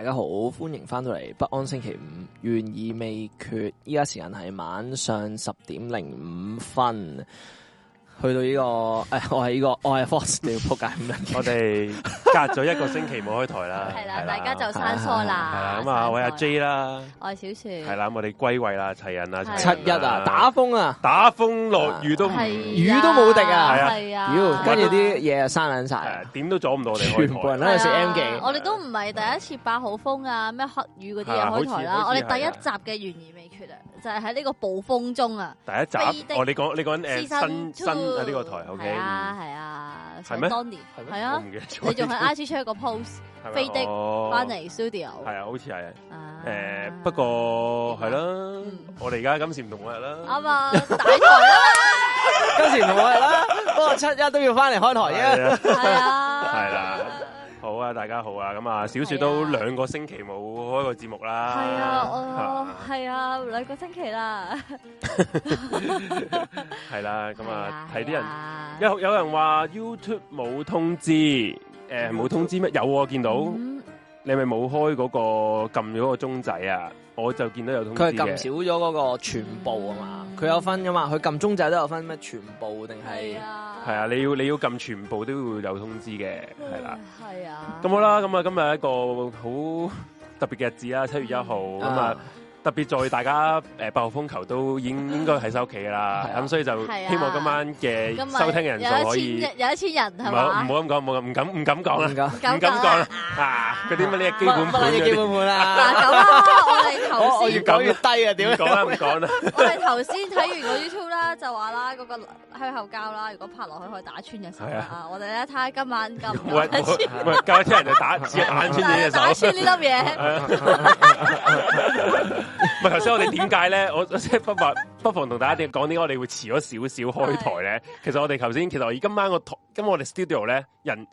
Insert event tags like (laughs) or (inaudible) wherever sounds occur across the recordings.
大家好，歡迎翻到嚟不安星期五，懸疑未決。依家時間係晚上十點零五分。去到呢、這個，誒、哎，我係呢、這個，我係 Fox 要撲街，咁我哋隔咗一個星期冇開台啦，係 (laughs) 啦，大家就生疏、啊、啦。咁啊，喂阿 J 啦，我係小說。係啦，我哋歸位啦，齊人啦，七一啊，打風啊，打風落雨都唔、啊，雨都冇敵啊，係啊，跟住啲嘢生冷晒，點、呃啊啊、都阻唔到我哋開台，全部人喺度食 M 記，我哋都唔係第一次爆好風啊，咩黑雨嗰啲啊開台啦、啊，我哋第一集嘅原意。就係喺呢個暴風中啊！第一集的哦，你講你講誒、呃、新、two. 新呢個台，OK 啊係啊，係、嗯、咩？係啊，Donnie，啊你仲喺 IG 出一個 post 是飛的翻嚟、哦、studio，係啊，好似係誒，不過係啦、啊，我哋而家今時唔同往日啦，啱 (laughs) 啊，大台啦，今時唔同往日啦， (laughs) 不過七一都要翻嚟開台嘅，係 (laughs) 是啊，係 (laughs) 啦是、啊。 (laughs) (laughs) 啊！大家好啊！咁啊，小雪都兩個星期冇開過節目啦。係啊，我係啊，兩個星期啦。係啦，咁啊，睇、嗯、啲、啊、人、啊、有有人話 YouTube 冇通知，誒冇、欸、通知咩？有、啊、我見到、mm -hmm. 你咪冇開嗰、嗰個撳咗個鐘仔啊！我就見到有通知，佢係撳少咗嗰個全部啊嘛，佢、嗯、有分噶嘛，佢撳中仔都有分咩全部定係？係啊，你要你要撳全部都要有通知嘅，係啦，係、嗯、啊，咁好啦，咁啊今日一個好特別嘅日子啦，七月一號咁啊。特別在大家八號風球都應，應該係收屋企㗎啦，咁、啊、所以就希望今晚嘅收聽人可以、啊、有，一一有一千人，唔好唔好咁講，唔敢唔敢講啦，唔敢講啦，嗱嗰啲乜嘢基本唔會啦，基本唔會啦，嗱、啊，夠、啊、啦、啊，我哋頭先越減越低啊，點講咧？唔講啦。 (laughs) 說了 (laughs) (laughs) 我哋頭先睇完個 YouTube、那個 YouTube 啦，就話啦，個喺後後交啦，如果拍落去可以打穿嘅時候是啊，我哋咧睇下今晚咁唔會唔會今晚啲人就打打穿呢粒嘢。 (laughs) (laughs) 唔係，頭先我哋點解咧？我即係不不妨同大家點講，點解我哋會遲咗少少開台咧？其實我哋頭先其實今晚我台，今日我哋 studio 咧人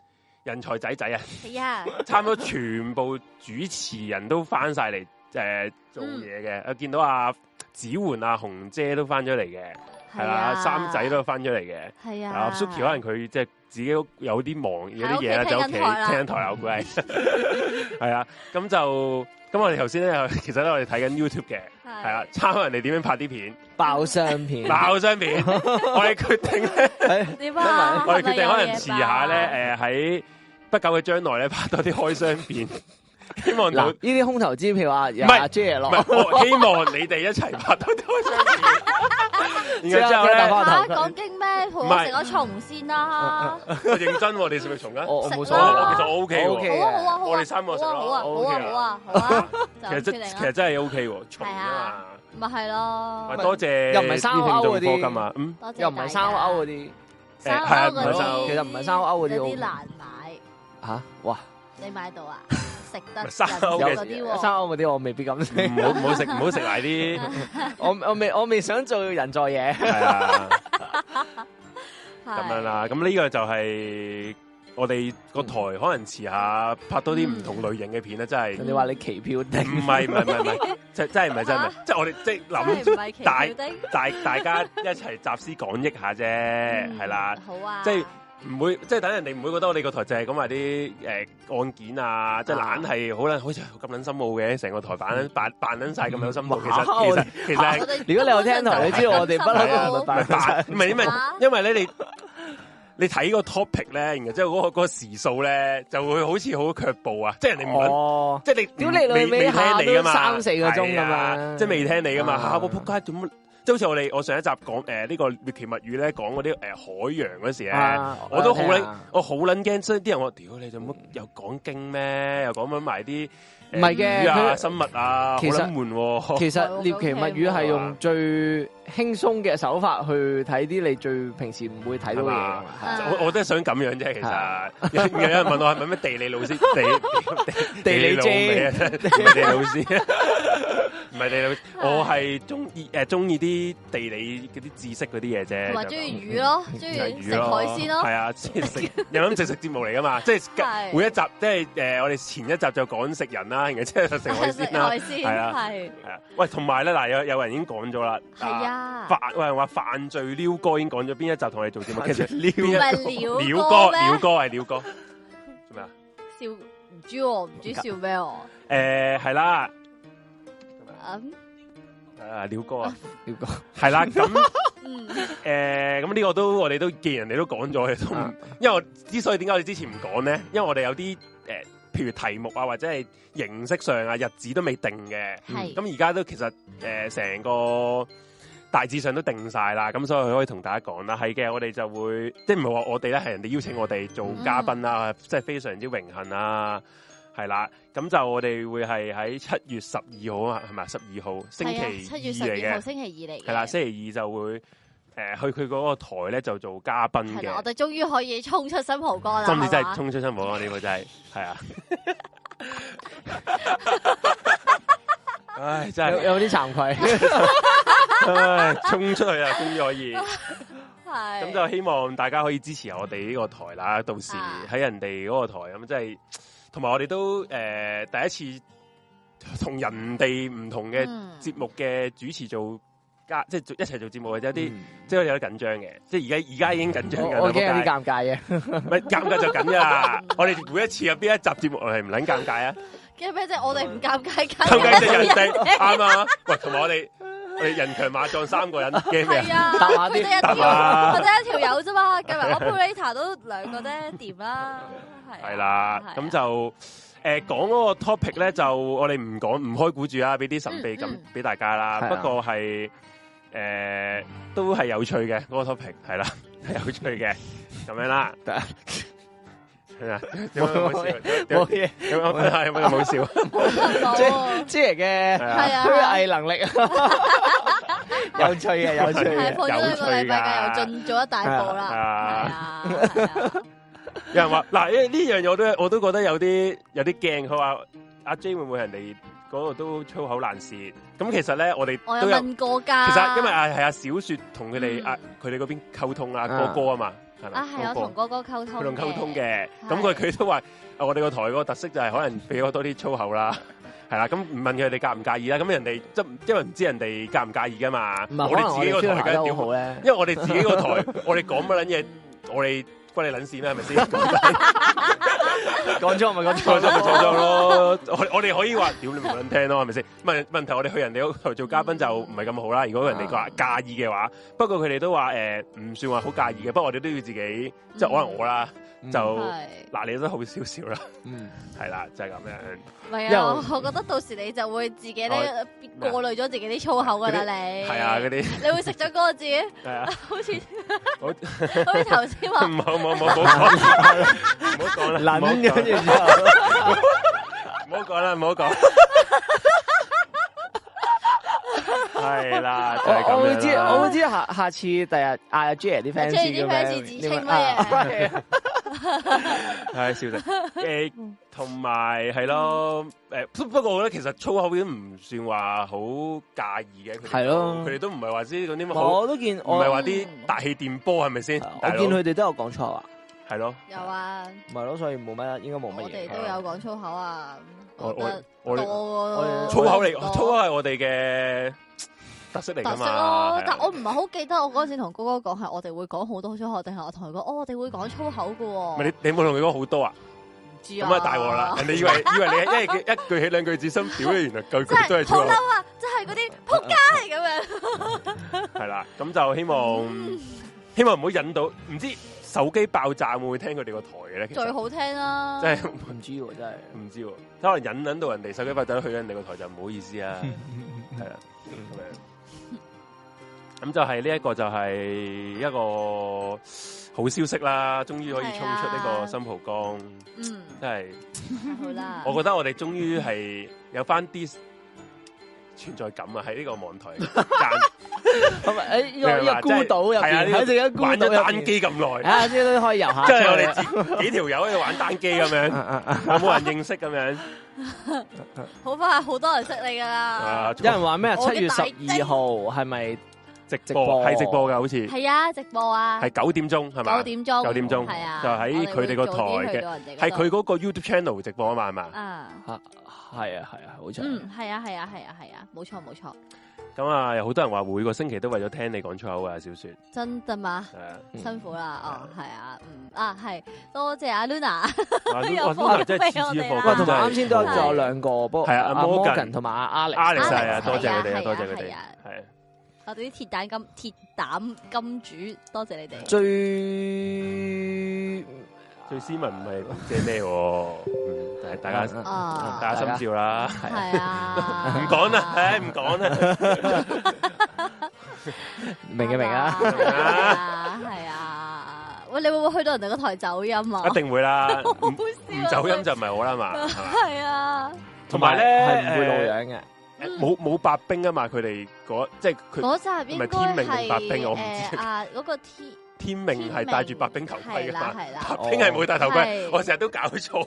人才仔仔啊，係啊，差唔多全部主持人都翻晒嚟，誒做嘢嘅。Mm. 我見到阿、啊、子媛、阿、啊、紅姐，都翻咗嚟嘅，係、yeah. 啦，三仔都翻咗嚟嘅，係、yeah. 啊。Suki 可能佢即係自己有啲忙，有啲嘢就屋企聽台鬼係啊，咁 (laughs) (laughs) 就。咁我哋頭先咧，其實咧我哋睇緊 YouTube 嘅，係啊，參考人哋點樣拍啲片，爆箱片，爆箱片，我哋決定咧，點解，我哋決定可能遲下咧，誒喺不久嘅將來咧，拍多啲開箱片。希望呢啲空頭支票啊，唔係阿 J 咯希望你哋一齊拍。而家然之後打翻頭。吓，講經咩？唔係成個蟲先啦。認真，你食咪蟲啊？成我其實我 OK。好,啊、好好啊，cool、好啊。啊啊、我哋三個，好啊，好啊，好啊、okay。啊啊啊啊啊啊、 (laughs) (laughs) 其,其實真，其實真係 OK。重啊，咪係咯。多謝又唔係三鷗又唔係三鷗嗰啲，其實唔係三鷗嗰啲好難買。吓哇！你買到啊？食得生蠔嗰啲，生蠔嗰啲我未必敢食，唔好唔好食，唔好食埋啲。我我未我未想做人助嘢。係 (laughs) 啊， (laughs) (laughs) 咁樣啦。咁呢個就係我哋個台、嗯、可能遲下拍多啲唔同類型嘅片咧、嗯，真係。你 (laughs) 話、嗯、就是、你奇票定？唔係唔係唔係，真、啊就是就是、真係唔係真嘅，即係我哋即係諗住大大大家一齊集、集思廣益下啫，係 (laughs) (laughs) 啦。好啊，即、就、係、是。唔會即係等人哋唔會覺得我哋個台就係咁話啲誒案件啊，即係懶係好啦，好似咁捻心傲嘅，成、欸、個台版扮扮捻晒咁有心傲。其實其實、啊、其實、啊其實啊，如果你有聽台，啊、你知道我哋、啊、不嬲都唔係打，唔係、啊、因為因為咧你你睇個 topic 咧，然之後嗰個嗰個時數咧就會好似好卻步啊！即係人哋唔肯，即係你屌你未，未，未聽你啊嘛，三四個鐘咁嘛、啊嗯、即係未聽你啊嘛。下個扑街做乜？啊。就好似我哋我上一集講誒呢個獵奇物語咧講嗰啲誒海洋嗰時咧、啊，我都好撚我好撚驚，所以啲人我屌你做乜又講經咩、嗯？又講緊埋啲唔係嘅，佢、呃啊、生物啊，其撚悶、啊。其實獵奇物語係用最輕鬆嘅手法去睇啲你最平時唔會睇到嘅嘢。我我都係想咁樣啫，其實 (laughs) 有，有人問我係咪咩地理老師？ (laughs) 地地理老師，地理老師。 (laughs) (laughs) (laughs) (laughs) 唔係你，我係中意誒中意啲地理嗰啲知識嗰啲嘢啫，同埋中意魚咯，中意食海鮮咯，係啊，即係食有咁食食節目嚟㗎嘛，是即係每一集即係誒、呃、我哋前一集就講食人啦、啊，而家即係食海鮮啦，係啊，係 (laughs) 啊，啊，啊，喂，同埋咧嗱有呢有，有人已經講咗啦，係啊，犯有人話犯罪撩哥已經講咗邊一集同你做節目， (laughs) 其實撩撩哥撩哥係撩哥做咩啊？笑唔 (laughs) 廖 (laughs) 廖 (laughs) 知我唔知，知，知笑咩我誒係啦。嗯咁，誒，廖哥啊，廖、uh, 哥， (laughs) 係啦，咁、 (laughs) 呃，誒，咁呢個都我哋都見人哋都講咗嘅，都，唔。因為之所以點解我哋之前唔講咧，因為我哋有啲誒、呃，譬如題目啊或者係形式上啊日子都未定嘅，係，咁而家都其實誒成、呃、個大致上都定晒啦，咁所以可以同大家講啦，係嘅，我哋就會即係唔係話我哋咧，係人哋邀請我哋做嘉賓、uh. 啊，即係非常之榮幸啊。係啦，咁就我哋會係喺七月十二號啊，係咪十二號星期二嚟嘅？係啊，七月十二號星期二嚟。係啦，星期二就會誒、呃、去佢嗰個台咧，就做嘉賓嘅。我哋終於可以衝出新蒲江啦，今次真係衝出新蒲江，呢個真係係啊！ (laughs) (laughs) 唉，真係有啲慚愧。 (laughs) (laughs) 衝出去啊，終於可以。係 (laughs) 咁就希望大家可以支持我哋呢個台啦，到時喺人哋嗰個台咁真係。同埋我哋都誒、呃、第一次同人哋唔同嘅節目嘅主持做加、嗯，即係做一齊做節目，即係有啲、嗯、即係有啲緊張嘅，即係而家而家已經緊張嘅，我驚啲尷尬嘅，唔係 (laughs) 尷尬就緊呀！ (laughs) 我哋每一次入邊一集節目係唔撚尷尬啊！驚咩啫？我哋唔尷尬，尷尬就人哋啱 (laughs) 啊！喂，同埋我哋。我哋人強馬壯，三個人，係 (laughs) 啊，佢哋一條，我哋一條友啫嘛。我 p u 都兩個咧，掂 (laughs) 啦、啊，係、啊。係啦、啊，咁就誒講嗰個 topic 咧，就我哋唔講唔開估住啦，俾啲神秘感俾大家啦、嗯。不過係誒、啊呃、都係有趣嘅嗰、嗰個 topic，係啦，係、啊、有趣嘅咁樣啦。 (laughs) 係啊，有冇好笑？冇、啊、嘢，有冇好笑。即係嘅，有藝、啊啊、能力、啊啊啊、 (laughs) 有趣嘅，有趣嘅，有趣嘅。放咗一個禮拜假，又進咗一大步啦。有人話嗱，呢呢樣我都我都覺得有啲有啲驚。佢話阿 J 會唔會人哋嗰度都粗口爛舌？咁其實咧，我哋我有問過噶。其實因為啊，係啊，小雪同佢哋阿佢哋嗰邊溝通啊，個歌啊嘛。係啊，係我同哥哥溝通嘅，同溝通嘅。咁佢佢都話，我哋個台嗰個特色就係可能比較多啲粗口啦。係 (laughs) 啦，咁唔問佢哋介唔介意啦。咁人哋即因為唔知人哋介唔介意噶嘛。我哋自己個台梗幾好咧？因為我哋自己個台， (laughs) 我哋講乜撚嘢，我哋關你撚事咩？係咪先？ (laughs) (laughs) 講錯咪講錯咯， (laughs) 我我哋可以話屌你唔撚聽咯，係咪先？問問題，我哋去人哋嗰度做嘉賓就唔係咁好啦，如果人哋話介意嘅話。不過佢哋都話誒，唔算話好介意嘅，不過我哋都要自己，即係可能我啦。嗯就嗱，你都好少少啦，嗯，係啦，就係咁樣。唔係啊我，我覺得到時你就會自己咧過濾咗自己啲粗口噶啦，你係啊嗰啲，你會食咗嗰個字，係 (laughs) 啊，好似 (laughs) (laughs) 好似頭先話，唔好唔好唔好唔好講，唔好講啦，冧咁嘅嘢，唔好講啦，唔好講。係啦，就係咁，我會知，我知下下次第日阿 J 啲 fans，J 啲 fans 指稱乜嘢？係、啊、笑嘅，誒，同埋係咯，誒，不不過其實粗口已經唔算話好介意嘅，係咯，佢哋都唔係話啲咁啲乜，我都見唔係話啲大氣電波係咪先？我見佢哋都有講錯話，係咯，有啊，唔係咯，所以冇乜，應該冇乜嘢，都有講粗口啊，我我我粗口嚟，粗口係我哋嘅。特色咯、啊啊，但係我唔係好記得我嗰陣時同哥哥講，係我哋會講好多粗口，定係我同佢講哦，我哋會講粗口噶。唔你，你冇同佢講好多啊？咁啊大鑊啦！人哋以為 (laughs) 以為你一,一,一句起兩句止，心表咧，原來句句都係粗口。好嬲啊！即係嗰啲仆街咁樣。係啦，咁、 (laughs) 啊、就希望希望唔好引到唔知手機爆炸會唔會聽佢哋個台嘅咧。最好聽啦，即係唔知喎，真係唔知喎。可能引引到人哋手機爆炸，去人哋個台就唔好意思啊。係 (laughs) 是啊，咁樣。咁就係呢一個就係一個好消息啦，終於可以衝出呢個新蒲江，啊嗯、真係，我覺得我哋終於係有返啲存在感啊！喺呢個網台，係咪、 (laughs) (laughs) 這個、 (laughs) (laughs) 孤島，玩咗單機咁耐，啊， (laughs) (laughs) (laughs) (laughs) (laughs) (laughs) (laughs) 即係可以游下，即係我哋幾條友喺度玩單機咁樣，有冇人認識咁樣？ (laughs) 好快，好多人識你噶啦、啊！有人話咩？七月十二號係咪？直播係直播噶、啊，好似係啊，直播啊是，係九點鐘係咪？九點鐘，九、啊、點鐘，係啊，啊，就喺佢哋個台嘅，係佢嗰個 YouTube channel 直播啊嘛，係嘛、嗯啊啊啊啊嗯？啊，係啊，係啊，冇錯。嗯，係啊，係啊，係啊，係啊，冇錯，冇錯。咁啊，有好多人話每個星期都為咗聽你講粗口啊，小雪。真的嘛？啊嗯、辛苦啦，哦，係啊，嗯，啊，係、啊，多謝阿、啊、Luna，又封埋我哋啊，啊，同埋啱先都仲有，有兩個，波，係啊，是啊 Morgan 啊 Morgan 和阿 Morgan 同埋阿 Alex，Alex，多謝你啊，多謝佢哋、啊，係、啊。我哋啲鐵膽金鐵膽金主，多謝你哋。最最斯文唔係即係咩？大大家大家心照啦。係啊，唔講啦，唉，唔講啦。明嘅明啊，係啊，喂，你會唔會去到人哋嗰台走音啊？一定會啦，唔走音就唔係我啦嘛。係啊，同埋咧係唔會露樣嘅。冇冇白冰啊嘛，佢哋嗰即係佢唔係天明同白冰，呃，我唔知道。嗰，啊那個天天明係戴住白冰頭盔嘅，白冰係冇戴頭盔。是的，我成日都搞錯。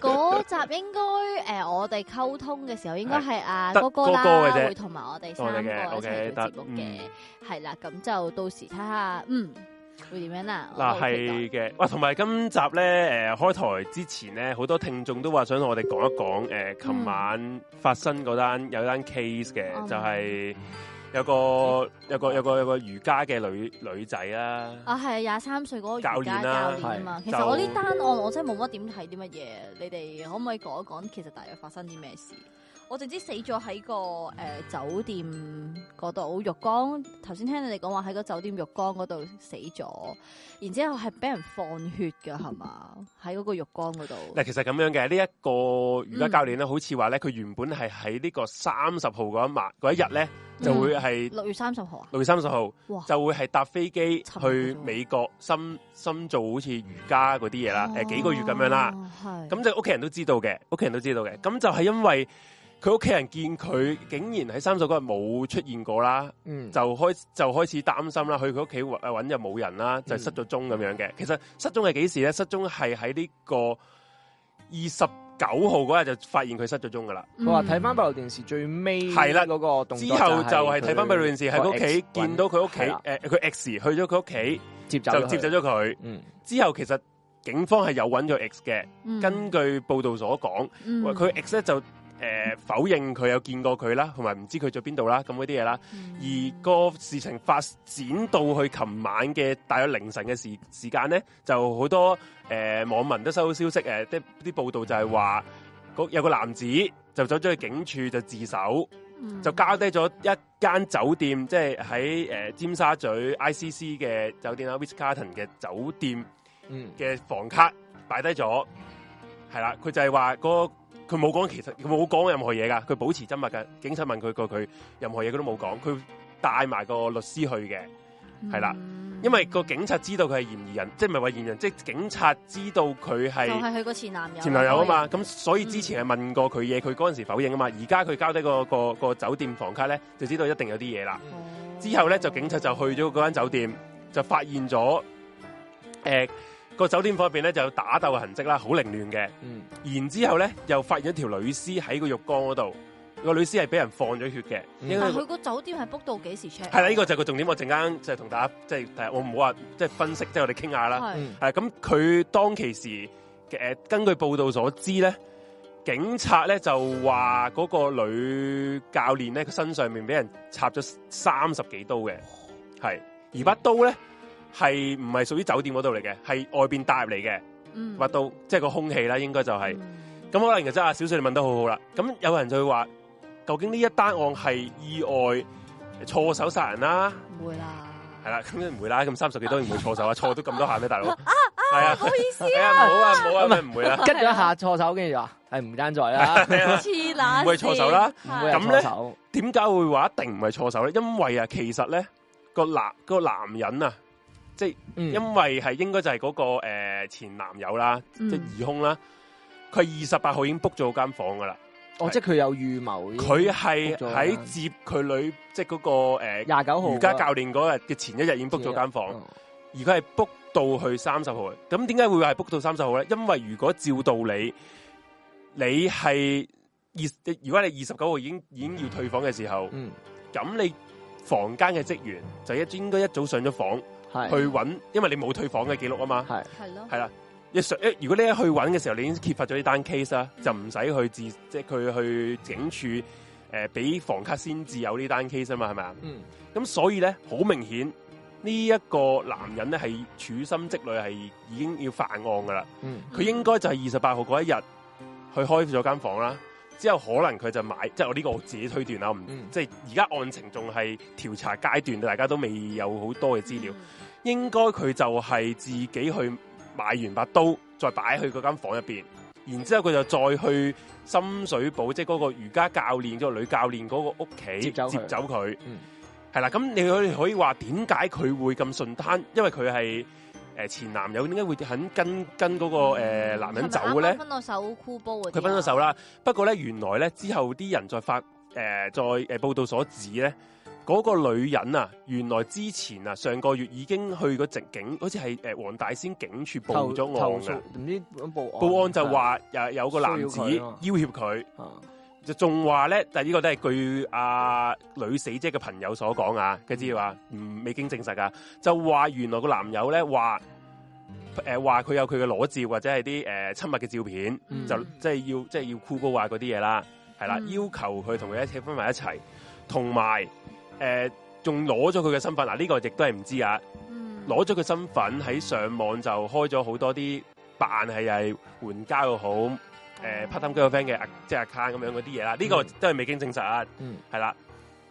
嗰集應該誒，呃，我哋溝通嘅時候應該係阿哥哥啫。會同埋我哋三個 okay, okay, 一齊做節目嘅。係啦，咁，嗯，就到時睇下，嗯。會點樣啊？嗱係嘅，哇！同埋今集咧，誒、呃，開台之前咧，好多聽眾都話想同我哋講一講，誒、呃，琴晚發生嗰單、嗯、有單 case 嘅、啊，就係、是、有個是有個有個有個,有個瑜伽嘅女女仔啦啊，係廿三歲嗰個教練啊教練嘛。其實我呢單案我真係冇乜點睇啲乜嘢，你哋可唔可以講一講，其實大約發生啲咩事？我就知死咗喺個誒、呃、酒店嗰度浴缸。頭先聽你哋講話喺個酒店浴缸嗰度死咗，然之後係俾人放血噶係嘛？喺 (laughs) 嗰個浴缸嗰度。嗱，其實咁樣嘅呢一個瑜伽教練咧，好似話咧，佢原本係喺呢個三十號嗰一晚嗰一日咧，就會係六月三十號啊。六、嗯、月三十號，就會係搭飛機去美國深、深造好似瑜伽嗰啲嘢啦。誒、哦呃，幾個月咁樣啦。係。咁就屋企人都知道嘅，屋企人都知道嘅。咁就係因為。佢屋企人見佢竟然喺三十日冇出現過啦，嗯、就開就開始擔心啦。去佢屋企揾又冇人啦，就係、失咗蹤咁樣嘅。嗯、其實失蹤係幾時咧？失蹤係喺呢個二十九號嗰日就發現佢失咗蹤噶啦、嗯。佢話睇翻閉路電視最尾係啦嗰個，之後就係睇翻閉路電視喺佢屋企見到佢屋企誒，佢 X 去咗佢屋企接了就接走咗佢。嗯、之後其實警方係有揾咗 X 嘅。嗯、根據報道所講，佢、嗯、X 咧就。誒、呃、否認佢有見過佢啦，同埋唔知佢在邊度啦，咁啲嘢啦。而個事情發展到去琴晚嘅大約凌晨嘅時時間咧，就好多誒、呃、網民都收到消息誒，啲、呃、啲報道就係話個有個男子就走咗去警署就自首，嗯、就交低咗一間酒店，即係喺誒尖沙咀 ICC 嘅酒店啊 Ritz-Carlton 嘅酒店嘅房卡擺低咗，係啦，佢就係話、嗰個。佢冇講，其實佢冇講任何嘢噶，佢保持緘默噶。警察問佢個佢任何嘢佢都冇講，佢帶埋個律師去嘅，係、嗯、啦。因為個警察知道佢係嫌疑人，即係唔係話嫌疑人，即係警察知道佢係，係佢個前男友。前男友啊嘛，咁、嗯、所以之前係問過佢嘢，佢嗰陣時否認啊嘛。而家佢交低、嗰個、嗯嗰個、嗰個酒店房卡咧，就知道一定有啲嘢啦。之後咧就警察就去咗嗰間酒店，就發現咗誒。呃個酒店方面咧就有打鬥嘅痕跡啦，好凌亂嘅。嗯，然之後咧又發現了一條女屍喺個浴缸嗰度，個女屍係俾人放咗血嘅、嗯。但係佢個酒店係 book 到幾時 check？係啦，呢、這個就係個重點。我陣間就同大家即係、就是，我唔好話即係分析，即、就、係、是、我哋傾下啦。係、嗯、咁，佢當其時嘅、呃、根據報道所知咧，警察咧就話嗰個女教練咧，佢身上面俾人插咗三十幾刀嘅，係而把刀咧。嗯係唔係屬於酒店嗰度嚟嘅？係外邊帶入嚟嘅，滑、嗯、到即係、就是、個空氣啦，應該就係、是。咁、嗯、可能又真啊，小水你問得好好啦。咁有人就會話，究竟呢一單案係意外、錯手殺人啦、啊？唔會啦，係啦，咁唔會啦。咁三十幾年唔會錯手啊，錯都咁多下咩，大佬？啊啊，唔、啊、好意思啊，好、哎、啊，好啊，唔、啊啊、會啦。跟住一下錯手，、啊、手，手，跟住話係唔擔罪啦，黐卵，唔會錯手啦，唔會咁咧。點解會話一定唔係錯手咧？因為啊，其實咧、那個男、那個男人啊。即係，因為係應該就係嗰、那個誒、呃、前男友啦，嗯、即係疑兇啦。佢二十八號已經 book 咗間房噶啦。哦，即係佢有預謀。佢係喺接佢女，即係、那、嗰個誒廿九號瑜伽教練嗰日嘅前一日已經 book 咗間房，哦，而佢係 book 到去三十號。咁點解會話係 book 到三十號咧？因為如果照道理，你係二，如果你二十九號已經已經要退房嘅時候，咁、嗯、你房間嘅職員就一應該一早上咗房。去揾，因為你冇退房嘅記錄啊嘛，係係咯，係啦，你上一，如果你一去揾嘅時候，你已經揭發咗呢單 case 啦，就唔使去自，即係佢去警署，誒、呃、俾房卡先至有呢單 case 啊嘛，係咪啊？嗯，咁所以咧，好明顯呢一、呢個男人咧係處心積慮係已經要犯案噶啦，嗯，佢應該就係二十八號嗰一日去開咗間房啦。之後可能佢就買，即係我呢個我自己推斷啊。即係而家案情仲係調查階段，大家都未有好多嘅資料。嗯、應該佢就係自己去買完把刀，再擺去嗰間房入邊，然之後佢就再去深水埗，即係嗰個瑜伽教練，即係女教練嗰個屋企接走佢。係啦，咁、嗯、你可以話點解佢會咁順攤？因為佢係。誒，前男友點解會肯跟跟嗰個誒男人走嘅咧？嗯、是是剛剛分咗手箍煲佢分咗手啦，不過咧，原來咧之後啲人再發誒，再、呃、誒報道所指咧，嗰、嗰個女人啊，原來之前啊，上個月已經去個直警，好似係誒黃大仙警署了了報咗案嘅，唔知報報案就話誒有，有個男子要挾佢。就仲話咧，但係呢個都係據阿、啊、女死者嘅朋友所講啊，佢知話，唔、嗯，未經證實噶，就話原來個男友咧話，誒話佢有佢嘅裸照或者係啲誒親密嘅照片，嗯、就即係、就是、要即係、就是、要酷高啊嗰啲嘢啦，係啦、嗯，要求佢同佢一齊分埋一齊，同埋誒仲攞咗佢嘅身份，嗱、呃、呢、這個亦都係唔知啊，攞咗佢身份喺上網就開咗好多啲扮係係援交又好。誒、呃 mm -hmm.，part-time girlfriend 嘅、啊、即係 account 咁樣嗰啲嘢啦，呢、mm -hmm. 個都係未經證實啊，係啦。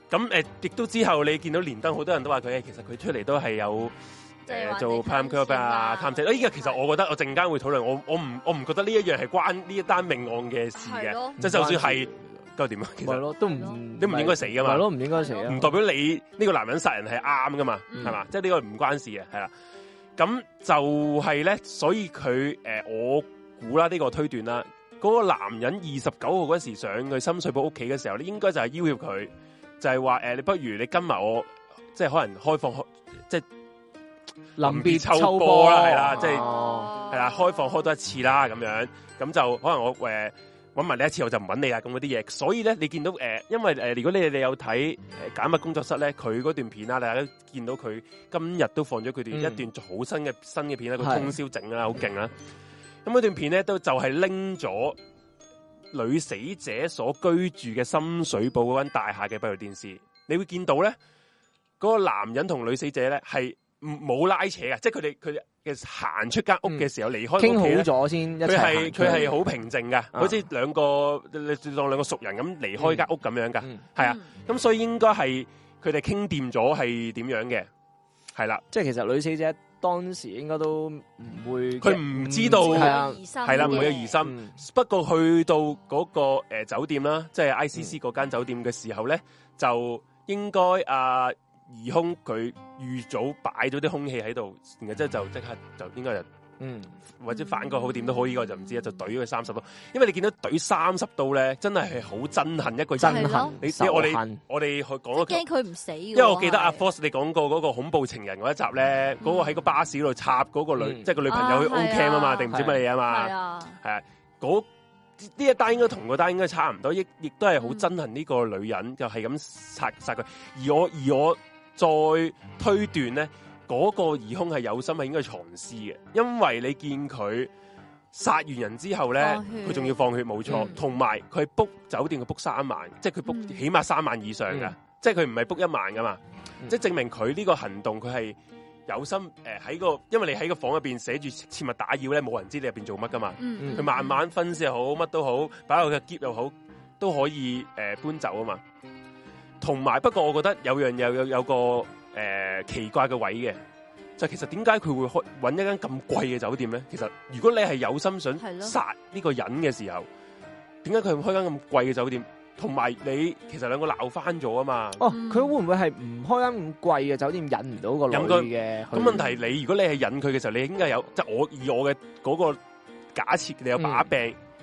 咁、mm、誒 -hmm. 呃，亦都之後你見到連登，好多人都話佢、欸，其實佢出嚟都係有誒、呃、做 part-time girlfriend 啊，啊，探仔。呢個其實我覺得我陣間會討論，我不我唔我唔覺得呢一樣係關呢一單命案嘅事嘅，即係就算、是、係，都點啊？其實，不其實都唔都唔應該死噶嘛，唔應該死，唔代表你呢、這個男人殺人係啱噶嘛，係嘛？即係呢個唔關事嘅，係啦。咁就係、是、咧，所以佢誒、呃，我估啦，呢個推斷啦。嗰、那個男人二十九號嗰時上佢深水埗屋企嘅時候你應該就係要挾佢，就係話誒，你不如你跟埋我，即係可能開放，即係臨別秋波啦，係啦，即係係啦，開放開多一次啦，咁樣，咁就可能我誒揾埋你一次，我就唔揾你啊，咁嗰啲嘢。所以咧，你見到誒、呃，因為誒、呃，如果你哋有睇《簡、呃、密工作室呢》咧，佢嗰段片啊，你都見到佢今日都放咗佢哋一段好新嘅、嗯、新嘅片啦，佢通宵整啦，好勁啦！咁段片咧，都就係拎咗女死者所居住嘅深水埗嗰間大廈嘅閉路電視，你會見到咧，嗰、嗰個男人同女死者咧係冇拉扯嘅，即係佢哋佢哋行出間屋嘅時候、嗯、離開。傾好咗先，佢係佢係好平靜噶、啊，好似兩個當兩個熟人咁離開間屋咁樣噶，係、嗯、啊。咁、嗯、所以應該係佢哋傾掂咗係點樣嘅，係啦、啊。即係其實女死者。當時應該都唔會佢唔知道係啦，係啦，唔會有疑心、啊。不，疑心嗯、不過去到、那個誒、呃、酒店啦、啊，即係 I C C 嗰間酒店嘅時候咧，嗯、就應該啊，疑凶佢預早擺咗啲空氣喺度，然後之後就即刻就應該就。嗯，或者反過好點都好，呢、這個我就唔知啦，就懟佢三十度，因為你見到懟三十度咧，真係係好憎恨一個人，憎恨，你知我哋我哋去講一句，驚佢唔死，因為我記得阿 Force 你講過嗰個恐怖情人嗰一集咧，嗰、嗯，那個喺個巴士度插嗰個女，嗯、即係個女朋友去 O cam 啊嘛，定、啊、唔、啊、知乜嘢啊嘛，係啊，係啊，嗰呢、啊、一單應該同嗰單應該差唔多，亦亦都係好憎恨呢個女人，嗯、就係咁殺殺佢，而我而我再推斷咧。嗰、那個疑兇係有心，係應該藏屍嘅，因為你見佢殺完人之後咧，佢、哦、仲要放血冇錯，同埋佢 book 酒店佢 book 三萬，嗯、即係佢 book 起碼三萬以上噶、嗯，即係佢唔係 book 一萬噶嘛，嗯、即係證明佢呢個行動佢係有心。喺、呃、個，因為你喺個房入面寫住切勿打擾咧，冇人知你入面做乜噶嘛。佢、嗯、慢慢分析好，乜都好，擺我嘅喼又好，都可以、呃、搬走啊嘛。同埋不過，我覺得有樣又有有，有個。誒、呃，奇怪嘅位嘅，就係、其實點解佢會開揾一間咁貴嘅酒店咧？其實如果你係有心想殺呢個人嘅時候，點解佢會開間咁貴嘅酒店？同埋你其實兩個鬧翻咗啊嘛。哦，佢會唔會係唔開間咁貴嘅酒店引唔到個女嘅？咁、那個、問題係你如果你係引佢嘅時候，你應該有即係、就係、我以我嘅嗰個假設，你有把柄。嗯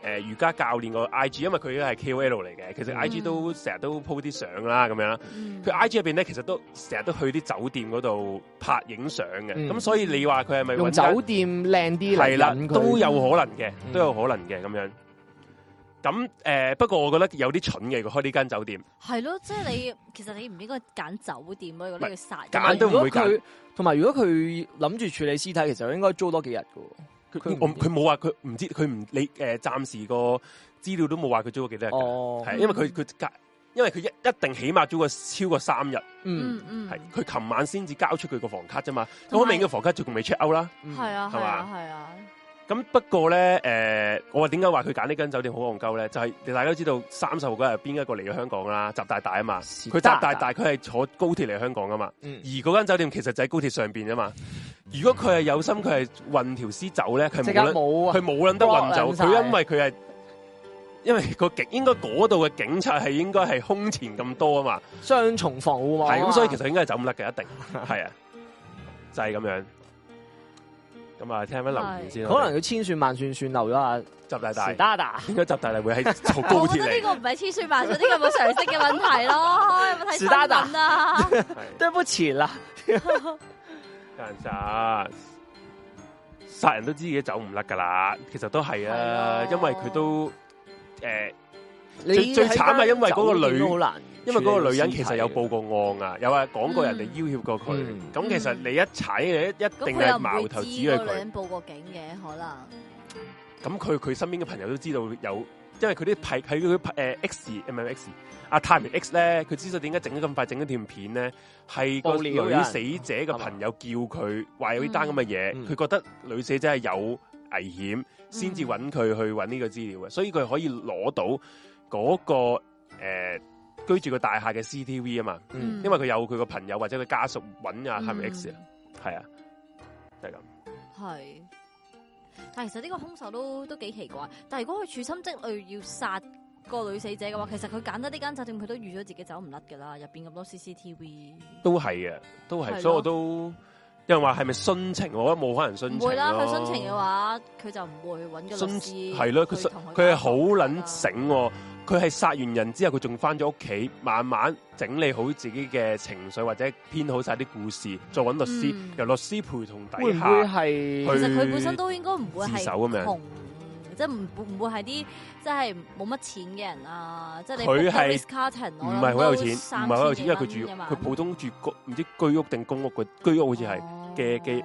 誒、呃，瑜伽教練個 IG，因為佢係 KOL 嚟嘅，其實 IG 都成日、嗯、都鋪啲相啦，咁樣。佢、嗯、IG 入邊咧，其實都成日都去啲酒店嗰度拍影相嘅，咁、嗯嗯、所以你話佢係咪用酒店靚啲？係啦，都有可能嘅，嗯、都有可能嘅咁樣。咁、嗯、誒、嗯呃，不過我覺得有啲蠢嘅，佢開呢間酒、就是、 (laughs) 酒店。係咯，即係你其實你唔應該揀酒店啊，我覺得要殺。揀都唔會揀。同埋如果佢諗住處理屍體，其實應該租多幾日噶。佢佢冇話佢唔知佢唔你誒暫時個資料都冇話佢租過幾多日㗎，係、哦、因為佢佢隔因為佢一一定起碼租過超過三日，嗯嗯，係佢琴晚先至交出佢個房卡啫嘛，咁我明個房卡仲未 check out 啦，係啊係嘛係啊。咁不過咧，誒、呃，我話點解話佢揀呢間酒店好戇鳩咧？就係、是、大家都知道，三十號嗰日邊一個嚟咗香港啦，習大大啊嘛，佢習大大佢係坐高鐵嚟香港㗎嘛。嗯、而嗰間酒店其實就喺高鐵上邊啊嘛。如果佢係有心運條，佢係運條屍走咧，佢冇，佢冇諗得運走，佢，因為佢係因為個警，應該嗰度嘅警察係應該係空前咁多啊嘛，雙重防護嘛，係，咁所以其實應該係走唔甩嘅，一定係 (laughs) 啊，就係、是、咁樣。咁啊，聽翻留言先，可能佢千算萬算，算留，算漏咗阿習大大。史達達應該習大大會喺坐高鐵 (laughs) 我覺得呢個唔係千算萬算，呢個有冇常識嘅問題咯。史有達有達， (laughs) 對不起啦，現 (laughs) 實，殺人都知自己走唔甩噶啦。其實都係啊，因為佢都誒。呃最最慘係因為嗰個女，難因為嗰個女人其實有報過案啊，嗯、有話講過人哋要挾過佢，咁、嗯、其實你一踩，你一定嘅矛頭指佢。佢又唔知個女人報過警嘅可能。咁佢佢身邊嘅朋友都知道有，因為佢啲批喺佢 X 唔係 X，阿、啊、泰明 X 咧，佢知道點解整得咁快整咗段片咧，係個女死者嘅朋友叫佢話有呢單咁嘅嘢，佢、嗯嗯、覺得女死者係有危險，先至揾佢去揾呢個資料嘅，所以佢可以攞到。嗰、那個誒、呃、居住個大廈嘅 C C T V 啊嘛、嗯，因為佢有佢個朋友或者佢家屬揾啊，係、嗯、咪 X 啊？係、嗯、啊，就係、是、咁。係，但係其實呢個凶手都都幾奇怪。但係如果佢處心積慮要殺個女死者嘅話，其實佢揀得呢間酒店，佢都預咗自己走唔甩噶啦。入邊咁多 C C T V 都係嘅，都係。所以我都有人話係咪殉情？我覺得冇可能殉情，啊。唔會啦，佢殉情嘅話，佢就唔會揾個師係咯。佢佢係好捻醒。佢係殺完人之後，佢仲翻咗屋企，慢慢整理好自己嘅情緒，或者編好晒啲故事，再揾律師、嗯，由律師陪同底下，會，會其實佢本身都應該唔會係自首噉樣、嗯嗯，即係唔唔會係啲即係冇乜錢嘅人啊！即係佢係唔係好有錢？唔係好有錢，3, 因為佢住佢普通住唔知居屋定公屋嘅居屋好似係嘅嘅。Oh.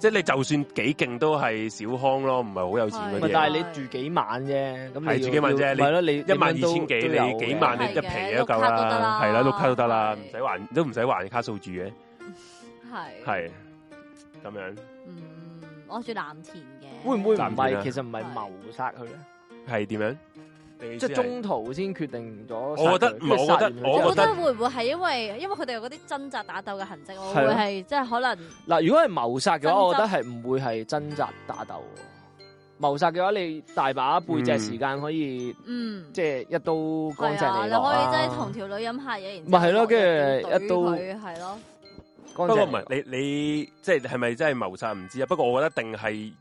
即係你就算幾勁都係小康咯，唔係好有錢嘅嘢。但係你住幾晚啫，咁係住幾晚啫，你係咯，你一萬二千幾，你幾萬你一皮都夠啦，係啦，碌卡都得啦，唔使還都唔使還卡數住嘅。係係咁樣。嗯，我住藍田嘅。會唔會藍田啊？其實唔係謀殺佢咧，係點樣？即係中途先決定咗，我覺得唔係，我覺得，我覺得會唔會係因為因為佢哋有嗰啲掙扎打鬥嘅痕跡，我會係即係可能嗱，如果係謀殺嘅話，我覺得係唔會係掙扎打鬥喎。謀殺嘅話，你大把一輩子時間可以，嗯，即係一刀係啊，你可以真係同條女飲下嘢，唔係咯，跟住一刀係咯。不過唔係你你即係係咪真係謀殺唔知啊？不過我覺得定係。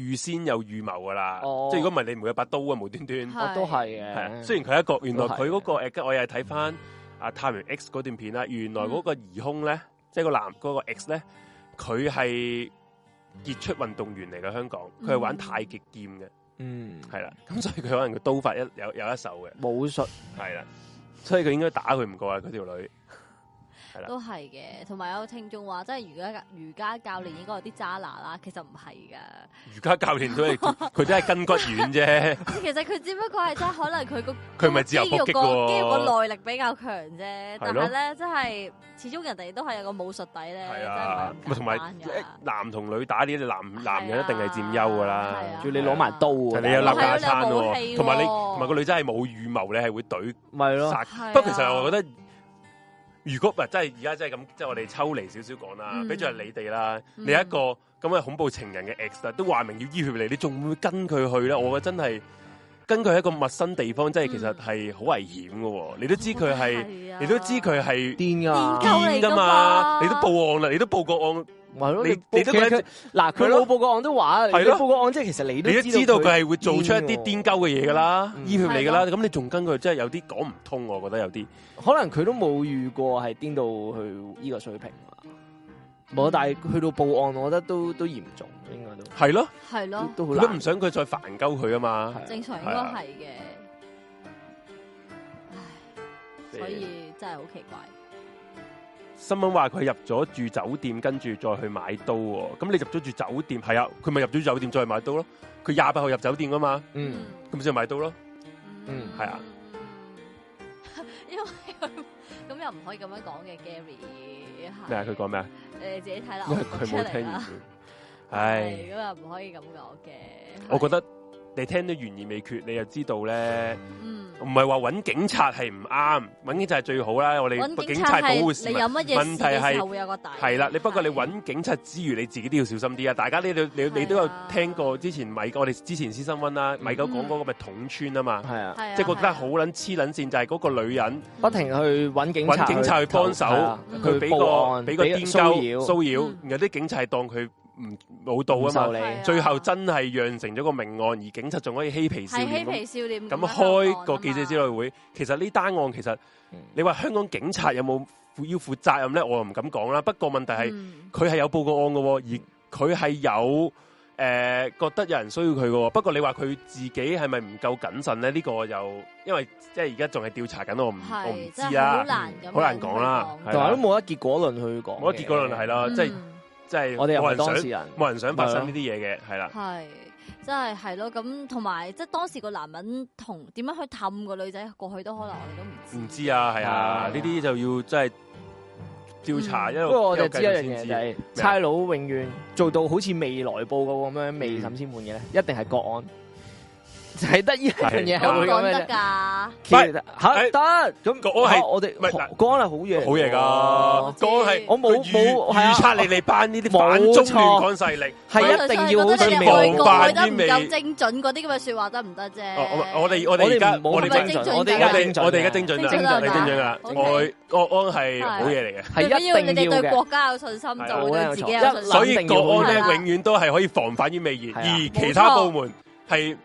預先有預謀噶啦，即係如果唔係你唔會有把刀嘅，無端端，我都係嘅。雖然佢一個，原來佢嗰、嗰個誒，我又睇翻阿太陽 X 嗰段片啦。原來嗰個疑兇咧，即係個男嗰個 X 咧，佢係傑出運動員嚟嘅，香港，佢係玩太極劍嘅，嗯，係啦。咁、嗯嗯、所以佢可能個刀法一有有一手嘅武術，係啦，所以佢應該打佢唔過啊，佢、嗰、條、個、女。都係嘅，同埋有聽眾話，即係瑜伽瑜伽教練應該有啲渣拿啦，其實唔係噶，瑜伽教練都係佢真係筋骨軟啫。其實佢 (laughs) 只不過係真係可能佢個肌肉個、哦、肌肉個耐力比較強啫，係但係咧，即係始終人哋都係有個武術底咧。係啊，同埋男同女打呢？男男人一定係佔優噶啦。仲要你攞埋刀，你有立架撐，同埋你同埋個女仔係冇預謀，你係會懟，係咯。不過其實我覺得。如果唔係真係而家真係咁，即係我哋抽離少少講啦。比咗係你哋啦，你一個咁嘅恐怖情人嘅 ex 啦，都話明要依血嚟，你仲唔會跟佢去咧？我覺得真係跟佢喺一個陌生地方，真係、嗯、其實係好危險嘅。你都知佢係、嗯，你都知佢係癲㗎，癲狗嚟㗎嘛？你都報案啦，你都報過案了。係咯，你你都嗱佢冇報個案都話，係咯報個案即係其實你你都知道佢係會做出一啲癲鳩嘅嘢噶啦，嗯、依條嚟啦，咁你仲跟佢，真係有啲講唔通，我覺得有啲可能佢都冇遇過係顛到去呢個水平啊！冇、嗯，但係去到報案，我覺得都都嚴重，應該都係咯，係咯，都好難，都唔想佢再煩鳩佢啊嘛，正常應該係嘅，所以真係好奇怪。新聞話佢入咗住酒店，跟住再去買刀喎、喔。咁你入咗住酒店，係啊，佢咪入咗酒店再去買刀咯、喔？佢廿八號入酒店噶嘛？嗯，咁先買刀咯、喔。嗯，係啊。因為咁又唔可以咁樣講嘅 Gary 咩佢講咩啊？誒，你自己睇啦，佢冇聽完啦。 (laughs) 唉，咁又唔可以咁講嘅。我覺得你聽到懸而未決，你又知道咧。嗯唔係話揾警察係唔啱，揾警察係最好啦。我哋警察保護市民。有乜嘢問題，係啦。你不過你揾警察之餘，你自己都要小心啲啊！大家呢？你你、啊、你都有聽過之前米九，我哋之前先生聞啦，米九講嗰個咪捅穿啊嘛。係啊，即係覺得好撚黐撚線，就係嗰個女人不停去揾警察，是啊是啊警察去幫手，佢俾個，俾個癲狗騷擾，騷擾，有、嗯、啲警察當佢。唔冇到啊嘛！你最後真係釀成咗個命案，而警察仲可以嬉皮笑臉咁開個記者招待會。嗯、其實呢單案其實你話香港警察有冇要負責任咧？我又唔敢講啦。不過問題係佢係有報告案嘅，而佢係有誒、呃、覺得有人需要佢喎。不過你話佢自己係咪唔夠謹慎咧？呢、呢個又因為即係而家仲係調查緊，我唔我唔知啦、啊，好難講啦。但係都冇得結果論去講，冇得結果論係啦，即、嗯、係。即係即係我哋又係當事人，冇人，人想發生呢啲嘢嘅。係啦，係，即係係咯，咁同埋即係當時個男人同點樣去氹個女仔過去都可能我哋都唔知，知。唔知啊，係啊，呢啲就要即係調查，因、嗯、為不過我，繼續繼續知我知就知一樣嘢就係，差佬永遠做到好似未來報個咁樣未審先判嘅咧，一定係個案。就係得呢樣嘢，我講得噶。唔係吓得咁，我係我哋國安係好嘢，好嘢噶。國安係我冇冇預測你哋班呢啲反中亂港勢力，係一定要防反於未。唔夠精準嗰啲咁嘅說話得唔得啫？我我我哋我哋而家我哋我哋我哋我哋而家精準啦，係精準啦。國國安係好嘢嚟嘅，係因為你哋對國家有信心，就對自己有信心。所以國安咧，永遠都係可以防範於未然，而其他部門係。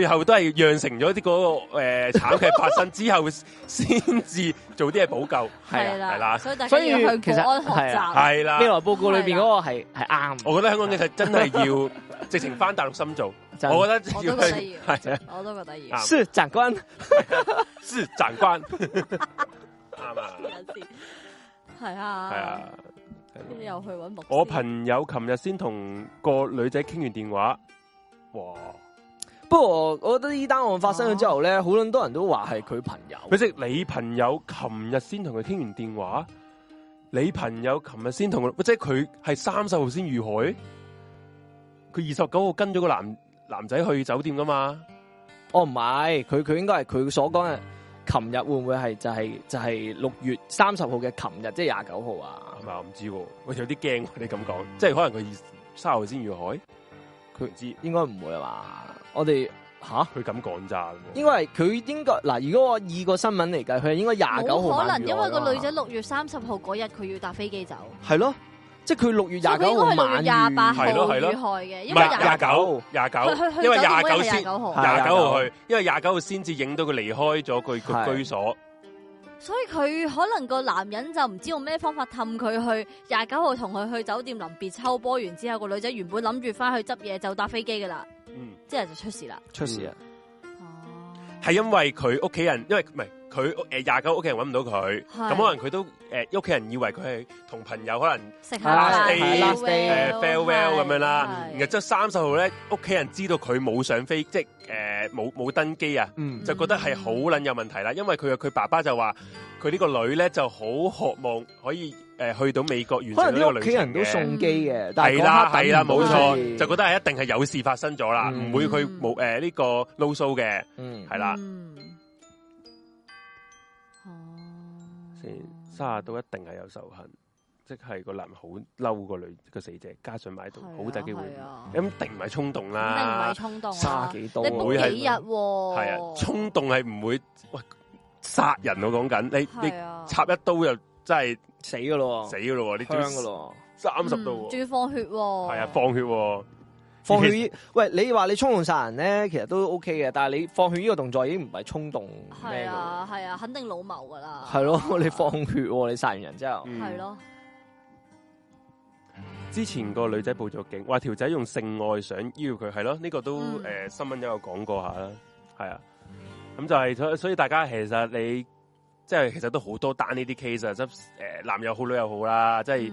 最後都係釀成咗啲嗰個誒慘劇發生之後才 (laughs) 是啊是啊，先至做啲嘢補救，係啦，係啦。所以其實係啦，啊啊。未來報告裏邊嗰個係係啱。我覺得香港你係真係要直情返大陸深造，啊。我覺得要我都覺得要。是長，啊、官，是長官，啱啊。係啊， (laughs) 啊啊 (laughs) (laughs) (laughs) 啊又去揾我朋友琴日先同個女仔傾完電話，哇！不過我覺得呢單案發生咗之後咧，好、啊、多人都話係佢朋友。佢即係你朋友，琴日先同佢傾完電話，你朋友琴日先同佢，即係佢係三十號先遇害。佢二十九號跟咗個男男仔去酒店噶嘛？哦唔係，佢佢應該係佢所講嘅。琴、就係就係、日會唔會係就係就係六月三十號嘅琴日，即係廿九號啊？係咪我唔知道，我有啲驚佢哋咁講，即係可能佢意思，三號先遇害，佢唔知，應該唔會啊嘛。我哋吓佢咁講咋？因為佢應該嗱，如果我以個新聞嚟計，佢應該廿九號。可能因為個女仔六月三十號嗰日，佢要搭飛機走。係、啊、咯，即係佢六月廿九號。應該晚應該係六月廿八號遇害嘅，因為廿九廿九，因為廿九號廿九號去，因為廿九號先至影到佢離開咗佢個居所。所以佢可能個男人就唔知道用咩方法氹佢去廿九號同佢去酒店臨別秋波完之後，個女仔原本諗住翻去執嘢就搭飛機㗎喇。嗯，即係就出事啦，出事啦，哦，係因為佢屋企人，因為唔係佢誒廿九屋企人揾唔到佢，咁可能佢都誒屋企人以為佢係同朋友可能 last day last day 誒 farewell 咁樣啦，然後即係三十號咧，屋企人知道佢冇上飛，即係誒冇冇登機啊，嗯，就覺得係好捻有問題啦，因為佢佢爸爸就話佢呢個女咧就好渴望可以。誒，去到美國完成呢個旅程人都送機嘅。係啦係啦，冇錯，就覺得係一定係有事發生咗啦，唔會去冇誒呢個 No Show 嘅，係啦，哦，三十刀都一定係有仇恨，即係個男好嬲個女個死者，加上買到好大機會，咁定唔係衝動啦，唔係衝動，殺幾多，你冇幾日，係啊，衝動係唔會喂殺人我講緊，你你插一刀又。真係死噶咯、啊啊啊嗯，死噶咯，你仲要噶咯，三十度，仲要放血，係啊，放血，放血！喂，你話你衝動殺人咧，其實都 O K 嘅，但係你放血呢個動作已經唔係衝動，係啊，係啊，肯定老謀噶啦，係咯，你放血、啊，你殺完人之後，係咯。之前個女仔報咗警，話條仔用性愛想要佢，係咯，呢、這個都誒、嗯呃、新聞都有講過下啦，係啊，咁就係、是、所所以大家其實你。即係其實都好多單呢啲 case 啊，即誒，男友好、女友好啦，即、嗯、係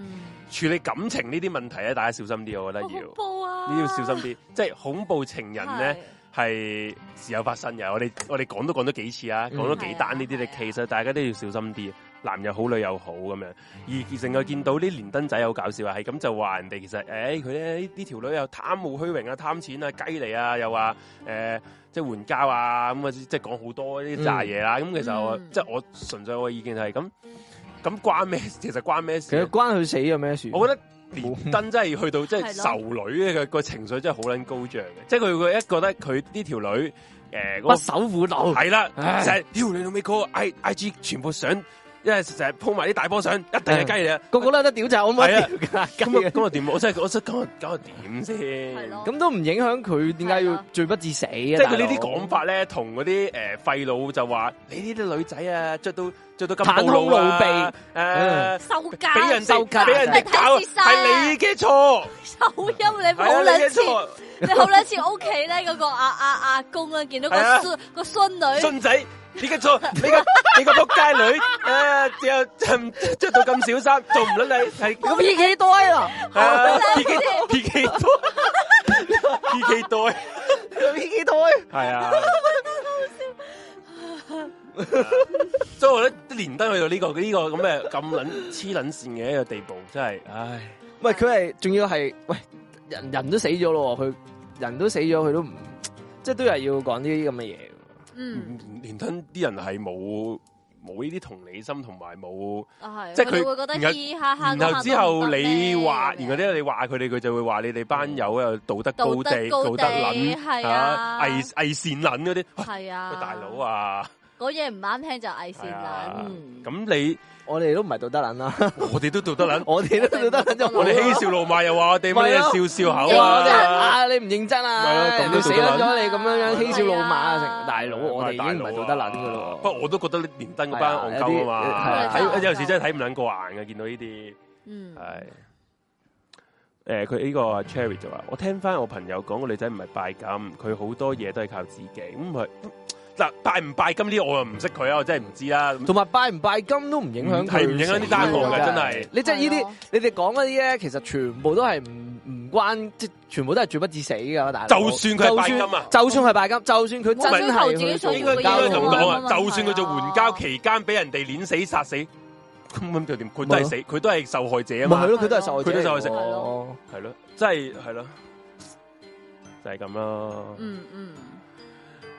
處理感情呢啲問題咧，大家小心啲，我覺得要。哦、恐怖啊！呢要小心啲，即係恐怖情人咧係時有發生嘅，我哋我哋講都講咗幾次啊，講、嗯、咗幾單呢啲，你其實大家都要小心啲。男又好，好，女又好咁樣，而成日見到啲連登仔好搞笑啊，係咁就話人哋其實，誒佢咧呢呢條女又貪慕虛榮啊，貪錢啊，雞嚟啊，又話誒、呃、即係援交啊，咁啊即係講好多啲炸嘢啦，咁、嗯、其實、嗯、即係我純粹我意見係、就、咁、是，咁關咩？其實關咩事、啊？其實關佢死有咩事、啊？我覺得連登真係去到即係 (laughs) 仇女嘅個情緒真係好撚高漲嘅，即係佢佢一覺得佢呢條女誒、呃那個、不守婦道，係啦，就係屌你老味哥，I I G 全部想因為成日鋪埋啲大波相，一定係雞啦，個個都得屌就，我唔可今日咁啊，咁啊，咁我真係，我真咁啊，咁啊，點先？咁都唔影響佢點解要罪不至死？即係佢呢啲講法咧，同嗰啲誒廢佬就話：你呢啲女仔啊，着到著到咁暴露收誒，受人受教，俾人哋搞，係你嘅錯。收音，你播兩次，你好兩次屋企咧？嗰個阿阿阿公啊見到個孫個孫女。呢個錯你個你個仆街女，誒又着着到咁小生，做唔到係係 P K 多咯，係啊，P K P K 多，P K 多，P K 多，係啊，所以我覺得連登去到呢個呢個咁嘅咁撚黐撚線嘅一個地步，真係，唉，喂，佢係仲要係喂，人人都死咗咯，佢人都死咗，佢都唔，即係都係要講呢啲咁嘅嘢。嗯，連登啲人係冇冇呢啲同理心，同埋冇，即係佢會覺得嘻嘻哈哈。然後之後你話，然後啲你話佢哋，佢就會話你哋班友又、嗯、道德高地，道德捻、啊，啊，偽偽善捻嗰啲，係啊，大佬啊，嗰嘢唔啱聽就偽善捻。咁你、啊。嗯嗯我哋都唔係道德捻啦，我哋都道德捻， (laughs) 我哋都道德捻， (laughs) 我哋嬉笑怒罵，又話我哋乜嘢笑笑口啊！ (laughs) 不我你唔認真啊！死得咗你咁樣樣嬉笑怒罵啊！成 (laughs) (laughs) (laughs) 大佬，我哋已經唔係道德捻噶咯。 (laughs) 不過我都覺得連登嗰班戇鳩啊嘛，睇 (laughs) 有對呀 (laughs) (laughs) 有時真係睇唔捻過眼啊，見到呢啲，係 (laughs) 誒、 (laughs) 哎，佢呢個 Cherry 就話，我聽翻我朋友講個女仔唔係拜金，佢好多嘢都係靠自己咁佢。嗱，拜唔拜金呢？我又唔識佢啊，我真係唔知啦，啊。同埋拜唔拜金都唔影響佢，係、嗯、唔影響啲單號嘅真係。你即係呢啲，你哋講嗰啲咧，其實全部都係唔唔關，即全部都係罪不至死噶。但係就算佢拜金啊，就算佢、哦、拜金，就算佢真係，佢應同交唔到，就算佢做援交期間俾人哋碾死殺死，根本、啊、就點，佢都係死，佢都係受害者啊嘛。咪係咯，佢都係受害者，係咯，即係係咯，就係咁咯。嗯嗯。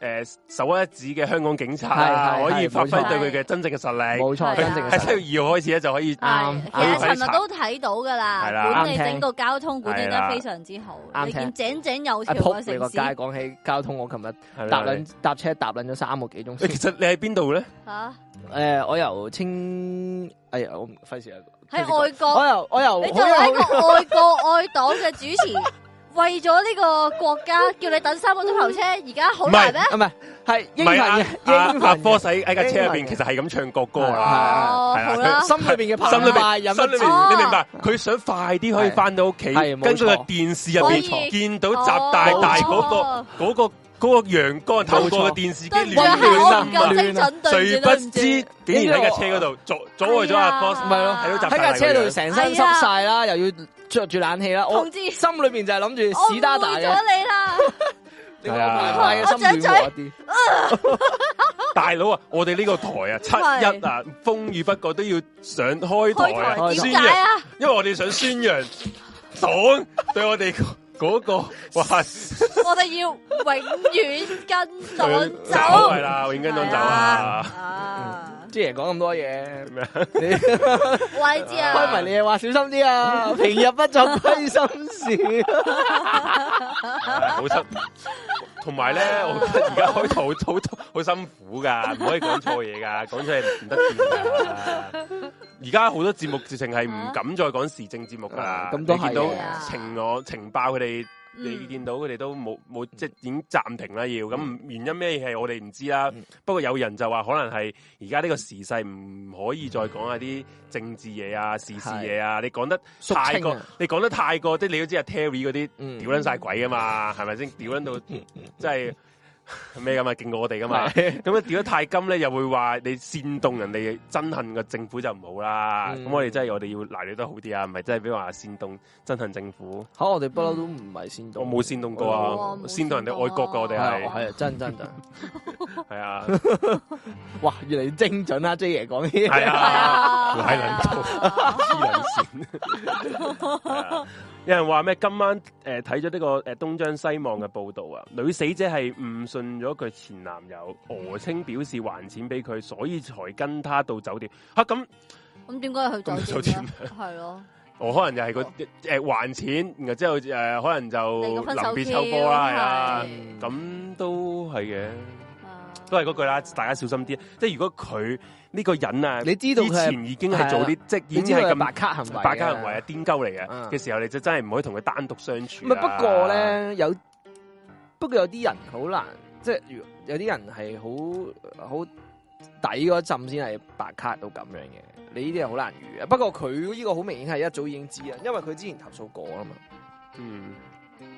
誒，首屈一指嘅香港警察、啊、 (music) 可以發揮對佢嘅真正嘅實力。冇錯，真正嘅實力。二號開始咧就可以。嗯、可以 xem，其實，誒，尋日都睇到噶啦，管、嗯、理整個交通管理得非常之好。你見，井井有條嘅城市。講、呃呃、起交通， (laughs) 我尋日搭兩搭車，搭兩咗三個幾鐘。其實你喺邊度咧？吓？誒、啊呃，我由清，哎呀，我費事啊。喺、啊啊、外國，我由我由，你仲一個外國愛黨嘅主持。 (laughs) 為咗呢個國家，叫你等三個鐘頭車，而家好難咩？唔咪係英人嘅。阿科仔喺架車入邊，其實係咁唱國歌啦係啊，好心心，心裏面嘅澎湃，心裏面你明白？佢想快啲可以翻到屋企、哎，跟住就電視入邊見到習大大嗰個嗰個。哦，那個那個嗰、那個陽光透過嘅電視機、啊啊、亂亂淋，誰不知，不知竟然喺架車嗰度阻阻礙咗阿 boss 唔係囉？喺、哎、架、啊、車度成身濕晒啦、哎，又要著住冷氣啦，我心裏面就係諗住屎打大嘅。我見咗你啦，係 (laughs) 啊！我再再啲，大佬啊！ (laughs) (laughs) 我哋呢個台啊，七一啊，風雨不改都要上開台，開台啊！宣揚，因為我哋想宣揚黨對我哋。嗰、那個，哇！我哋要永遠跟黨走， (laughs) 走，係啦，永遠跟黨走啦、啊啊。啲人講咁多嘢，鬼知 (laughs) 啊！開埋你嘅話，小心啲啊！平日不做虧心事，冇 (laughs) (laughs) (laughs) (laughs) 同埋咧，我覺得而家開頭好好辛苦噶，唔可以講錯嘢噶，講出嚟唔得掂噶。而家好多節目直情係唔敢再講時政節目噶，你見到情我情爆佢哋。你見到佢哋都冇冇即係已經暫停啦，要咁原因咩係我哋唔知啦。不過有人就話可能係而家呢個時勢唔可以再講下啲政治嘢啊、時事嘢啊。你講得太過，你講得太過，即係你都知阿 Terry 嗰啲屌撚晒鬼啊嘛，係咪先？屌撚到即係。 (laughs) 咩噶嘛，勁過我哋噶嘛，咁樣掉得太金咧，又會話你煽動人哋憎恨嘅政府就唔好啦、嗯。咁我哋真係我哋要拿捏得都好啲啊，唔係真係比如話煽動憎恨政府。吓，我哋不嬲都唔係煽動，的、嗯煽動過啊，我冇煽動過啊，煽動人哋愛國噶，我哋係係啊，真真噶，係啊，哇，越嚟越精準啊，J 爺講啲係啊，係兩套黐兩線。 (laughs) 屎人才 (laughs) 有人話咩？今晚誒睇咗呢個誒東張西望嘅報道啊，女死者係誤信咗佢前男友，訛、呃、稱表示還錢俾佢，所以才跟他到酒店。吓咁咁點解去酒店？係咯 (laughs) ，我可能又係、那個誒、哦呃、還錢，然後之後誒、呃、可能就臨別抽波啦、啊。咁、啊啊嗯、都係嘅。都係嗰句啦，大家小心啲。即係如果佢呢、呢個人啊，你知道佢之前已經係做啲即係，已經係咁白,白卡行為、白卡行為啊，癲鳩嚟嘅嘅時候，你就真係唔可以同佢單獨相處。係，不過咧、啊、有，不過有啲人好難，即係有啲人係好好抵嗰陣先係白卡到咁樣嘅。你呢啲係好難遇啊。不過佢呢個好明顯係一早已經知啊，因為佢之前投訴過啊嘛嗯。嗯，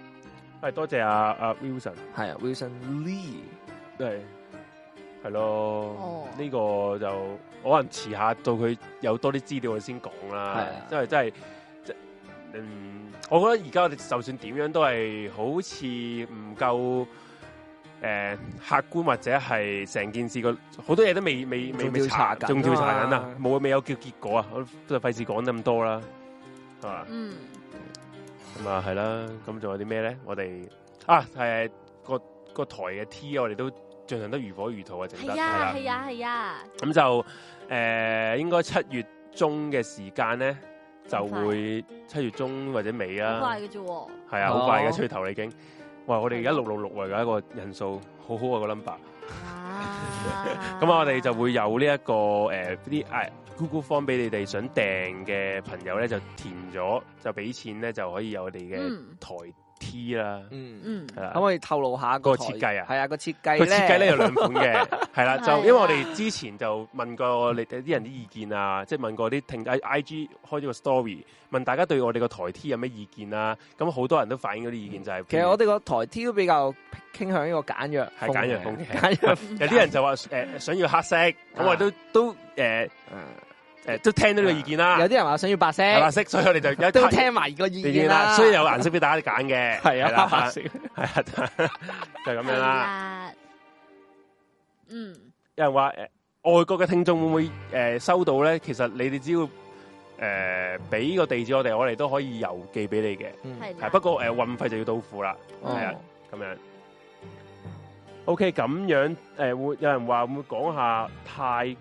係多謝阿、啊、阿、啊、Wilson，係啊 Wilson Lee，對。係咯，呢、oh. 個就我可能遲下到佢有多啲資料才，我哋先講啦。係，因為真係，即係，嗯，我覺得而家我哋就算點樣都係，好似唔夠誒客觀或者係成件事個好多嘢都未未未未查，仲調查緊啊！冇未、啊啊、有叫結果我啊！都費事講得咁多啦，係嘛？嗯，咁啊係啦。咁仲有啲咩咧？我哋啊係、啊那個個台嘅 T，我哋都。進行得如火如荼啊，剩得係啊，係啊，係啊。咁就誒、呃，應該七月中嘅時間咧，就會七月中或者尾啊。好快嘅啫。係啊，好快嘅，出頭已經。啊、哇，我哋而家六六六嚟嘅，一個人數，好好啊個 number。 (laughs) 啊。咁我哋就會有呢、這、一個誒啲誒 Google form 俾你哋想訂嘅朋友咧，就填咗就俾錢咧，就可以有我哋嘅台。嗯 T 啦，嗯嗯、啊，可唔可以透露下個設計啊？係啊，個設計，個設計咧有兩款嘅。係 (laughs) 啦，就因為我哋之前就問過我哋啲 (laughs) 人啲意見啊，即、就、係、是、問過啲聽 I I G 開咗個 story，問大家對我哋個台 T 有咩意見啊。咁好多人都反映嗰啲意見就係，其實我哋個台 T 都比較傾向呢個簡約，係、啊、簡約風格。 (laughs) 簡約風 (laughs) 有啲人就話誒、呃、想要黑色，咁我都、啊、都誒嗯。呃啊都聽到呢個意見啦，有啲人話想要白色，係白色，所以我哋就都聽埋個意見啦，所以有顏色俾大家揀嘅，係啊，白色係啊，就係咁樣啦。嗯，有人話誒，外國嘅聽眾會唔會誒收到咧？其實你哋只要誒俾個地址我哋，我哋都可以郵寄俾你嘅。係不過誒，運費就要到付啦。係啊，咁樣。OK，咁樣誒，會有人話會講下泰？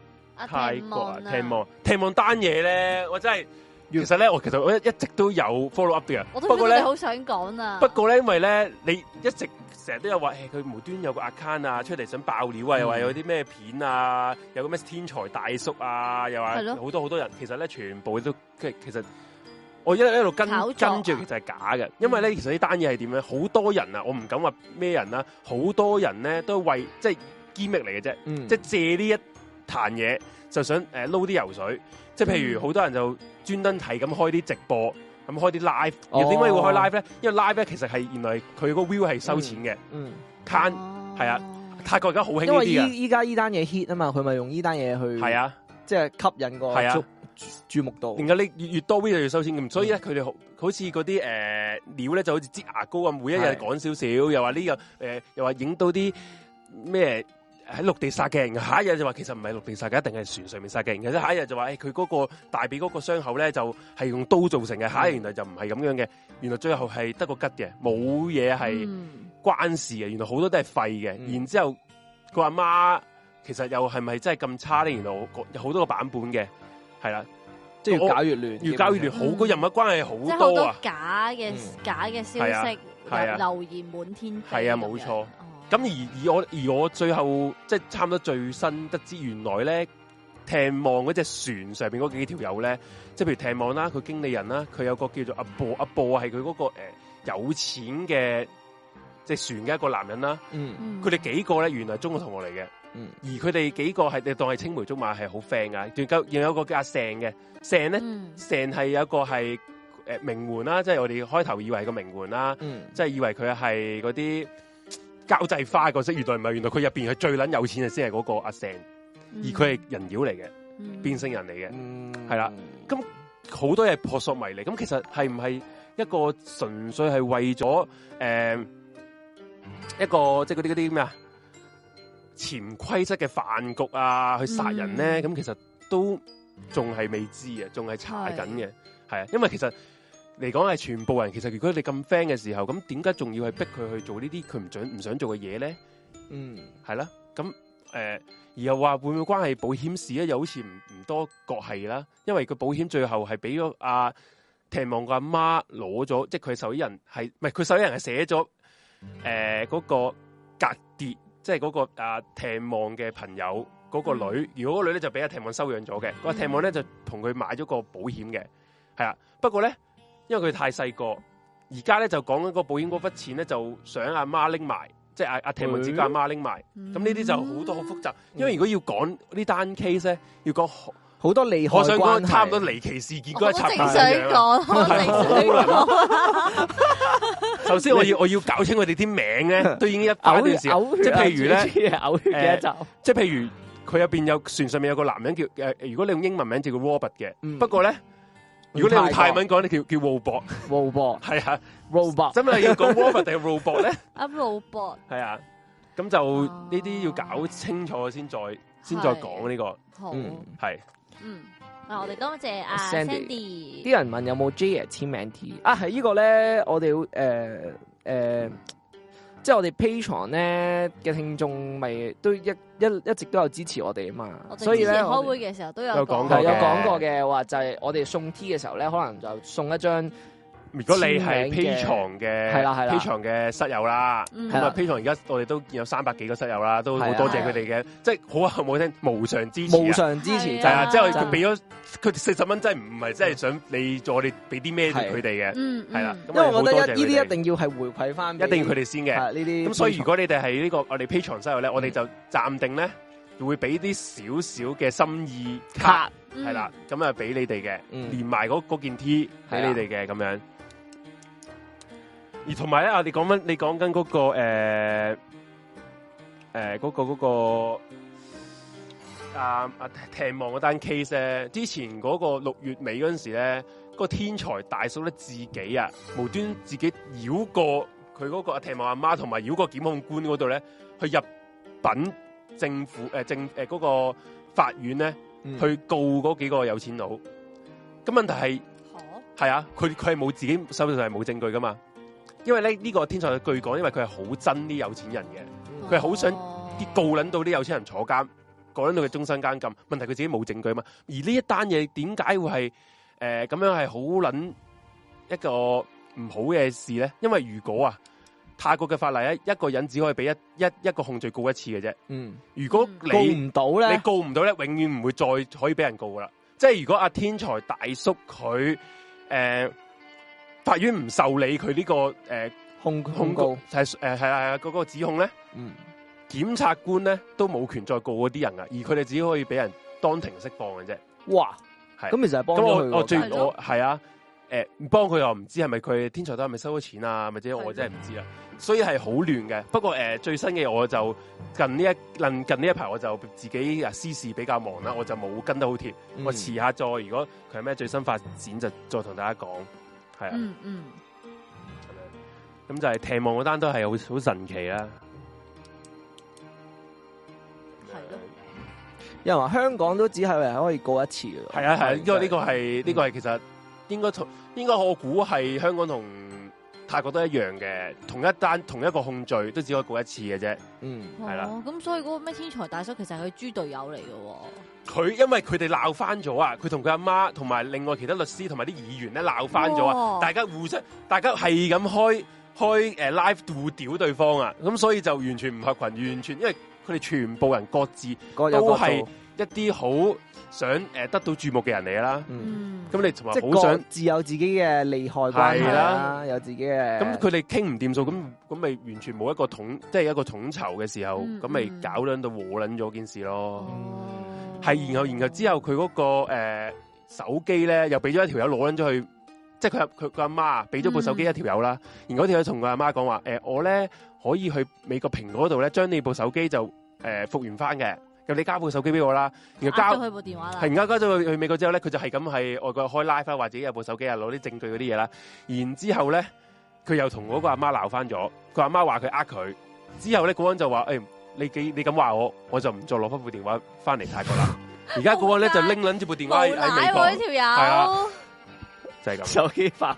泰國啊，聽望、啊，聽望單嘢咧！我真係，其實咧，我其實我一直都有 follow up 啲人。我都以為你好想講啊。不過咧，因為咧，你一直成日都有話，佢、欸、無端有個 account 啊出嚟想爆料啊，嗯、又話有啲咩片啊，有個咩天才大叔啊，又話好多好多人。其實咧，全部都即係其實我一直一路跟、啊、跟住其實係假嘅。因為咧，其實呢單嘢係點咧？好多人啊，我唔敢話咩人啊，好多人咧都是為即係揭秘嚟嘅啫，即係、嗯、借呢一。彈嘢就想誒撈啲油水，即係譬如好多人就專登係咁開啲直播，咁開啲 live。又點解會開 live 咧？因為 live 咧其實係原來佢個 view 係收錢嘅。嗯係係、嗯、啊，泰國而家好興呢啲嘅。依依家依單嘢 hit 啊嘛，佢咪用依單嘢去係啊，即係吸引個啊，注目到。點解你越越多 view 就越收錢咁、嗯？所以咧，佢哋好似嗰啲誒鳥咧，料就好似擠牙膏咁，每一日講少少，又話呢、這個誒、呃，又話影到啲咩？喺陸地殺嘅人，下一日就話其實唔係陸地殺嘅，一定係船上面殺嘅人嘅。下一日就話，誒佢嗰個大髀嗰個傷口咧，就係、是、用刀造成嘅、嗯。下一日原來就唔係咁樣嘅，原來最後是有的沒是係得個吉嘅，冇嘢係關事嘅。原來好多都係廢嘅、嗯。然之後個阿媽，媽其實又係咪真係咁差咧？原來好有好多個版本嘅，係啦，即係越搞越亂，越搞越亂，嗯、好個人物關係好多、啊、多假嘅、嗯、假嘅消息，流、嗯、言滿天飛，係啊，冇錯。哦。咁而以我而我最後即係差唔多最新得知，原來咧艇望嗰隻船上邊嗰幾條友咧，即係譬如艇望啦，佢經理人啦，佢有個叫做阿布、嗯，阿布係佢嗰個、呃、有錢嘅即係船嘅一個男人啦。佢、嗯、哋幾個咧原來中國同學嚟嘅、嗯。而佢哋幾個係當係青梅竹馬係好 friend 啊。仲夠仲有一個叫阿成嘅，成咧、嗯、成係有一個係誒、呃、名媛啦，即、就、係、是、我哋開頭以為個名媛啦，即、嗯、係、就是、以為佢係嗰啲。交際花嘅角色，原來唔係，原來佢入邊係最捻有錢嘅，先係嗰個阿 Sam，、嗯、而佢係人妖嚟嘅，變、嗯、性人嚟嘅，係、嗯、啦。咁好多嘢撲朔迷離，咁其實係唔係一個純粹係為咗誒、呃、一個即係嗰啲啲咩啊潛規則嘅飯局啊去殺人咧？咁、嗯、其實都仲係未知嘅，仲係查緊嘅，係啊，因為其實。嚟講係全部人，其實如果你咁 friend 嘅時候，咁點解仲要係逼佢去做呢啲佢唔想唔想做嘅嘢咧？嗯，係啦，咁誒、呃，而又話會唔會關係保險事咧？又好似唔唔多確係啦，因為個保險最後係俾咗阿聽望個阿媽攞咗，即係佢受益人係唔係佢受益人係寫咗誒嗰個隔跌，即係嗰、嗰個阿聽、啊、望嘅朋友嗰、嗰個女。如果嗰女咧就俾阿聽望收養咗嘅，個、嗯、聽望咧就同佢買咗個保險嘅，係啊，不過咧。因為佢太細個，而家咧就講緊個保險嗰筆錢咧，就想阿媽拎埋，即係阿阿霆文子跟阿媽拎埋。咁呢啲就好多好複雜。因為如果要講呢單 case 咧，要講好多離，我想講差唔多離奇事件嗰一插。好、那個 (laughs) 啊、想講，好首先我要我要搞清佢哋啲名咧，都已經一打段時間，即係譬如咧，即係譬如佢入邊有船上面有個男人叫誒，如果你用英文名就叫 Robert 嘅，不過咧。如果你用泰文講，你叫叫 robot，robot 係 robot, (laughs) 啊，robot，真係要講 robot 定 robot 咧？啊，robot 係啊，咁 Robot、 (laughs) 啊、就呢啲要搞清楚先、啊、先再先再講呢個，好係。嗯，啊，我哋多謝啊，Sandy，啲人問有冇 j i 簽名貼啊？係呢個咧，我哋誒誒。呃呃嗯即係我哋 P 床咧嘅聽眾咪都一一一直都有支持我哋啊嘛，所以咧開會嘅時候都有都有講過嘅話，過話就係、是、我哋送 T 嘅時候咧，可能就送一張。如果你係 Patreon 嘅，係啦係啦 Patreon 嘅室友啦，咁啊 Patreon 而家我哋都有三百幾個室友啦，都好多謝佢哋嘅，即係好啊，好唔好聽？無償支持、啊，無償支持就係啊！即係佢俾咗佢四十蚊，真係唔唔係真係想你做我哋俾啲咩佢哋嘅，係啦、啊。啊啊嗯啊、們因為我覺得呢啲一,一定要係回饋返，一定要佢哋先嘅呢啲。咁、啊、所以如果你哋係呢個我哋 Patreon 室友咧、嗯，我哋就暫定咧會俾啲少少嘅心意卡，係、嗯、啦，咁啊俾你哋嘅、嗯，連埋嗰件 T 俾你哋嘅咁樣。而同埋咧，啊，你講緊你講緊個誒誒個個個啊阿庭望單 case 咧，之前個六月尾陣時咧，嗰個天才大叔咧自己啊無端自己繞過佢、嗰個阿庭望阿媽同埋繞過檢控官嗰度咧，去入稟政府誒政誒個法院咧，嗯、去告嗰幾個有錢佬。咁問題係係啊，佢佢係冇自己手頭係冇證據噶嘛。因為呢呢、呢個天才據講因為佢係好憎啲有錢人嘅，佢係好想啲告捻到啲有錢人坐監，告捻到佢終身監禁。問題佢自己冇證據嘛？而呢一單嘢點解會係誒咁樣係好捻一個唔好嘅事咧？因為如果啊，泰國嘅法例一個人只可以俾一一一個控罪告一次嘅啫。嗯，如果你告唔到咧，你告唔到咧，永遠唔會再可以俾人告噶啦。即係如果阿、啊、天才大叔佢誒。呃法院唔受理佢呢、這個誒控、啊、控告，係誒係啊係啊嗰個指控咧。嗯，檢察官咧都冇權再告嗰啲人噶，而佢哋只可以俾人當庭釋放嘅啫。哇，係咁其實係幫咗佢。我最我係啊，誒幫佢又唔知係咪佢天才都係咪收咗錢啊，或者我真係唔知啦。所以係好亂嘅。不過誒、呃、最新嘅我就近呢一近近呢一排我就自己誒私事比較忙啦，我就冇跟得好貼、嗯。我遲下再，如果佢有咩最新發展就再同大家講。係啊，嗯嗯，咁就係踢望嗰單都係好好神奇啦，係咯，有人話香港都只係可以過一次嘅，係啊係啊，因為呢個係呢個係其實應該同應該我估係香港同。泰國都一樣嘅，同一單同一個控罪都只可以告一次嘅啫。嗯，係啦。咁所以嗰個咩天才大叔其實係佢豬隊友嚟嘅喎。佢因為佢哋鬧翻咗啊！佢同佢阿媽同埋另外其他律師同埋啲議員咧鬧翻咗啊！大家互相，大家係咁開開誒、啊、live 度屌對方啊！咁所以就完全唔合群，完全因為佢哋全部人各自各各都係一啲好。想、呃、得到注目嘅人嚟啦，咁、嗯、你同埋好想自有自己嘅利害關係、啊、啦，有自己嘅。咁佢哋傾唔掂數，咁咁咪完全冇一個統，嗯、即係一個統籌嘅時候，咁、嗯、咪搞到度和撚咗件事咯。係、嗯，然後然後之後佢嗰、那個、呃、手機咧，又俾咗一條友攞撚咗去，即係佢佢阿媽俾咗部手機一條友啦、嗯。然後條友同佢阿媽講話、呃、我咧可以去美國蘋果度咧，將呢部手機就誒、呃、復原返嘅。咁你交部手機俾我啦，然後交咗佢部電話啦，係交交咗佢去美國之後咧，佢就係咁係外國開 live 或者有部手機啊，攞啲證據嗰啲嘢啦。然之後咧，佢又同嗰個阿媽鬧翻咗，佢阿媽話佢呃佢，之後咧嗰個人就話：誒、哎，你你你咁話我，我就唔再攞翻部電話翻嚟泰國啦。而家嗰個咧就拎捻住部電話喺美國，係啊，就係咁。手機爆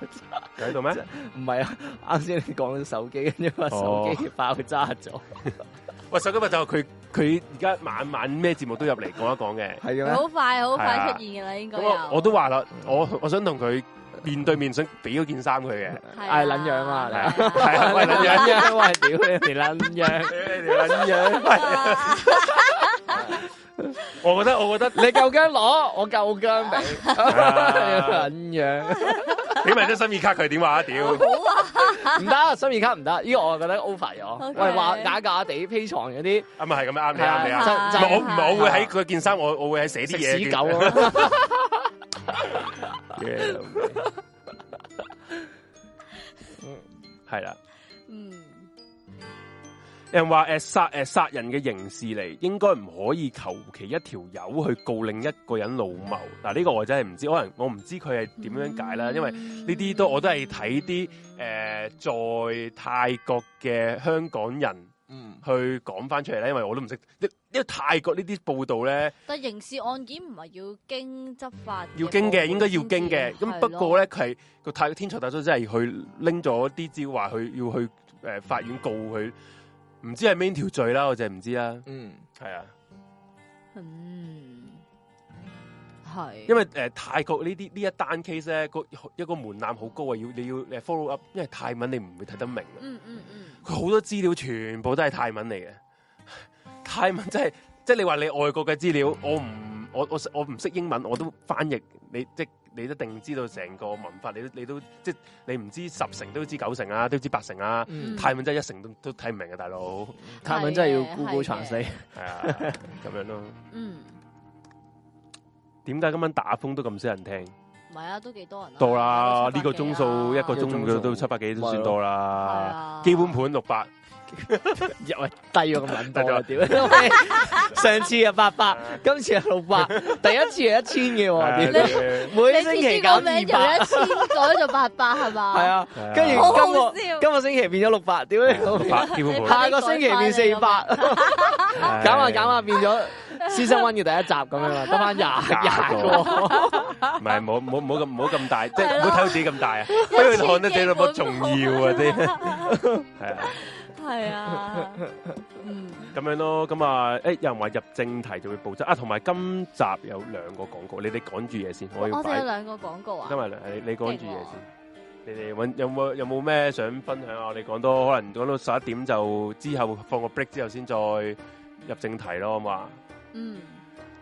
炸喺度咩？唔係啊，啱先你講到手機，跟住把手機爆炸咗。喂，手機咪就係佢。佢而家晚晚咩節目都入嚟講一講嘅，好快好快出現嘅啦，啊、應該我。我都話啦，我我想同佢面對面想俾嗰件衫佢嘅，係撚樣啊，係啊，喂撚樣，喂屌你哋撚樣，你哋撚樣。 (laughs) (laughs) 我覺得，我覺得你夠姜攞，我夠姜俾，咁樣俾埋張心意卡佢點話啊？屌，唔得，心意卡唔得，呢個我覺得 over 咗。喂，okay.，話假假地披床嗰啲，啊咪係咁樣啱嘅啱啊。唔我唔係我會喺佢件衫我我會喺寫啲嘢。食屎狗，啊 (laughs) (laughs) yeah, okay. (laughs) 。係啦。人話：殺殺，殺人嘅刑事嚟，應該唔可以求其一條友去告另一個人老謀嗱。呢、嗯這個我真係唔知，可能我唔知佢係點樣解啦、嗯。因為呢啲都我都係睇啲誒在泰國嘅香港人去講返出嚟咧，因為我都唔識，因為泰國呢啲報道咧。但刑事案件唔係要經執法，要經嘅應該要經嘅咁。不過咧，佢係個泰國天才大叔真係去拎咗啲招，話去要去、呃、法院告佢。唔知係咩條罪啦，我就係唔知啦。嗯，係啊。嗯，係、啊嗯。因為誒、呃、泰國這這呢啲呢一單 case 咧，個一個門檻好高啊，要你要 follow up，因為泰文你唔會睇得明。啊。嗯嗯嗯。佢、嗯、好多資料全部都係泰文嚟嘅，泰文即係即係你話你外國嘅資料，嗯、我唔我我我唔識英文，我都翻譯你即。就是你一定知道成個文化，你都你都即係你唔知十成都知九成啊，都知八成啊。Mm -hmm. 泰文真係一成都都睇唔明嘅、啊，大佬。Mm -hmm. 泰文真係要估估殘死，係啊，咁 (laughs) 樣咯。嗯。點解今晚打風都咁少人聽？唔係啊，都幾多人，啊？多啦，呢、呢個鐘數一個鐘嘅都七百幾都算多啦、就是。基本盤六百。又係低咗個穩度啊！屌，上次啊八百，今次啊六百，第一次啊一千嘅，點咧？每星期減一百，一千改做八百係嘛？係啊，跟住今個今個星期變咗六百，屌咧，下個星期變四百，減下減下變咗。先生温嘅第一集咁樣啊，得翻廿廿個，唔係冇冇冇咁冇咁大，即係唔好睇到自己咁大，不要看得自己咁重要啊！啲係啊。係啊，嗯，咁樣咯，咁啊，誒，有人話入正題就會暴增啊，同埋今集有兩個廣告，你哋趕住嘢先，我要我哋有兩個廣告啊，因為你你趕住嘢先，你哋有冇有冇咩想分享啊？我哋講多可能講到十一點就之後放個 break 之後先再入正題咯，好嘛，嗯，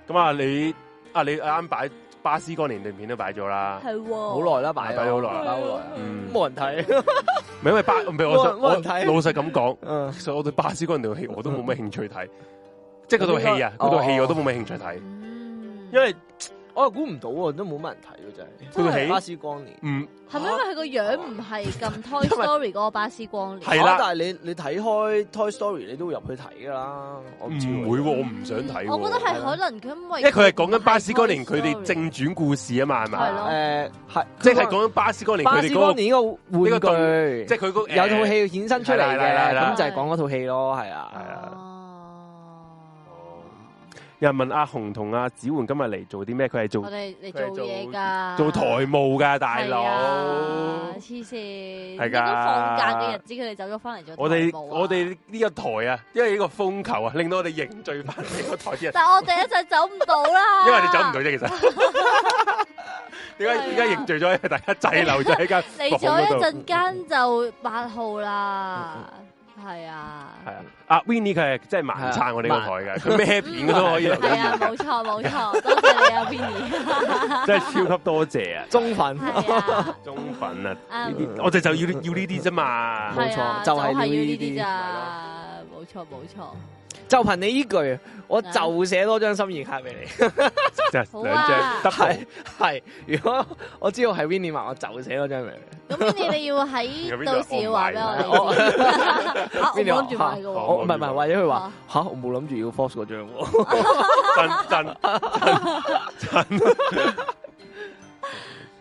咁啊，你啊，你啱擺。巴斯光年段片都擺咗啦，係，好耐啦，擺咗好耐啦，好耐，冇、嗯、人睇， (laughs) 唔係因為巴，唔係我真，我老實咁講，嗯、其實我對巴斯光年段戲我都冇咩興趣睇，即係嗰套戲啊，嗰套戲我都冇咩興趣睇，因為。我估唔到、啊，都冇乜人睇咯，真係佢個巴斯光年，嗯，係咪因為佢個樣唔係咁 Toy Story 嗰 (laughs) 個巴斯光年？係 (laughs) 啦、啊，但係你你睇開 Toy Story，你都會入去睇噶啦，唔會、啊，我唔想睇、嗯。我覺得係可能因為、啊，因為佢係講緊巴斯光年佢哋正傳故事啊嘛，係嘛？誒，係，即係講緊巴斯光年故事，啊啊、即巴斯光年呢個玩具即係佢有套戲衍生出嚟嘅，咁、啊啊啊、就係講嗰套戲咯，係啊，係啊。啊又問阿雄同阿紫媛今日嚟做啲咩？佢係做我哋嚟做嘢噶，做台務噶大佬。黐線，啊，係噶，放假嘅日子，佢哋走咗翻嚟做台務。我哋我哋呢個台啊，因為呢個風球啊，令到我哋凝聚翻呢個台 (laughs) 但我哋一陣走唔到啦， (laughs) 因為你走唔到啫，其實。點解而家凝聚咗？大家滯留咗喺呢間嚟咗一陣間就八號啦。 (laughs) 係啊，係啊，阿、uh, Winnie 佢係真係盲撐我呢個台嘅，佢咩片佢都可以。係 (laughs) 啊，冇錯冇錯，沒錯 (laughs) 多謝你啊，Winnie 真係超級多謝啊，中啊，中粉，中粉啊，呢 (laughs) 啲這些 (laughs) 我哋就要要呢啲啫嘛，冇錯，就係要呢啲，冇錯冇錯。就憑你依句，我就寫多張心意卡俾你、 (laughs) 啊。即係兩張，係係。如果我知道係 Winnie 話，我就寫多張俾你。咁你你要喺到時話俾我聽。我諗住買嘅，唔係唔係，或者佢話吓我冇諗住要 force 嗰張。真真真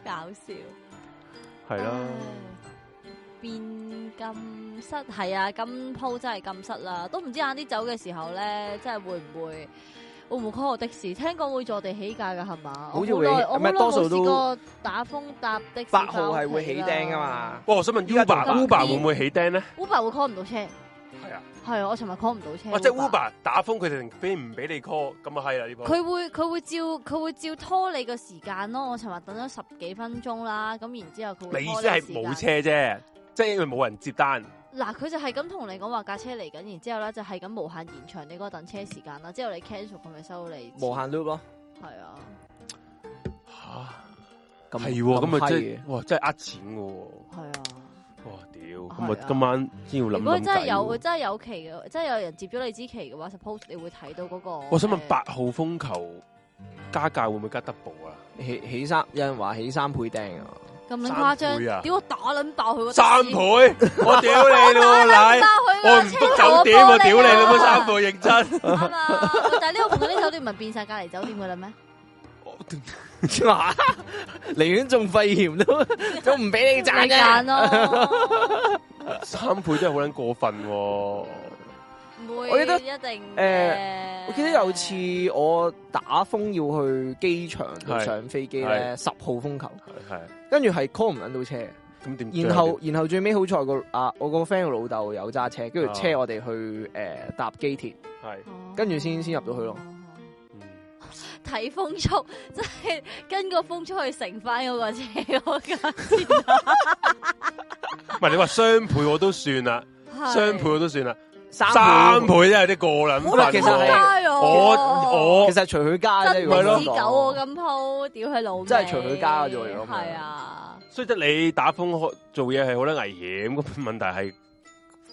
搞笑。係啦。變。咁、嗯、塞係啊，咁鋪真係咁塞啦，都唔知晏啲走嘅時候咧，真係會唔會會唔會 call 我的士？聽講會坐地起價嘅係嘛？好似我都冇試過打風搭的士。八號係會起釘噶嘛哇？我想問 Uber，Uber 會唔會起釘咧？Uber 會 call 唔、啊、到車？係啊，係啊我尋日 call 唔到車。即係 Uber 打風，佢哋非唔俾你 call，咁啊係啦呢個。佢會佢會照佢會照拖你嘅時間咯。我尋日等咗十幾分鐘啦，咁然之後佢會你。你意思係冇車啫？即係因為冇人接單，嗱佢就係咁同你講話架車嚟緊，然之後咧就係咁無限延長你嗰個等車時間啦。之後你 cancel 佢咪收你無限 loop 咯？係啊，吓，係咁啊，即、 (laughs) 啊、哇，真係呃錢嘅、啊，係啊，哇屌，咁啊，啊今晚先要諗諗如果真係有，啊、真係有期嘅，真係有人接咗你支旗嘅話，suppose 你會睇到嗰、那個。我想問八號風球加價會唔會加 double 啊？起起三，有人話起三倍釘啊！咁捻誇張，屌我打捻爆佢個三倍，我屌你啦！我打捻爆佢個酒店，我屌你啦！三倍認真，但係呢個唔同啲酒店，唔係變晒隔離酒店噶啦咩？我點知啊？寧願仲肺炎都都唔俾你賺錢咯。三倍真係好捻過分，唔會，我記得一定誒，我記得有次我打風要去機場去上飛機咧，十號風球係。跟住係 call 唔搵到車，咁點？然後，最後然後最尾好彩個啊，我個 friend 個老豆有揸車，跟住車我哋去誒搭機鐵，係跟住先先入到去咯。睇風速，即係跟個風速去乘翻嗰個車嗰架。唔 (laughs) 係 (laughs) (laughs) (laughs) 你話雙倍我都算啦，雙倍我都算啦。三倍都有啲過啦，其實係我我，我其實隨佢加啫，係咯，真係九個咁鋪，屌佢老味真係隨佢加咗啊，所以你打風開做嘢係好多危險，咁、個、問題係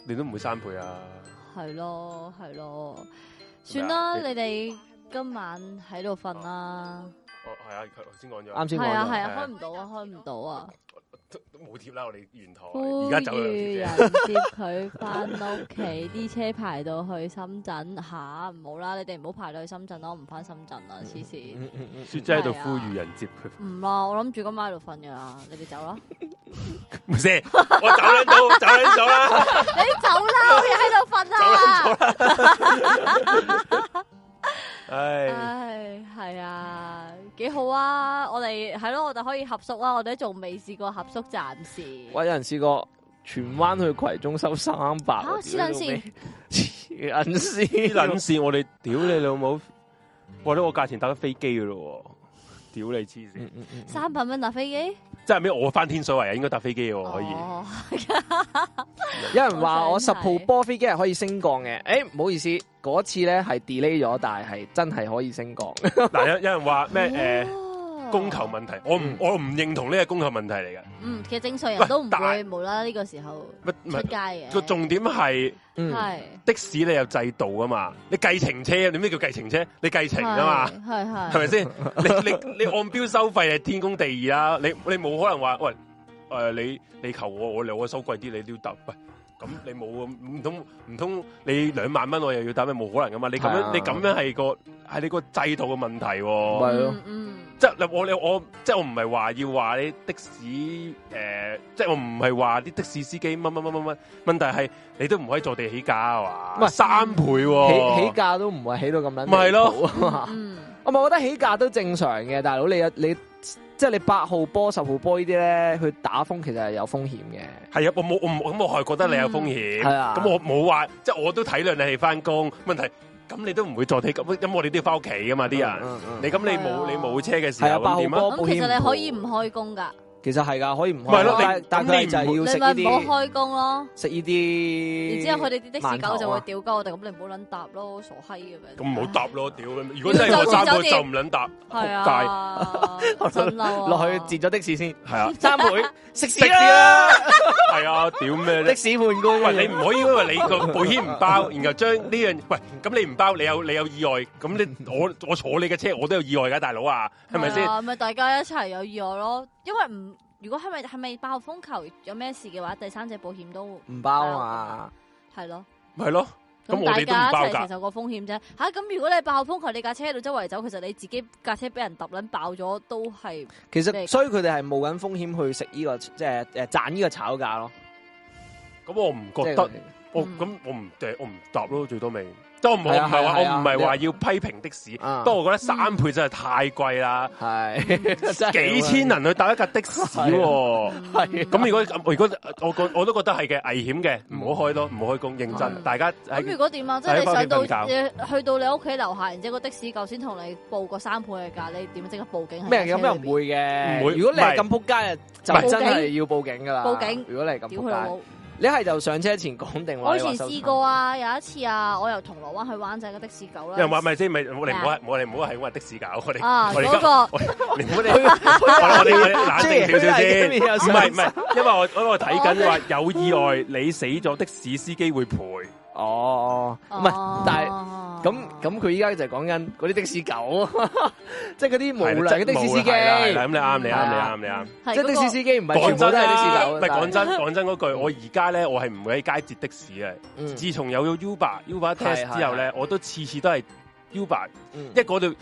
你都唔會三倍啊，係咯係咯，算啦，你哋今晚喺度瞓啦。哦，係啊，佢頭先講咗，啱先係啊係啊，開唔到啊開唔到啊。都冇貼啦，我哋沿途，而家走呼籲人接佢翻屋企，啲 (laughs) 車排到去深圳，吓、啊，唔好啦，你哋唔好排到去深圳咯，唔翻深圳啦，黐線，嗯嗯嗯嗯。雪姐喺度呼籲人接佢。唔 (laughs) 啦，我諗住今晚喺度瞓噶啦，你哋走啦。唔使，我走你走，走你走啦。你走啦，我喺度瞓啦。 (laughs) (laughs) (laughs) 唉，係啊，幾好啊！我哋係咯，我哋可以合宿啊！我哋仲未試過合宿，暫時喂，有人試過荃灣去葵涌收三百，黐黐捻線，黐捻線！次次次次我哋屌你老母，有有為咗我呢個價錢搭咗飛機咯，屌你黐線，三百蚊搭飛機。即係咩？我翻天水圍啊，應該搭飛機可以、oh. (laughs) 有人話我十號波飛機係可以升降嘅。誒、欸，唔好意思，嗰次咧係 delay 咗，但係真係可以升降。嗱， (laughs) 有有人話咩？誒。呃供求問題，我唔、嗯、我唔認同呢個供求問題嚟嘅。嗯，其實正常人都唔會冇啦呢個時候出街嘅。個重點係、嗯、的士你有制度啊嘛，你計程車，你咩叫計程車？你計程啊嘛，係係，係咪先？你你你按表收費係天公地義啦，你你冇可能話喂，誒、呃、你你求我我我收貴啲，你都要抌。咁你冇啊？唔通唔通你兩萬蚊我又要打咩？冇可能噶嘛！你咁樣、啊、你咁樣係個係你個制度嘅問題、哦嗯。係、嗯、咯，即係我我即係我唔係話要話你的士誒、呃，即係我唔係話啲的士司機乜乜乜乜乜，問題係你都唔可以坐地起價啊嘛！三倍、哦、起起價都唔會起到咁樣，唔係咯？我咪覺得起價都正常嘅，大佬你啊你。你即係你八號波十號波呢啲咧，去打風其實係有風險嘅。係啊，我冇我咁我係覺得你有風險。係啊，咁我冇話，即係我都體諒你係翻工。問題咁你都唔會坐地咁，咁我哋都要翻屋企噶嘛啲人、嗯嗯嗯。你咁你冇你冇車嘅時候點啊？咁其實你可以唔開工噶。其實係噶，可以唔開。但佢就係要食呢啲。你咪唔好開工咯，食呢啲。然之後佢哋啲的士狗就會屌鳩我哋，咁你唔好捻搭咯，傻閪咁樣。咁唔好搭咯，屌！如果真係我三妹就唔捻搭，係啊，真啦。落去截咗的士先，係啊，揸妹食屎啊，係啊，屌咩？的士換工喂，你唔可以，因為你個保險唔包，然後將呢樣喂咁你唔包，你有你有意外咁你我我坐你嘅車我都有意外噶，大佬啊，係咪先？咪大家一齊有意外咯。因為唔如果係咪係咪八號風球有咩事嘅話，第三者保險都唔包啊，係、啊、咯，係咯，咁大家一齊承受個風險啫。吓、啊、咁如果你八號風球你架車喺度周圍走，其實你自己架車俾人揼撚爆咗都係。其實所以佢哋係冒緊風險去食呢、這個即係誒賺呢個炒價咯。咁我唔覺得，就是、我咁、嗯、我唔我唔答咯，最多未。都唔好，唔係話我唔係話要批評的士，都我覺得三倍真係太貴啦。係幾千人去搭一架的士喎，係咁如果如果我覺我都覺得係嘅，危險嘅，唔好開咯，唔好開工，認真，大家。咁如果點啊？即係你上到，去到你屋企樓下，然之後個的士舊先同你報個三倍嘅價，你點即刻報警？咩有咩唔會嘅？唔會。如果你係咁撲街，就真係要報警㗎啦。報警。如果你係咁撲街。你係就上車前講定話，我以前試過啊，有一次啊，我由銅鑼灣去灣仔個的士狗咧，人話咪先咪，我哋唔好，我哋唔好係咁的士搞我哋啊，我哋個，我哋，我哋 (laughs) (laughs) 冷靜少少先，唔係唔係，因為我因為我睇緊話有意外， (laughs) 你死咗的士司機會賠。哦，唔係，但係咁咁佢依家就係講緊嗰啲的士狗，即係嗰啲無良就係的士司機。係咁，你啱你啱你啱你啱，即係、那個、的士司機唔係全部都係的士狗。唔係講真講、啊、真嗰句，我而家咧我係唔會喺街接的士嘅、嗯。自從有咗 Uber Uber Taxi 之後咧，我都次次都係 Uber，、嗯、因為我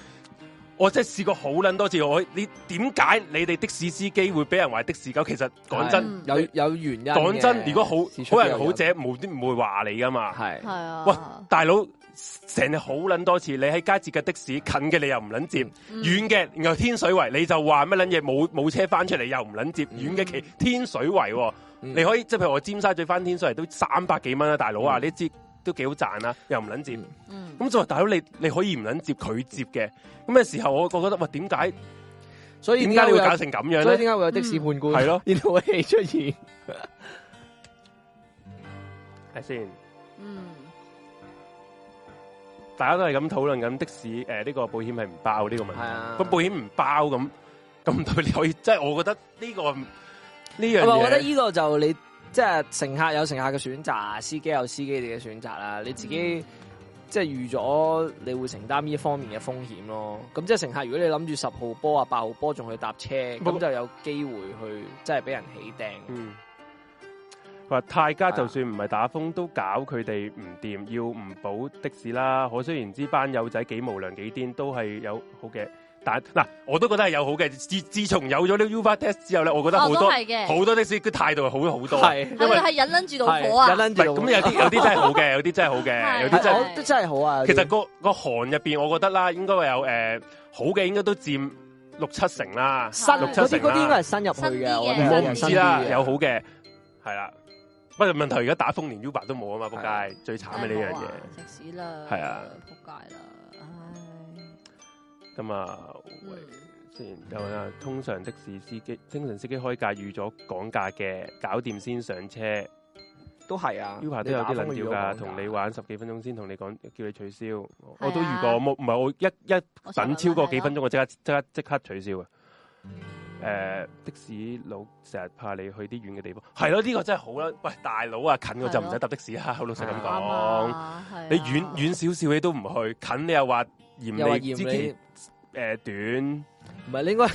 我真係試過好撚多次，我你點解你哋的士司機會俾人話的士狗？其實講真有有原，真有原因。講真，如果好好人好者，冇啲唔會話你㗎嘛。啊！喂，大佬，成日好撚多次，你喺街接嘅的、的士近嘅你又唔撚接，嗯、遠嘅然後天水圍你就話乜撚嘢冇冇車翻出嚟又唔撚接，嗯、遠嘅其天水圍、哦嗯、你可以即係譬如我尖沙咀翻天水圍都三百幾蚊啊大佬啊！嗯、你接。都幾好賺啦，又唔捻接，咁作為大佬，你你可以唔捻接佢接嘅，咁嘅時候我我覺得喂點解，所以點解你會搞成咁樣咧？所以點解會有的士判官係咯，呢套戲出現？係 (laughs) 先，嗯，大家都係咁討論緊的士誒呢、呃這個保險係唔包呢個問題，個、啊、保險唔包咁咁，對你可以即係、就是、我覺得呢、這個呢樣、這個、我覺得呢個就你。即係乘客有乘客嘅選擇，司機有司機哋嘅選擇啦。你自己即係預咗你會承擔呢方面嘅風險咯。咁即係乘客，如果你諗住十號波啊、八號波仲去搭車，咁就有機會去即係俾人起訂。嗯，話泰家就算唔係打風、啊、都搞佢哋唔掂，要唔補的士啦。可雖然知班友仔幾無良幾癲，都係有好嘅。嗱，我都覺得係有好嘅。自自從有咗呢 Uber Test 之後咧，我覺得好多好、哦、多的士佢態度係好咗好多。係係咪係忍撚住到火啊？忍撚住咁有啲 (laughs) 有啲真係好嘅，有啲真係好嘅，有啲真係真係好啊！其實、個個行入邊，我覺得啦，應該會有誒、呃、好嘅，應該都佔六七成啦。新嗰啲嗰啲應該係新入去嘅，我唔知啦。的有好嘅係啦，不過問題而家打風連 Uber 都冇啊嘛！撲街最慘嘅呢樣嘢食屎啦！係啊，撲街啦～咁、嗯、啊，先啦、嗯。通常的士司機、清晨司機開價預咗講價嘅，搞掂先上車都係啊。Uber 都有啲能調㗎，同你玩十幾分鐘先同你講，叫你取消。啊、我都遇過，冇唔係我一一等超過幾分鐘，我即、啊、刻即刻即刻取消啊。誒、嗯，uh, 的士佬成日怕你去啲遠嘅地方，係咯、啊，呢、這個真係好啦。喂，大佬啊，近我就唔使搭的士好、啊、老實咁講、啊，你遠遠少少你都唔去，近你又話嫌，嫌你之誒、呃，短唔係你應該，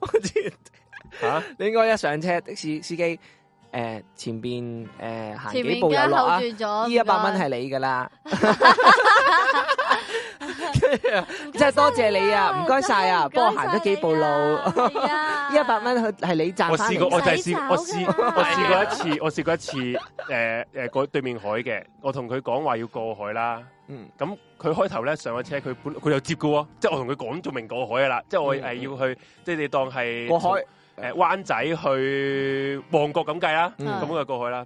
我知吓，你應該、啊、 (laughs) 一上車的士司機。誒、呃，前邊誒行幾步路啊！依一百蚊係你噶啦，即係多謝你啊！唔該晒啊，幫我行咗幾步路，依一百蚊係你賺。我試過，我就試，啊、我試， (laughs) 我試過一次，我試過一次。誒、呃、誒，過對面海嘅，我同佢講話要過海啦。嗯，咁佢開頭咧上咗車，佢本佢有接嘅即係我同佢講做明過海啊啦，即、就、係、是、我係要去，即、嗯、係當係過海。誒，灣仔去旺角咁計啦，咁我、嗯、就過去啦。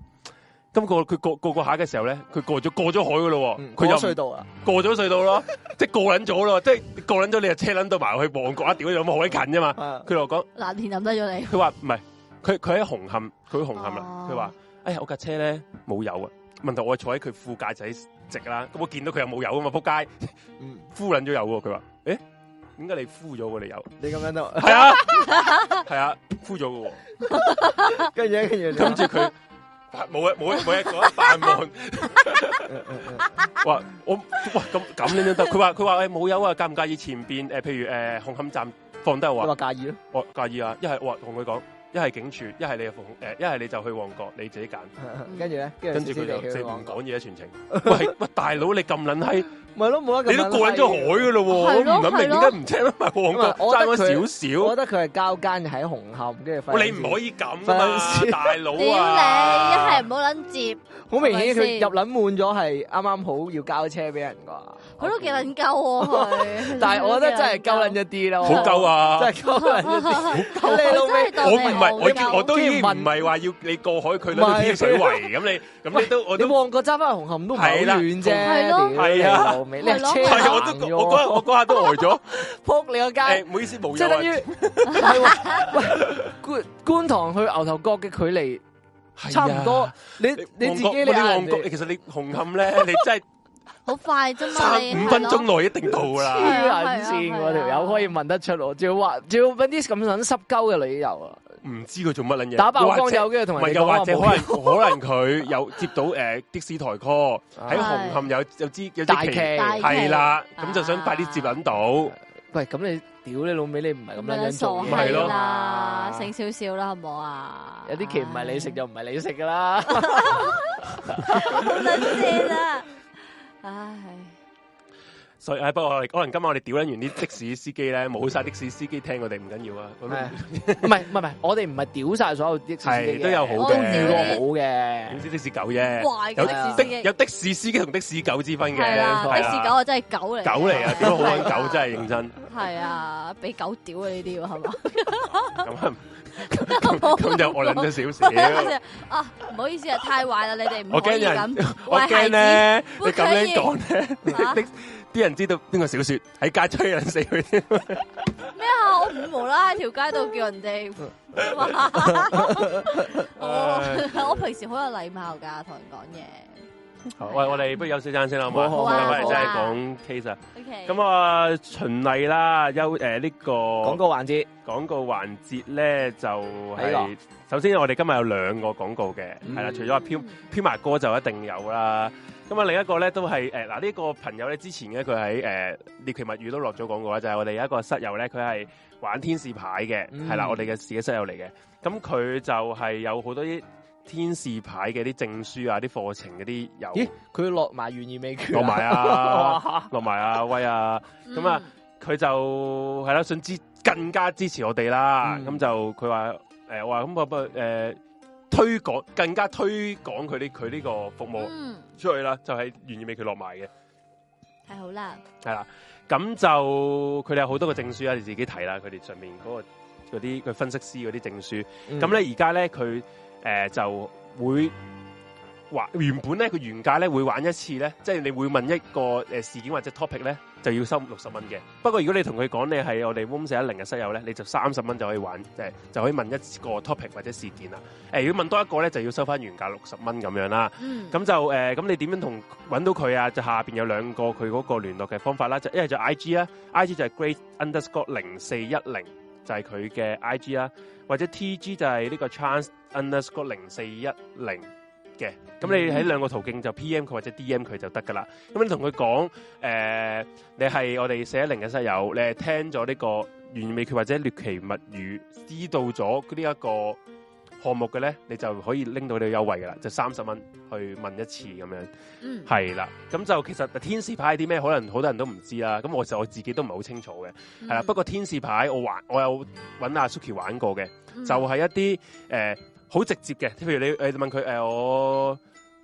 咁過佢過，過過個下嘅時候咧，佢過咗過咗海噶咯，佢、嗯、有隧道啊，過咗隧道咯，即 (laughs) 係過捻咗咯，即、就、係、是、過捻咗、就是，你啊車捻到埋去旺角一屌有冇海近啫嘛？佢、嗯、同我講，藍田唔得咗你，佢話唔係，佢佢喺紅磡，佢喺紅磡啦，佢、啊、話哎呀，我架車咧冇油啊，問題我坐喺佢副駕仔直啦，咁我見到佢又冇油啊嘛，仆街，敷捻咗油佢話誒。點解你枯咗嘅？你有？你咁樣都係啊？係 (laughs) 啊，枯咗嘅喎。 (laughs) 跟住着他，跟 (laughs) 住，跟住佢冇嘅，冇冇嘢講扮忙。話 (laughs) 裝忙 (laughs) 我，話咁咁樣都得。佢話佢話誒冇有啊？介唔介意前邊誒、呃，譬如誒、呃、紅磡站放低我啊？介意咯？我、哦、介意啊！一係我同佢講，一係警署，一係你誒，一、呃、係你就去旺角，你自己揀。 (laughs) 跟住咧，跟住佢就四唔講嘢全程。喂喂，大佬你咁撚閪！咯、就是，冇得你都過人咗海噶咯喎，我唔諗明點解唔聽埋黃覺爭咗少少。我覺得佢係交間，喺紅磡，跟住。你唔可以咁啊，分大佬屌、啊、你，你，一係唔好撚接。好明顯，佢入撚滿咗，係啱啱好要交車俾人啩。我都幾難救，但係我覺得真係鳩捻一啲咯，好鳩啊，真係鳩捻一啲，鳩你咯咩？我唔係我我都要唔係話要你過海，佢攞啲天水圍咁你咁你都我都旺角揸翻去紅磡都唔係好遠啫，係咯，係啊，後尾你車盲嘅，我嗰我嗰下都呆咗，扑你個街，唔好意思冇。即係等於觀觀塘去牛頭角嘅距離，差唔多。你你自己你旺角，其實你紅磡咧，你真係。好快啫嘛！三五分鐘內一定到啦，黐線！我條友可以問得出我，仲要話仲要搵啲咁撚濕鳩嘅理由啊？唔知佢做乜撚嘢？打爆放有嘅，同埋又或者可能可能佢又接到誒的士台 call 喺紅磡有有支有大旗係啦，咁就想快啲接搵到。喂，咁你屌你老味，你唔係咁撚樣做，唔係咯，醒少少啦，好唔好啊？有啲旗唔係你食就唔係你食噶啦，好黐線啊！唉，所以唉，不過我哋可能今晚我哋屌捻完啲的士司機咧，冇晒的士司機聽我哋唔緊要啊，唔係唔係唔係，我哋唔係屌晒所有的士司機嘅，都有好多遇過好嘅，點知的士狗啫，有的士有的士司機同的士狗之分嘅，係啦，的士狗我真係狗嚟，狗嚟啊，屌好捻狗真係認真，係啊，俾狗屌啊呢啲係嘛。咁就我諗咗小說啊！唔好意思啊，太壞啦，你哋唔好驚，咁，我驚咧，你咁樣講咧，啲啲人知道邊個小說喺街吹人死佢添咩啊？我唔會無啦啦喺條街度叫人哋，我我平時好有禮貌噶，同人講嘢。好，喂，我哋不如休息陣先啦，好唔好？我哋真係講 case 啊。咁、就、啊、是，循例啦，有誒呢個廣告環節。廣告環節咧就係，首先我哋今日有兩個廣告嘅，係、嗯、啦，除咗飄飄埋歌就一定有啦。咁啊，另一個咧都係誒，嗱、呃、呢、這個朋友咧之前咧佢喺誒獵奇物語都落咗廣告嘅，就係、是、我哋有一個室友咧，佢係玩天使牌嘅，係、嗯、啦，我哋嘅自己室友嚟嘅。咁佢就係有好多啲。天使牌嘅啲證書啊，啲課程嗰啲有？咦，佢落埋願意俾佢落埋啊，落埋啊威啊，咁 (laughs) 啊，佢、啊啊啊嗯、就係啦、啊，想支更加支持我哋啦，咁、嗯、就佢話誒，我話咁我不誒推廣更加推廣佢呢佢呢個服務、嗯、出去啦，就係願意俾佢落埋嘅，太好啦，係啦、啊，咁就佢哋有好多個證書啊，你自己睇啦，佢哋上面嗰、那個嗰啲佢分析師嗰啲證書，咁咧而家咧佢。誒、呃、就會玩、呃、原本咧，佢原價咧會玩一次咧，即係你會問一個誒、呃、事件或者 topic 咧，就要收六十蚊嘅。不過如果你同佢講你係我哋 room 四一零嘅室友咧，你就三十蚊就可以玩，就係、是、就可以問一個 topic 或者事件啦。誒、呃，如果問多一個咧，就要收翻原價六十蚊咁樣啦。咁就誒，咁、呃、你點樣同揾到佢啊？就下邊有兩個佢嗰個聯絡嘅方法啦，就一係就 I G 啦、啊啊，I G 就係 great underscore 零四一零。就係、是、佢嘅 I G 啦，或者 T G 就係呢個 Chance Underscore 零四一零嘅。咁你喺兩個途徑就 P M 佢或者 D M 佢就得噶啦。咁你同佢講，誒、呃，你係我哋四一零嘅室友，你係聽咗呢個《完美佢，或者《獵奇物語》，知道咗呢一個。項目嘅咧，你就可以拎到你嘅優惠噶啦，就三十蚊去問一次咁樣，係、嗯、啦。咁就其實天使牌啲咩，可能好多人都唔知啦。咁我就我自己都唔係好清楚嘅，係、嗯、啦。不過天使牌我玩，我有揾阿 Suki 玩過嘅，就係、是、一啲誒好直接嘅，譬如你誒問佢、呃、我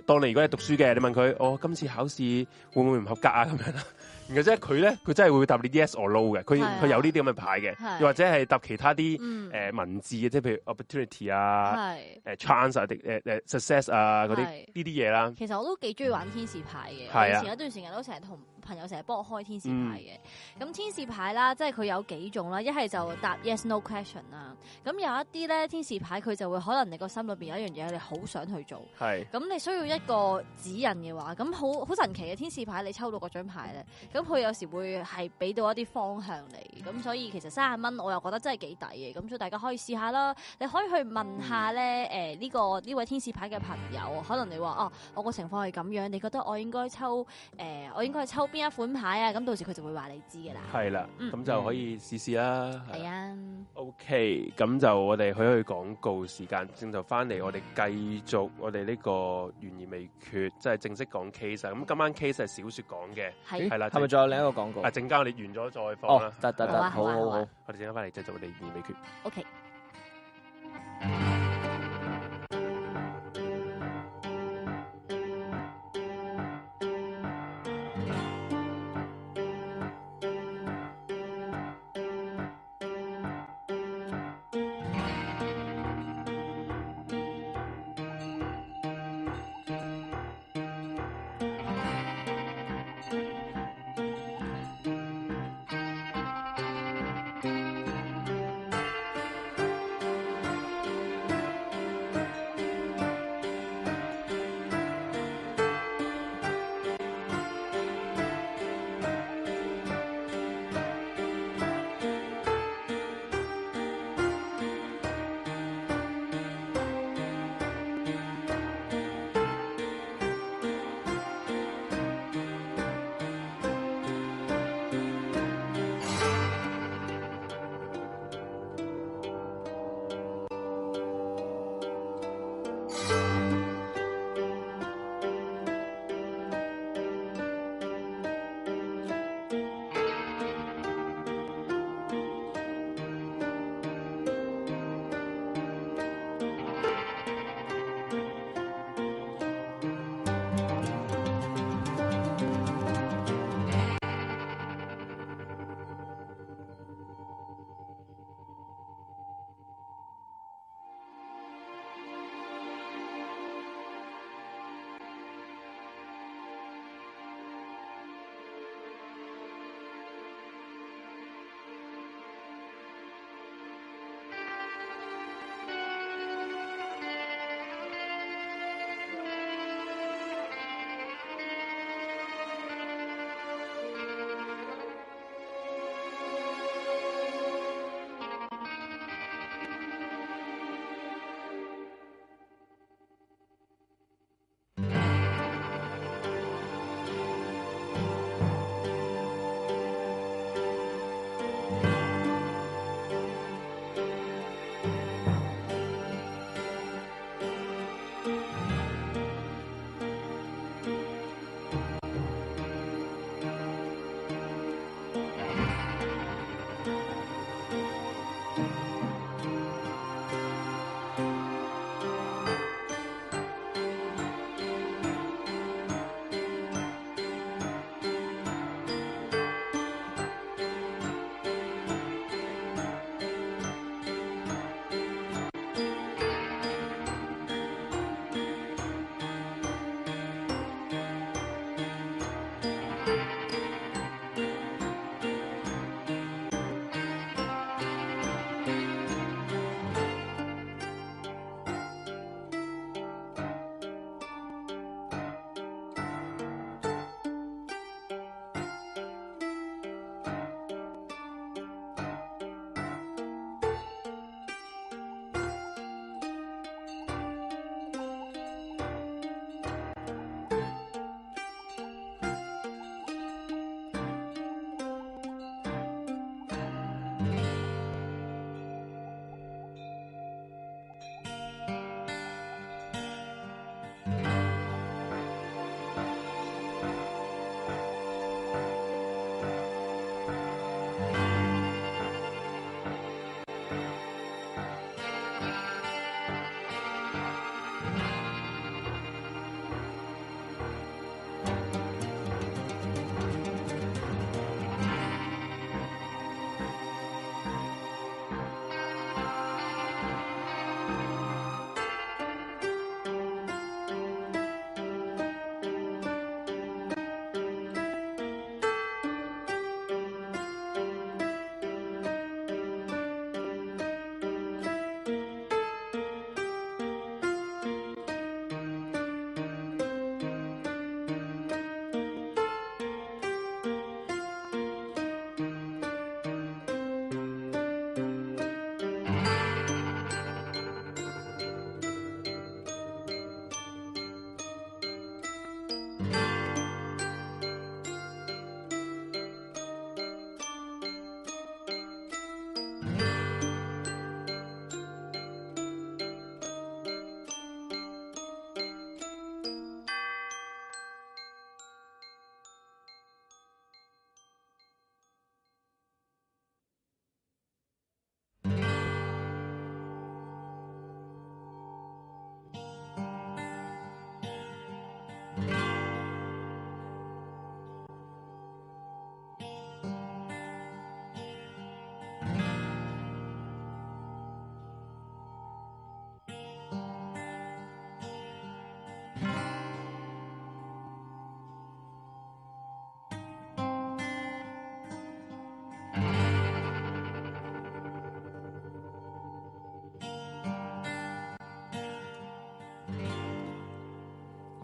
當你如果係讀書嘅，你問佢我、哦、今次考試會唔會唔合格啊咁樣啦。然後即係佢咧，佢真係會答呢啲 yes or no 嘅，佢佢、啊、有呢啲咁嘅牌嘅，又、啊、或者係答其他啲誒、嗯呃、文字嘅，即係譬如 opportunity 啊，誒、啊呃、chance 啊，誒、呃、誒 success 啊嗰啲呢啲嘢啦。其實我都幾中意玩天使牌嘅，啊、以前一段時間都成日同。朋友成日幫我開天使牌嘅，咁、嗯、天使牌啦，即係佢有幾種啦，一係就答 yes no question 啦，咁有一啲咧，天使牌佢就會可能你個心裏邊有一樣嘢你好想去做，係，咁你需要一個指引嘅話，咁好好神奇嘅天使牌，你抽到嗰張牌咧，咁佢有時會係俾到一啲方向嚟。咁所以其實三十蚊我又覺得真係幾抵嘅，咁所以大家可以試下啦，你可以去問下咧，誒、呃、呢、這個呢位天使牌嘅朋友，可能你話哦、啊，我個情況係咁樣，你覺得我應該抽誒、呃、我應該係抽？邊一款牌啊？咁到時佢就會話你知噶啦。係啦，咁、嗯、就可以試試啦。係啊。O K，咁就我哋去去廣告時間，正就翻嚟，我哋繼續我哋呢個懸而未決，即、就、係、是、正式講 case。咁今晚 case 係小說講嘅，係啦，係咪仲有另一個廣告？啊，陣間我哋完咗再放啦。得得得，好、啊、好、啊、好、啊好，啊好，啊好啊，我哋陣間翻嚟繼續我哋懸而未決。O K。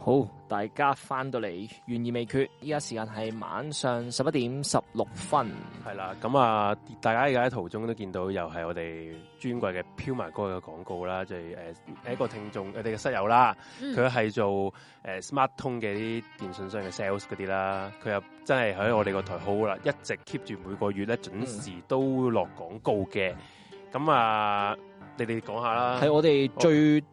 好，大家翻到嚟懸而未決，依家時間係晚上十一點十六分，係啦。咁啊，大家而家喺途中都見到，又係我哋尊貴嘅 Puma 哥嘅廣告啦，就係、是、誒、呃、一個聽眾，我哋嘅室友啦，佢、嗯、係做誒、呃、SmarTone 嘅啲電信商嘅 sales 嗰啲啦，佢又真係喺我哋個台好啦，一直 keep 住每個月咧準時都落廣告嘅。咁、嗯、啊，你哋講下啦，係我哋最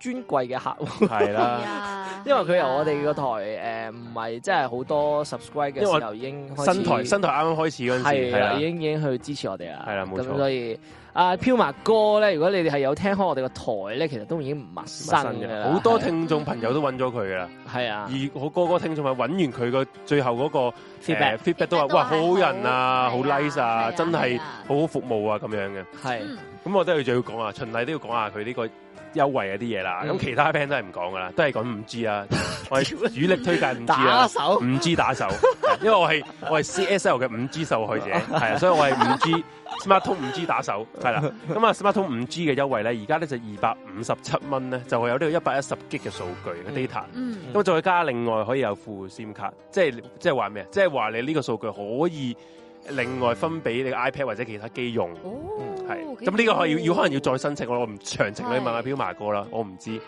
尊貴嘅客戶、啊，係啦。因為，佢由我哋嗰台誒唔係真係好多 subscribe 嘅時候已經經新台新台啱啱開始嗰陣時係、啊啊、已經、嗯、已經去支持我哋啦，係啦冇錯。咁所以啊，飄麥哥咧，如果你哋係有聽開我哋個台咧，其實都已經唔陌生嘅，好多聽眾朋友都揾咗佢嘅啦，係啊，而我個個聽眾咪揾完佢個最後嗰、那個 feedback，feedback、啊 uh, feedback feedback 都話哇好好人啊，好 nice 啊，啊，啊，啊，真係好好服務啊咁樣嘅，係、啊。咁、啊、我覺得佢就要講啊，循例都要講下佢呢、這個優惠嗰啲嘢啦，咁其他 friend 都係唔講噶啦，都係講五 G 啊。我係主力推介五 G 啦，五 G 打手，打手 (laughs) 因為我係我係 C S L 嘅五 G 受害者，係 (laughs) 啊，所以我係五 G Smart 通五 G 打手係啦。咁啊，Smart 通五 G 嘅優惠咧，而家咧就二百五十七蚊咧，就會、是、有呢個一百一十 G 嘅數據嘅 data。咁、嗯嗯、再加另外可以有副 SIM 卡，即係即係話咩啊？即係話你呢個數據可以。另外分俾你個 iPad 或者其他機用、嗯，係，咁呢個要可能要再申請，我唔詳情你問下彪馬哥啦，我唔知。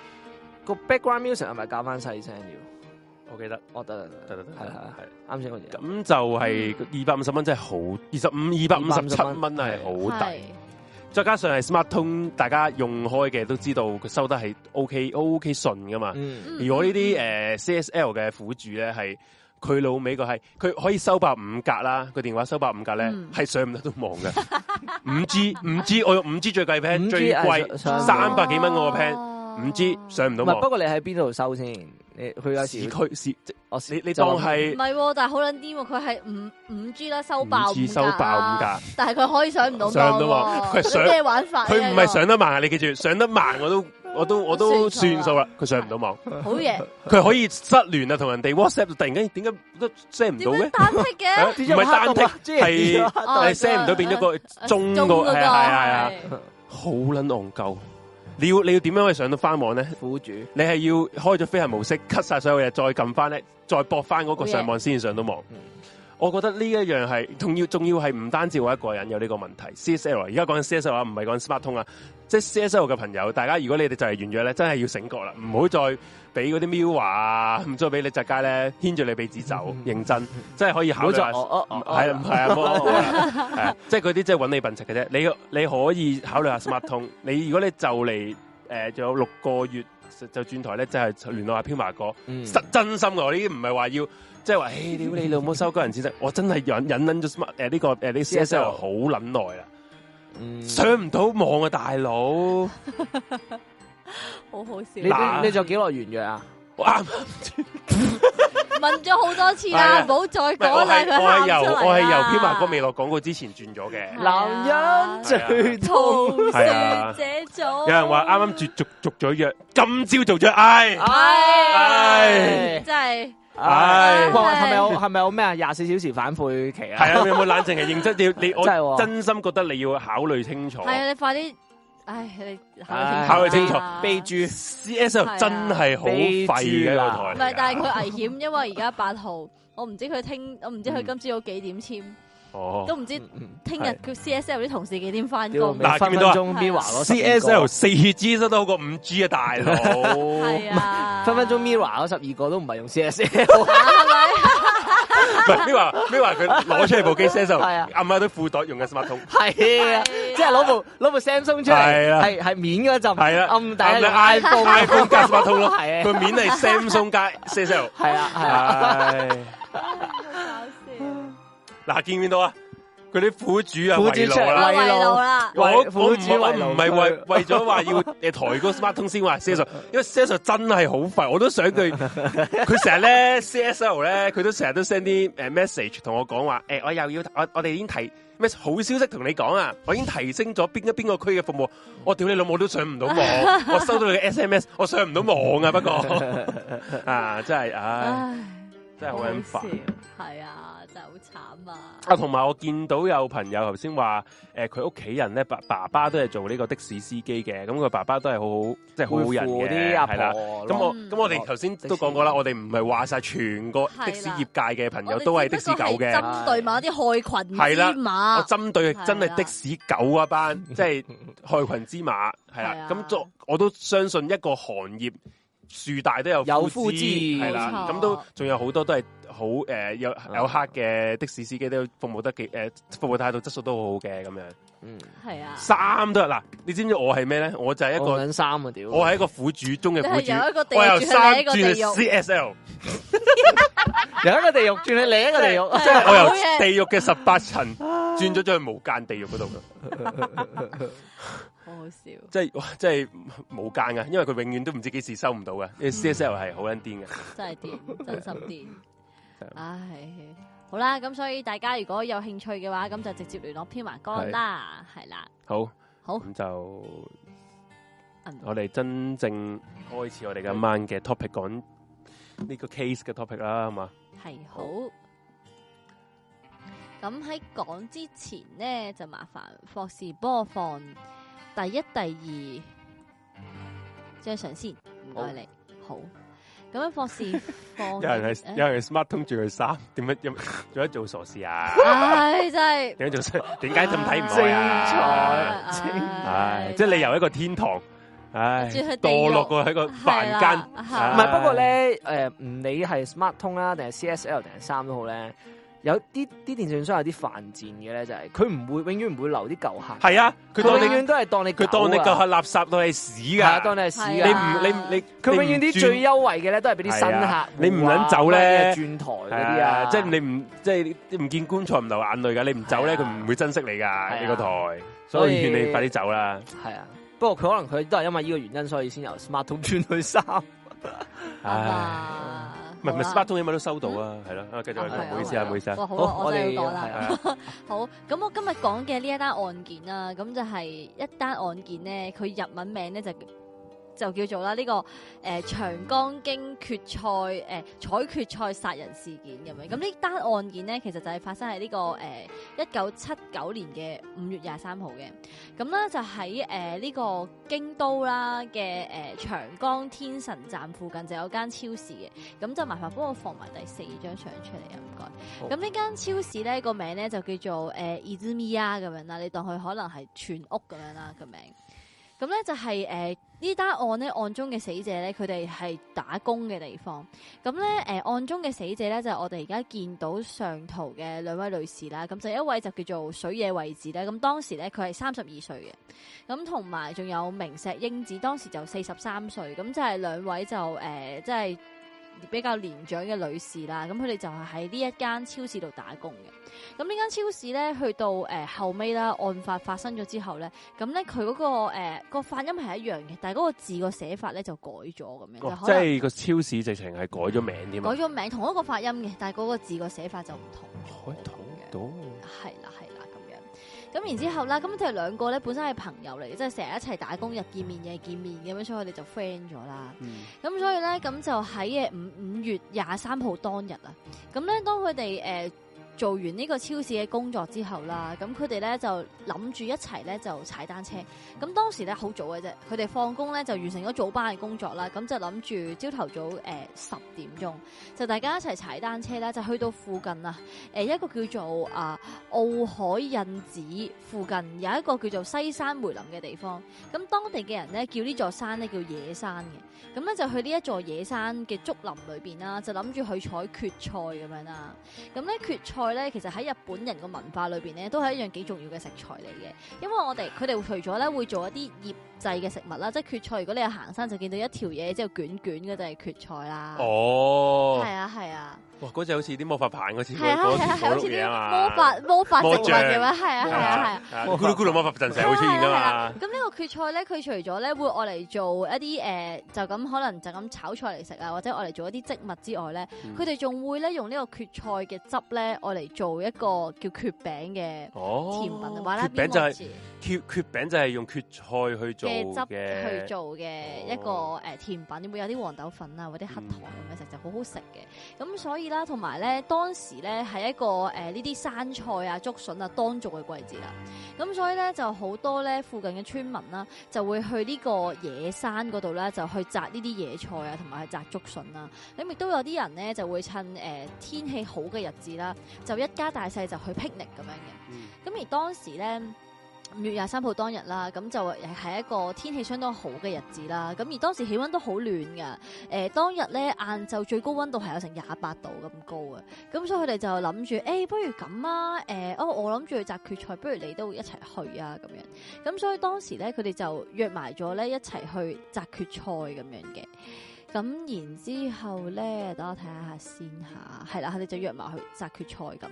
個 background music 係咪教翻細聲要？我記得，我得得，得得得，係係係，啱先嗰陣。咁就係二百五十蚊真係好，二十五二百五十七蚊係好抵。再加上係 SmarTone，大家用開嘅都知道佢收得係 OK OK 順噶嘛、嗯。如果、呃、CSL 呢啲誒 CSL 嘅輔助咧係。佢老尾個係，佢可以收爆五格啦，個電話收爆五格咧，係上唔到都忙嘅。五 G 五 G 我用五 G 最貴 p a n 最貴三百幾蚊嗰個 p a n 五 G 上唔到。唔不過你喺邊度收先？你去有市區市，我你當係唔係？但係好撚癲，佢係五五 G 啦，收爆，五收爆五格，但係佢可以上唔到。上到喎，佢咩玩法？佢唔係上得慢啊！你記住，上得慢我都。我都我都算數啦，佢上唔到網。好嘢，佢可以失聯啊，同人哋 WhatsApp 突然間點解都 send 唔到嘅？單剔嘅，唔 (laughs) 係單剔，係係 send 唔到變咗個中，中個，係係係啊，好撚戇鳩！你要你要點樣去上到翻網咧？苦主，你係要開咗飛行模式，cut 晒所有嘢，再撳翻咧，再搏翻嗰個上網先上到網。我覺得呢一樣係重要，重要係唔單止我一個人有呢個問題。C S L 而家講緊 C S L 啊，唔係講 Smart 通啊，即係 C S L 嘅朋友，大家如果你哋就係完約咧，真係要醒覺啦，唔好再俾嗰啲喵華啊，唔再俾李澤楷咧牽住你鼻子走，認真、嗯、真係可以考慮。唔好唔係啊，係啊，即係嗰啲即係揾你笨柒嘅啫。你你可以考慮下 Smart 通。你如果你就嚟誒仲有六個月就轉台咧，就是嗯，真係聯絡下飄 a 哥，真真心我呢啲唔係話要。即係話，誒，屌你老母收個人知識，我真係忍忍忍咗誒呢個誒呢 C S L 好捻耐啦，上唔到網啊大佬，好好笑。你你仲幾耐完約啊？我啱啱問咗好多次啦，唔好再講啦。我係由我係由天馬哥未落廣告之前轉咗嘅。男人最痛係啊，這種有人話啱啱住續續咗約，今朝做咗 I，係真係。係、uh，係咪有係咪有咩啊？廿四小時反悔期 (laughs) 啊！係啊，有冇冷靜期認真，你你我真心覺得你要考慮清楚。係 (laughs) 啊， (laughs) 你快啲，唉，你考慮清楚， (laughs) 考慮清楚，哎、備註。C S L 真係好廢嘅、這個、台。唔係，但係佢危險，因為而家八號，我唔知佢聽，我唔知佢今朝有幾點簽。嗯哦、都唔知聽日佢 C S L 啲同事幾點返工？嗱，分分鐘咪華咯，C S L 四 G 都好過五 G 啊大佬！係啊，分分鐘咪華嗰十二個都唔係用 C S L，係咪？咪華咪華佢攞出嚟部機 C S L 係啊，暗下啲褲袋用嘅 smartphone 係啊，是的是的即係攞部攞部 Samsung 出嚟，係啊，係係面嗰陣，係啊，暗底的，iPhone (laughs) iPhone 加 smartphone 咯，係啊，佢面係 Samsung 加 C S L，係啊，係。嗱，見唔見到啊？佢啲苦主啊，苦主啦，圍路啦，苦主圍唔係為為咗話要誒抬個 smart 通先話，CSL，因為 CSL 真係好快，我都想佢，佢成日咧，CSL 咧，佢都成日都 send 啲誒 message 同我講話，誒、欸，我又要我我哋已經提咩好消息同你講啊，我已經提升咗邊一邊個區嘅服務， (laughs) 我屌你老母都上唔到網， (laughs) 我收到你嘅 SMS，我上唔到網啊，不過 (laughs) 啊，真係啊，真係好煩，係啊。好慘啊！啊，同埋我見到有朋友頭先話，誒、呃，佢屋企人咧，爸爸爸都係做呢個的士司機嘅，咁佢爸爸都係好即係好人嘅，係啦。咁、嗯、我咁我哋頭先都講過啦，我哋唔係話晒全個的士業界嘅朋友都係的士狗嘅，針對某啲、啊就是、害群之馬。我針對的真係的，的士狗一、啊、班，即係、就是、害群之馬，係啦。咁作我都相信一個行業。樹大都有夫有夫之，係啦，咁都仲有好多都係好誒，有有黑嘅的士司機都服務得極，誒、呃，服務態度質素都好好嘅咁樣。嗯，係啊、嗯。三都嗱，你知唔知道我係咩咧？我就係一個三啊屌！我係一個苦主個中嘅苦主有，我由三轉去 C S L，又一個地獄轉 (laughs) 轉去, CSL, (laughs) (laughs) (laughs) 去另一個地獄，即 (laughs) 係 (laughs) 我由地獄嘅十八層轉咗咗去無間地獄嗰度嘅。 (laughs) (laughs) .好好笑，即係即係冇間噶，因為佢永遠都唔知幾時收唔到噶，C S L 係好撚癲噶，真係癲， (laughs) 真心癲瘋， (laughs) 唉，好啦，咁所以大家如果有興趣嘅話，咁就直接聯絡編華哥啦，係啦，好，好，咁就、嗯、我哋真正開始我哋今晚嘅 topic 講呢個 case 嘅 topic 啦，好嘛？係好，咁喺講之前呢，就麻煩霍氏播放。第一、第二，再嘗先上，唔該你，好咁樣。博士 for、 (laughs) 哎，有人係有人 smart 通住佢衫，點樣做一做傻事啊？唉、哎，真係點樣做？點解咁睇唔好啊？精彩、啊，係即係你由一個天堂，唉、哎，墮落過喺個凡間。唔係、哎，不過咧，誒、呃，唔理係 smart 通啦，定係 C S L 定係三都好咧。有啲啲電信商有啲犯賤嘅咧、就係，就係佢唔會永遠唔會留啲舊客。係啊，佢永遠都係當你佢當你舊客垃圾，當係屎㗎，當係屎㗎。你唔你你佢永遠啲最優惠嘅咧，都係俾啲新客。啊哦、你唔撚走咧、嗯，轉台嗰啲啊，即係、啊即係、你唔即係唔見棺材唔流眼淚㗎。你唔走咧，佢唔、啊、會珍惜你㗎呢、啊呢個台，所以勸你快啲走啦。係啊，不過佢可能佢都係因為呢個原因，所以先由 SmarTone (laughs) 轉去三衣。 (laughs) 唔係唔係 s 係，t 通有乜都收到啊，係、嗯、咯，啊繼續，唔、啊、唔好意思啊，唔好意思啊，好，我哋係多啦，好，咁我，我、啊啊、 (laughs) 我今日講嘅呢一單案件啊，咁就係一單案件咧，佢日文名咧就。就叫做啦、這、呢個誒、呃、長江京決賽誒彩決賽殺人事件咁樣，咁呢單案件咧，其實就係發生喺呢、這個誒一九七九年嘅五月廿三號嘅，咁咧就喺誒呢個京都啦嘅誒長江天神站附近就有間超市嘅，咁就麻煩幫我放埋第四張相出嚟啊，唔該。咁呢間超市咧個名咧就叫做誒伊茲米啊咁樣啦，你當佢可能係全屋咁樣啦個名。咁咧就係、是、誒、呃、呢單案咧，案中嘅死者咧佢哋係打工嘅地方。咁咧誒案中嘅死者咧就係、是、我哋而家見到上圖嘅兩位女士啦，咁就一位就叫做水野惠子咧，咁當時咧佢係三十二歲嘅，咁同埋仲有明石英子，當時就四十三歲，咁就係兩位就誒即係。呃就是比較年長嘅女士啦，咁佢哋就係喺呢一間超市度打工嘅。咁呢間超市咧，去到誒、呃、後尾啦，案發發生咗之後咧，咁咧佢嗰個誒、呃嗰個發音係一樣嘅，但係嗰個字個寫法咧就改咗咁樣。即係個超市直情係改咗名添，改咗名同一個發音嘅，但係嗰個字個寫法就唔同。可以到不不同係啦，係。咁然之後啦，咁佢哋兩個咧本身係朋友嚟嘅，即係成日一齊打工，日見面，夜見面咁樣，所以佢哋就 friend 咗啦。咁、嗯、所以咧，咁就喺五五月廿三號當日啊，咁咧當佢哋做完呢個超市嘅工作之後啦，咁佢哋咧就諗住一齊咧就踩單車，咁當時咧好早嘅啫，佢哋放工咧就完成咗早班嘅工作啦，咁就諗住朝頭早誒十、呃、點鐘，就大家一齊踩單車咧，就去到附近啦，誒、呃、一個叫做啊、呃、澳海印子附近有一個叫做西山梅林嘅地方。咁當地嘅人咧叫呢座山咧叫野山嘅，咁咧就去呢一座野山嘅竹林裏邊啦，就諗住去採蕨菜咁樣啦。咁咧蕨菜。蕨菜咧，其實喺日本人嘅文化裏邊咧，都係一樣幾重要嘅食材嚟嘅。因為我哋佢哋除咗咧會做一啲醃製嘅食物啦，即係蕨菜。如果你行山就見到一條嘢之後卷卷嘅就係蕨菜啦。哦，係啊，係啊。哇、啊，嗰隻好似啲魔法棒嗰次，係啊，係啊，係好似啲魔法魔法食物魔、啊啊啊啊啊、魔法嘅咩？係啊係啊係啊。咕嚕魔法陣成片啦。咁呢個蕨菜咧，佢除咗咧會愛嚟做一啲誒，就咁可能就咁炒菜嚟食啊，或者愛嚟做一啲植物之外咧，佢哋仲會咧用呢個蕨菜嘅汁咧愛嚟。嚟做一個叫蕨餅嘅甜品，話、哦、蕨餅就係蕨，蕨就係用蕨菜去做嘅，汁去做嘅一個誒甜品，會、哦、有啲黃豆粉啊，或者黑糖咁樣、嗯、食很吃的，就好好食嘅。咁所以啦，同埋咧，當時咧係一個誒呢啲山菜啊、竹筍啊當做嘅季節啦。咁所以咧就好多咧附近嘅村民啦，就會去呢個野山嗰度咧，就去摘呢啲野菜啊，同埋去摘竹筍啦、啊。咁亦都有啲人咧就會趁誒、呃、天氣好嘅日子啦。就一家大細就去 picnic 咁、嗯、樣嘅，咁而當時咧五月廿三號當日啦，咁就係一個天氣相當好嘅日子啦。咁而當時氣温都好暖㗎。誒、呃、當日咧晏晝最高温度係有成廿八度咁高啊。咁所以佢哋就諗住誒，不如咁啊，哦、呃，我諗住去摘決賽，不如你都一齊去啊咁樣。咁所以當時咧，佢哋就約埋咗咧一齊去摘決賽咁樣嘅。咁然之後咧，等我睇下先，下係啦，佢哋就約埋去摘決賽咁。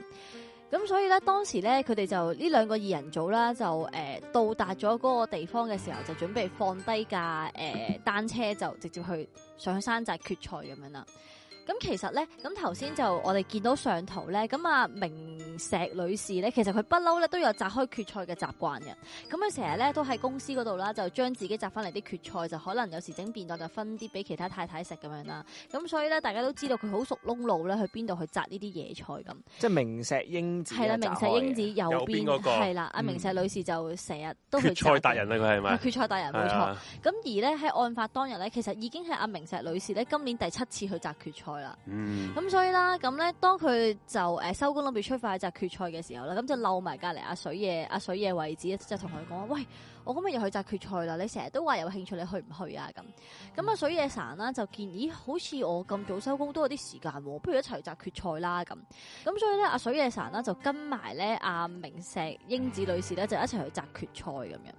咁所以咧，當時咧，佢哋就呢兩個二人組啦，就、呃、到達咗嗰個地方嘅時候，就準備放低架、呃、單車，就直接去上山摘決賽咁樣啦。咁其實咧，咁頭先就我哋見到上圖咧，咁阿明石女士咧，其實佢不嬲咧都有摘開蕨菜嘅習慣嘅。咁佢成日咧都喺公司嗰度啦，就將自己摘翻嚟啲蕨菜，就可能有時整便當就分啲俾其他太太食咁樣啦。咁所以咧，大家都知道佢好熟窿路咧，去邊度去摘呢啲野菜咁。即係明石英子係啦，明石英子右邊嗰、嗰個係啦，阿明石女士就成日都去摘蕨菜達人啦，佢係咪蕨菜達人冇錯。咁而咧喺案發當日咧，其實已經係阿明石女士咧今年第七次去摘蕨菜。啦、嗯，咁所以啦，咁咧，當佢就誒收工諗住出發去摘決賽嘅時候啦，咁就漏埋隔籬阿水野阿水野位置咧，就同佢講喂，我今日又去摘決賽啦。你成日都話有興趣，你去唔去啊？咁咁啊，水野神啦就見咦，好似我咁早收工都有啲時間，不如一齊去摘決賽啦。咁咁所以咧，阿水野神啦就跟埋咧阿明石英子女士咧就一齊去摘決賽咁樣。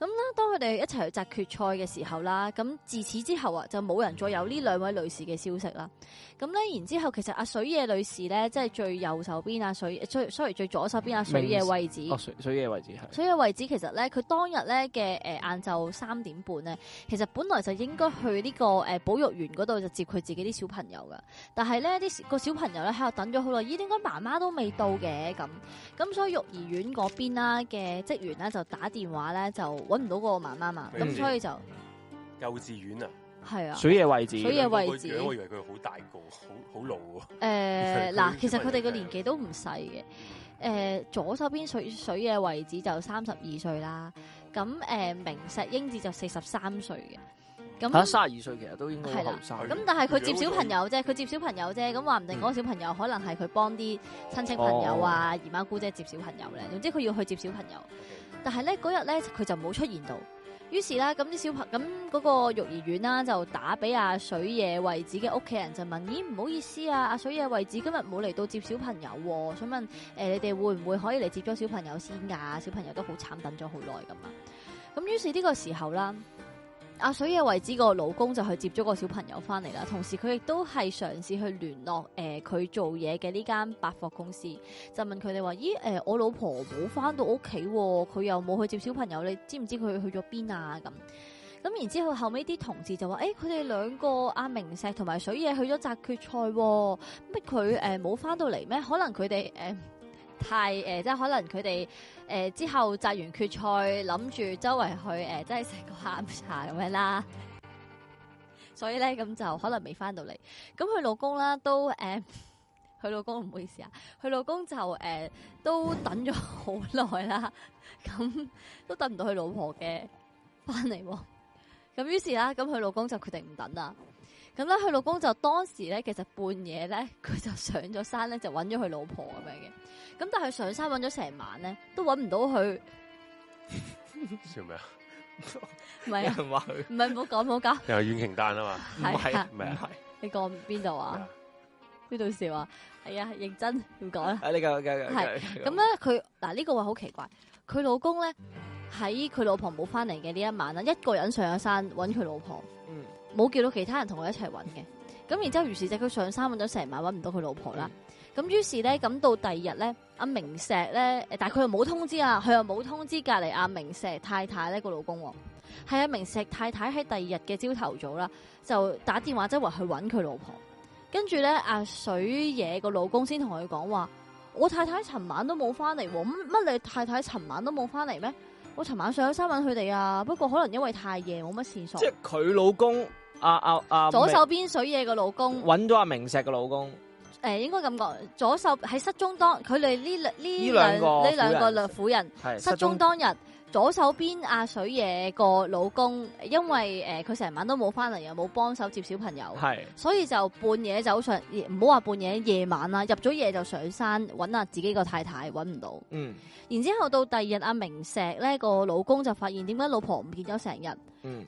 咁啦，當佢哋一齊去集決賽嘅時候啦，咁自此之後啊，就冇人再有呢兩位女士嘅消息啦。咁咧，然之後其實阿水野女士咧，即係最右手邊啊，水，sorry，sorry，最，最左手邊啊，水野嘅位置。哦、水水野位置係。水野嘅位置其實咧，佢當日咧嘅誒晏晝三點半咧，其實本來就應該去呢、這個誒、呃、保育園嗰度就接佢自己啲小朋友噶，但係咧啲個小朋友咧喺度等咗好耐，咦、哎？點解媽媽都未到嘅？咁咁所以育兒園嗰邊啦嘅職員咧就打電話咧就。揾唔到個媽媽嘛，咁、嗯、所以就幼稚園啊，係啊，水野位置，水野位、位置。我以為佢好大個，好好老喎。嗱、呃， (laughs) 他其實佢哋嘅年紀都唔細嘅。誒、嗯呃，左手邊水水野位置就三十二歲啦。咁誒、呃，明石英子就四十三歲嘅。咁三十二歲其實都應該係啦。咁、啊、但係佢接小朋友啫，佢接小朋友啫。咁話唔定嗰個小朋友可能係佢幫啲親戚朋友啊、哦、姨媽姑姐接小朋友咧。總之佢要去接小朋友，但係咧，嗰日咧，佢就冇出現到，於是咧，咁啲小朋，咁嗰個育兒園啦、啊、就打俾阿水野惠子嘅屋企人就問，咦，唔好意思啊，阿水野惠子今日冇嚟到接小朋友，啊，想問誒、呃、你哋會唔會可以嚟接咗小朋友先噶啊？小朋友都好慘等咗好耐噶嘛，咁於是呢個時候啦。阿水嘢為之個老公就去接咗個小朋友翻嚟啦，同時佢亦都係嘗試去聯絡誒佢做嘢嘅呢間百貨公司，就問佢哋話：咦誒、呃，我老婆冇翻到屋企，佢又冇去接小朋友，你知唔知佢去咗邊啊？咁咁然之後後尾啲同事就話：誒、欸，佢哋兩個阿明石同埋水嘢去咗摘決賽，乜佢誒冇翻到嚟咩？可能佢哋誒太誒、呃，即係可能佢哋。誒、呃,之後摘完決賽，諗住周圍去誒，即係食個下午茶咁樣啦。所以咧，咁就可能未翻到嚟。咁佢老公啦，都誒，佢、呃、老公唔好意思啊，佢老公就誒、呃，都等咗好耐啦，咁都等唔到佢老婆嘅翻嚟。咁於是啦，咁佢老公就決定唔等啦。咁咧，佢老公就當時咧，其實半夜咧，佢就上咗山咧，就揾咗佢老婆咁樣嘅。咁但係上山揾咗成晚咧，都揾唔到佢。笑咩啊？唔係話佢？唔係，唔好講，唔好講。又怨情蛋啊嘛？係 (laughs) 啊，係，你講邊度啊？邊度、啊、笑啊？係、哎、啊，認真唔講啦。啊，你講講講係，咁咧，佢嗱呢個話好奇怪。佢老公咧喺佢老婆冇翻嚟嘅呢一晚啦，一個人上咗山揾佢老婆。嗯。冇叫到其他人同佢一齊揾嘅，咁然之後如是即佢上山揾咗成晚揾唔到佢老婆啦，咁於是咧，咁到第二日咧阿明石咧，但係佢又冇通知啊，佢又冇通知隔籬阿明石太太咧個老公喎，係阿、啊、明石太太喺第二日嘅朝頭早啦，就打電話周圍去揾佢老婆，跟住咧阿水野個老公先同佢講話，我太太尋晚都冇翻嚟，乜乜你太太尋晚都冇翻嚟咩？我尋晚上咗山揾佢哋啊，不過可能因為太夜冇乜線索。即係佢老公。啊啊、左手邊水嘢嘅老公，揾咗阿明石嘅老公。誒，應該咁講，左手喺失蹤當，佢哋呢呢兩呢兩個虐婦人，係失蹤當日。失左手邊阿水嘢個老公，因為誒佢成晚都冇返嚟，又冇幫手接小朋友，所以就半夜走上唔好話半夜夜晚啦，入咗夜就上山揾下自己個太太，揾唔到。嗯，然之後到第二日阿明石咧個老公就發現點解老婆唔見咗成日，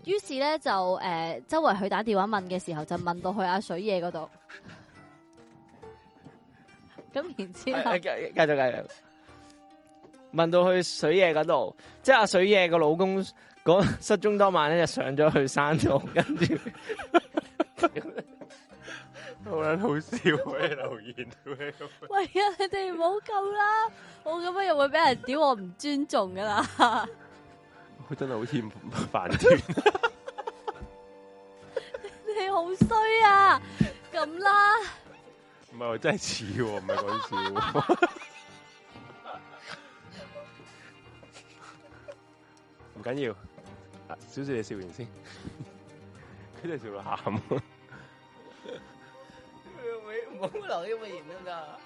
於是咧就誒、呃、周圍去打電話問嘅時候，就問到去阿水嘢嗰度。咁 (laughs) 然之後，繼續繼續。問到去水爺嗰度，即係阿水爺個老公講、那個、失蹤當晚咧，就上咗去山度，跟住好捻好笑嘅留言，喂呀， (laughs) 你哋唔好救啦，我咁樣又會俾人屌我唔尊重噶、 (laughs) (laughs) (laughs) 啊、啦，佢 (laughs) 真係好似煩添！你好衰啊，咁啦，唔係真係似，唔係講笑。唔緊要，少少你笑完先，佢真係笑到喊。唔好 (music) 留咁嘅型啊！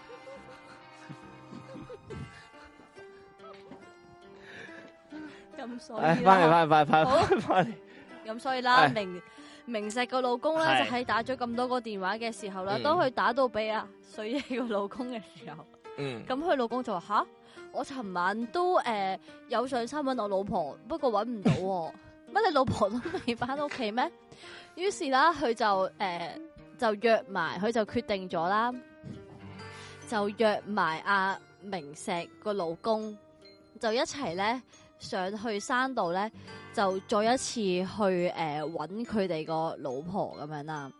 咁、 (laughs) (laughs) 嗯、所以，快快快快快快！咁、 (laughs) 嗯、 (laughs) 所以啦，明明石個老公咧就喺、是、打咗咁多個電話嘅時候啦，當佢打到俾阿水姨個老公嘅時候，咁、嗯、佢老，、嗯、老公就話吓。哈我尋晚都誒、呃、有上山揾我老婆，不過揾唔到。乜 (laughs) 你老婆都未翻屋企咩？於是啦，佢就誒、呃、就約埋，佢就決定咗啦，就約埋阿、啊、明石個老公，就一齊咧上去山度咧，就再一次去誒揾佢哋個老婆咁樣啦。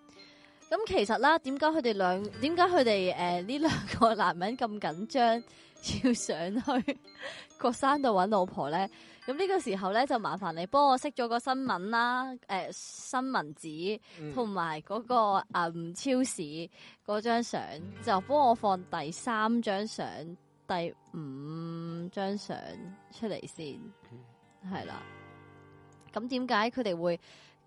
咁其實啦，點解佢哋兩、點解佢哋誒呢兩個男人咁緊張？ (laughs) 要上去嗰山度揾老婆咧，咁呢個時候咧就麻煩你幫我熄咗個新聞啦，誒、呃，新聞紙同埋嗰個啊、嗯，超市嗰張相就幫我放第三張相，第五張相出嚟先，係啦。咁點解佢哋會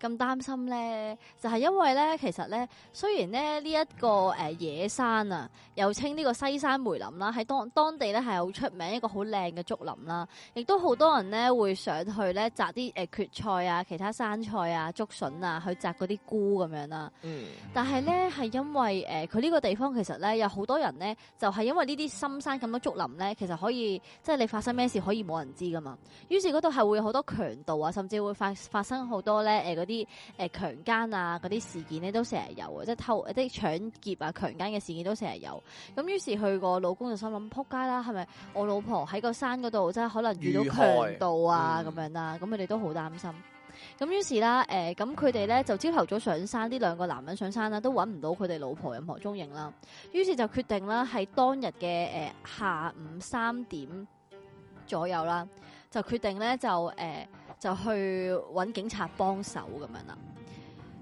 咁擔心咧，就係、是、因為咧，其實咧，雖然咧呢一、這個、呃、野山啊，又稱呢個西山梅林啦、啊，喺當，當地咧係好出名一個好靚嘅竹林啦、啊，亦都好多人咧會上去咧摘啲誒、呃、蕨菜啊、其他山菜啊、竹筍啊去摘嗰啲菇咁樣啦、啊嗯。但係咧係因為佢呢、呃這個地方其實咧有好多人咧，就係、是、因為呢啲深山咁多竹林咧，其實可以即係你發生咩事可以冇人知噶嘛。於是嗰度係會有好多強盜啊，甚至會發，發生好多咧嗰啲。呃啲誒強姦啊嗰啲事件咧都成日有，即係偷即係搶劫啊強姦嘅事件都成日有。咁於是佢個老公就心諗扑街啦，係咪我老婆喺個山嗰度，即係可能遇到強盜啊咁、嗯、樣啦？咁佢哋都好擔心。咁於是啦，誒咁佢哋咧就朝頭早上，上山，呢兩個男人上山啦，都揾唔到佢哋老婆任何蹤影啦。於是就決定啦，喺當日嘅誒、呃、下午三點左右啦，就決定咧就誒。呃就去揾警察幫手咁樣啦，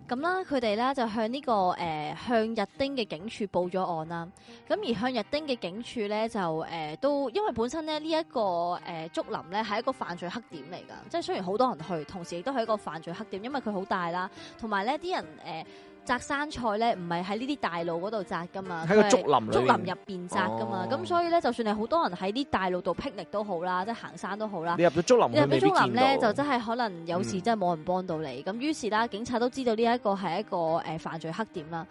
咁啦佢哋咧就向呢、呢個誒、呃、向日丁嘅警署報咗案啦，咁而向日丁嘅警署呢，就誒、呃、都因為本身咧呢一、呢個誒、呃、竹林呢係一個犯罪黑點嚟噶，即係雖然好多人去，同時亦都係一個犯罪黑點，因為佢好大啦，同埋呢啲人誒。呃摘山菜咧，唔係喺呢啲大路嗰度摘噶嘛，喺個竹林面係竹林入邊摘噶嘛，咁、哦嗯、所以咧，就算係好多人喺啲大路度劈力都好啦，即係行山都好啦。你入咗竹林，你入咗竹林咧，就真係可能有時真係冇人幫到你。咁、嗯、於是啦，警察都知道呢一個係一個誒犯罪黑點啦。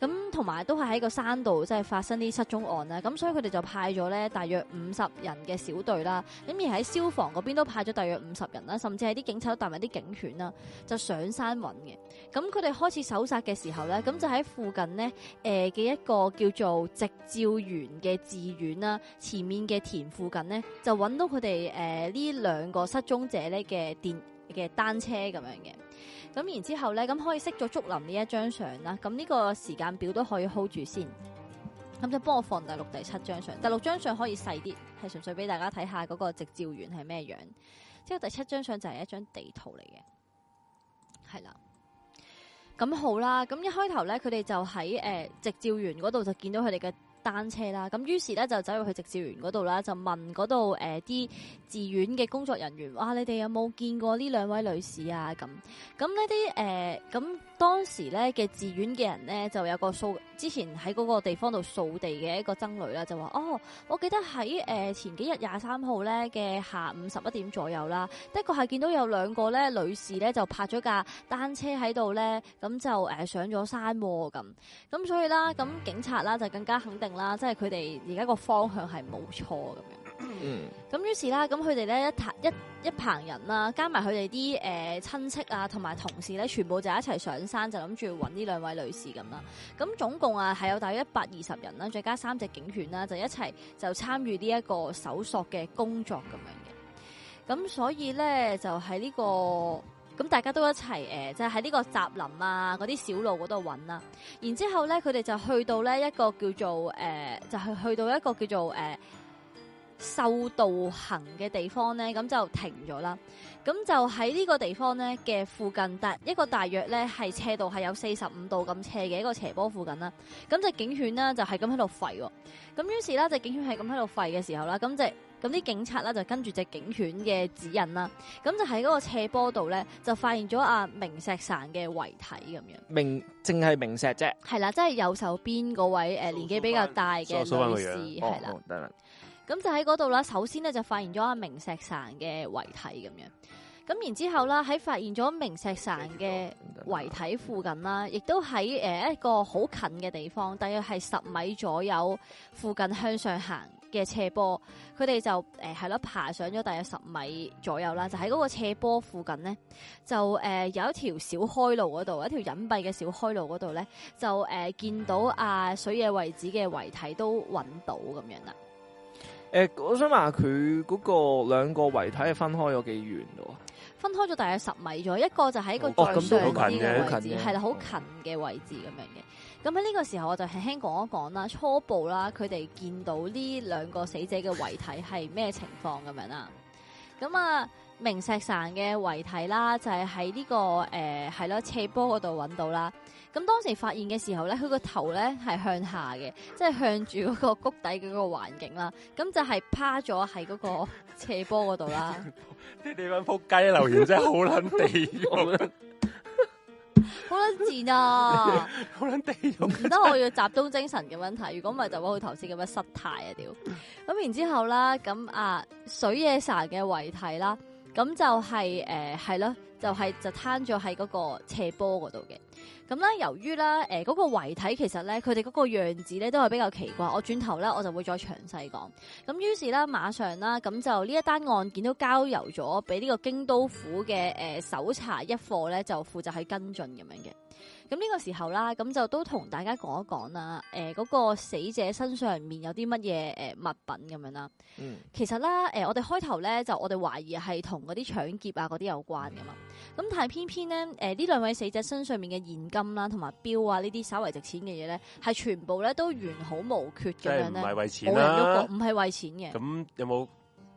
咁同埋都係喺個山度，即、就、係、是、發生啲失蹤案啦。咁所以佢哋就派咗咧，大約五十人嘅小隊啦。咁、嗯、而喺消防嗰邊都派咗大約五十人啦，甚至係啲警察都帶埋啲警犬啦，就上山揾嘅。咁佢哋開始搜殺嘅時候咧，咁就喺附近呢嘅、呃、一個叫做直照園嘅寺院啦，前面嘅田附近呢，就揾到佢哋呢兩個失蹤者呢嘅電嘅單車咁樣嘅。咁然之後咧，咁可以熄咗竹林呢一張相啦。咁呢個時間表都可以 hold 住先。咁就幫我放第六、第七張相。第六張相可以細啲，係純粹俾大家睇下嗰個直照園係咩樣。之後第七張相就係一張地圖嚟嘅，係啦。咁好啦，咁一開頭呢，佢哋就喺誒、呃、直照員嗰度就見到佢哋嘅單車啦，咁於是呢，就走入去直照員嗰度啦，就問嗰度誒啲。呃寺院嘅工作人員，哇！你哋有冇見過呢兩位女士啊？咁咁呢啲誒，咁、呃、當時咧嘅寺院嘅人咧，就有個掃之前喺嗰個地方度掃地嘅一個僧侶啦，就話哦，我記得喺誒、呃、前幾日廿三號咧嘅下午十一點左右啦，的確係見到有兩個咧女士咧就拍咗架單車喺度咧，咁就誒上咗山咁，咁所以啦，咁警察啦就更加肯定啦，即係佢哋而家個方向係冇錯咁樣。嗯，咁於是啦，咁佢哋咧一一一棚人啦，加埋佢哋啲誒親戚啊，同埋同事咧，全部就一齊上山，就諗住搵呢兩位女士咁啦。咁總共啊係有大約一百二十人啦，再加三隻警犬啦，就一齊就參與呢一個搜索嘅工作咁樣嘅。咁所以咧就喺呢個咁大家都一齊誒，就係喺呢個雜林啊嗰啲小路嗰度搵啦。然之後咧佢哋就去到咧一個叫做誒，就係去到一個叫做誒。呃受道行嘅地方咧，咁就停咗啦。咁就喺呢個地方咧嘅附近，大一個大約咧係斜度係有四十五度咁斜嘅一個斜坡附近啦。咁隻警犬呢，就係咁喺度吠。咁於是呢隻警犬係咁喺度吠嘅時候啦，咁就咁啲警察啦就跟住隻警犬嘅指引啦，咁就喺嗰個斜坡度咧就發現咗阿、啊、明石山嘅遺體咁樣。明淨係明石啫。係啦，即、就、係、是、右手邊嗰位誒、啊、年紀比較大嘅女士係啦。咁就喺嗰度啦。首先咧就發現咗阿明石山嘅遺體咁樣。咁然之後啦，喺發現咗明石山嘅遺體附近啦，亦都喺誒一個好近嘅地方，大約係十米左右附近向上行嘅斜坡。佢哋就誒係咯爬上咗大約十米左右啦，就喺嗰個斜坡附近呢，就誒有一條小開路嗰度，一條隱蔽嘅小開路嗰度咧，就誒、呃、見到阿、啊、水野位置嘅遺體都揾到咁樣啦。誒，我想問佢嗰個兩個遺體係分開咗幾遠嘅喎？分開咗大概十米咗，一個就喺個柱上啲位置係啦，好近嘅位置咁樣嘅。咁喺呢個時候，我就輕輕講一講啦，初步啦，佢哋見到呢兩個死者嘅遺體係咩情況咁樣啦。咁 (laughs) 啊，明石山嘅遺體啦、這個，就係喺呢個誒係咯斜坡嗰度揾到啦。咁當時發現嘅時候咧，佢個頭咧係向下嘅，即係向住嗰個谷底嘅嗰個環境啦。咁就係趴咗喺嗰個斜坡嗰度啦。啲地方撲街，留言真係好撚地獄，啊，好 (laughs) 撚賤啊！好 (laughs) 撚地獄，啊。唔得，我要集中精神咁樣睇。如果唔係就好似佢頭先咁樣失態啊屌！咁然之後啦，咁啊水野山嘅遺體啦，咁就係誒係啦就係、是、就攤咗喺嗰個斜坡嗰度嘅，咁咧由於咧嗰、呃嗰個遺體其實咧佢哋嗰個樣子咧都係比較奇怪，我轉頭咧我就會再詳細講。咁於是咧馬上啦，咁就呢一單案件都交由咗俾呢個京都府嘅誒、呃、搜查一課咧，就負責喺跟進咁樣嘅。咁呢個時候啦，咁就都同大家講一講啦。誒、呃，嗰、嗰個死者身上面有啲乜嘢誒物品咁樣啦。嗯，其實啦，誒、呃，我哋開頭咧就我哋懷疑係同嗰啲搶劫啊嗰啲有關噶嘛。咁、嗯、但係偏偏咧，誒呢兩位死者身上面嘅現金啦，同埋錶啊呢啲稍為值錢嘅嘢咧，係全部咧都完好無缺咁樣咧。唔係為錢，唔係為錢嘅。咁、啊、有冇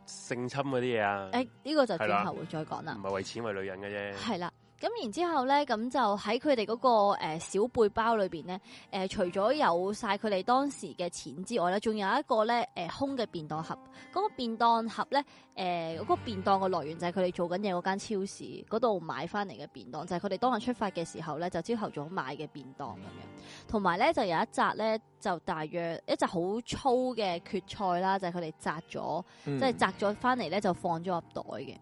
性侵嗰啲嘢啊？誒、欸、呢、呢個就轉頭會再講啦。唔係為錢，為女人嘅啫。係啦。咁然之後咧，咁就喺佢哋嗰個誒、呃、小背包裏邊咧，誒、呃、除咗有晒佢哋當時嘅錢之外咧，仲有一個咧，誒、呃、空嘅便當盒。嗰個便當盒咧，誒、呃、嗰個便當嘅來源就係佢哋做緊嘢嗰間超市嗰度買翻嚟嘅便當，就係佢哋當日出發嘅時候咧，就朝頭早買嘅便當咁樣。同埋咧就有一紮咧，就大約一扎好粗嘅蕨菜啦，就係佢哋摘咗，即係摘咗翻嚟咧就放咗入袋嘅。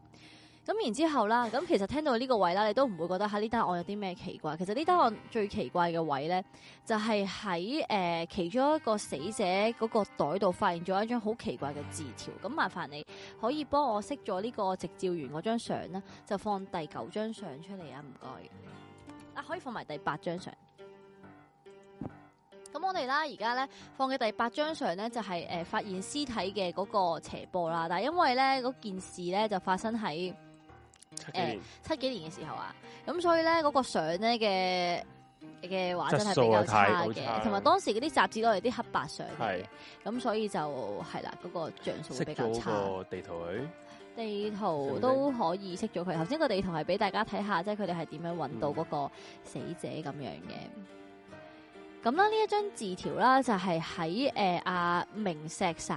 咁然之後啦，咁其實聽到呢個位啦，你都唔會覺得嚇呢單案有啲咩奇怪。其實呢單案最奇怪嘅位咧，就係喺誒其中一個死者嗰個袋度發現咗一張好奇怪嘅字條。咁麻煩你可以幫我熄咗呢個直照員嗰張相啦，就放第九張相出嚟啊！唔該。啊，可以放埋第八張相。咁我哋啦，而家咧放嘅第八張相咧，就係誒發現屍體嘅嗰個斜波啦。但係因為咧嗰件事咧，就發生喺，誒、呃，七幾年嘅時候啊，咁所以咧嗰、嗰個相咧嘅嘅畫質係比較差嘅，同埋當時嗰啲雜誌都係啲黑白相嘅，咁所以就係啦，嗰、嗰個像素會比較差。個地圖地圖都可以識咗佢，頭先個地圖係俾大家睇下，即係佢哋係點樣搵到嗰個死者咁樣嘅。咁啦，呢一張字條啦，就係喺誒阿明石神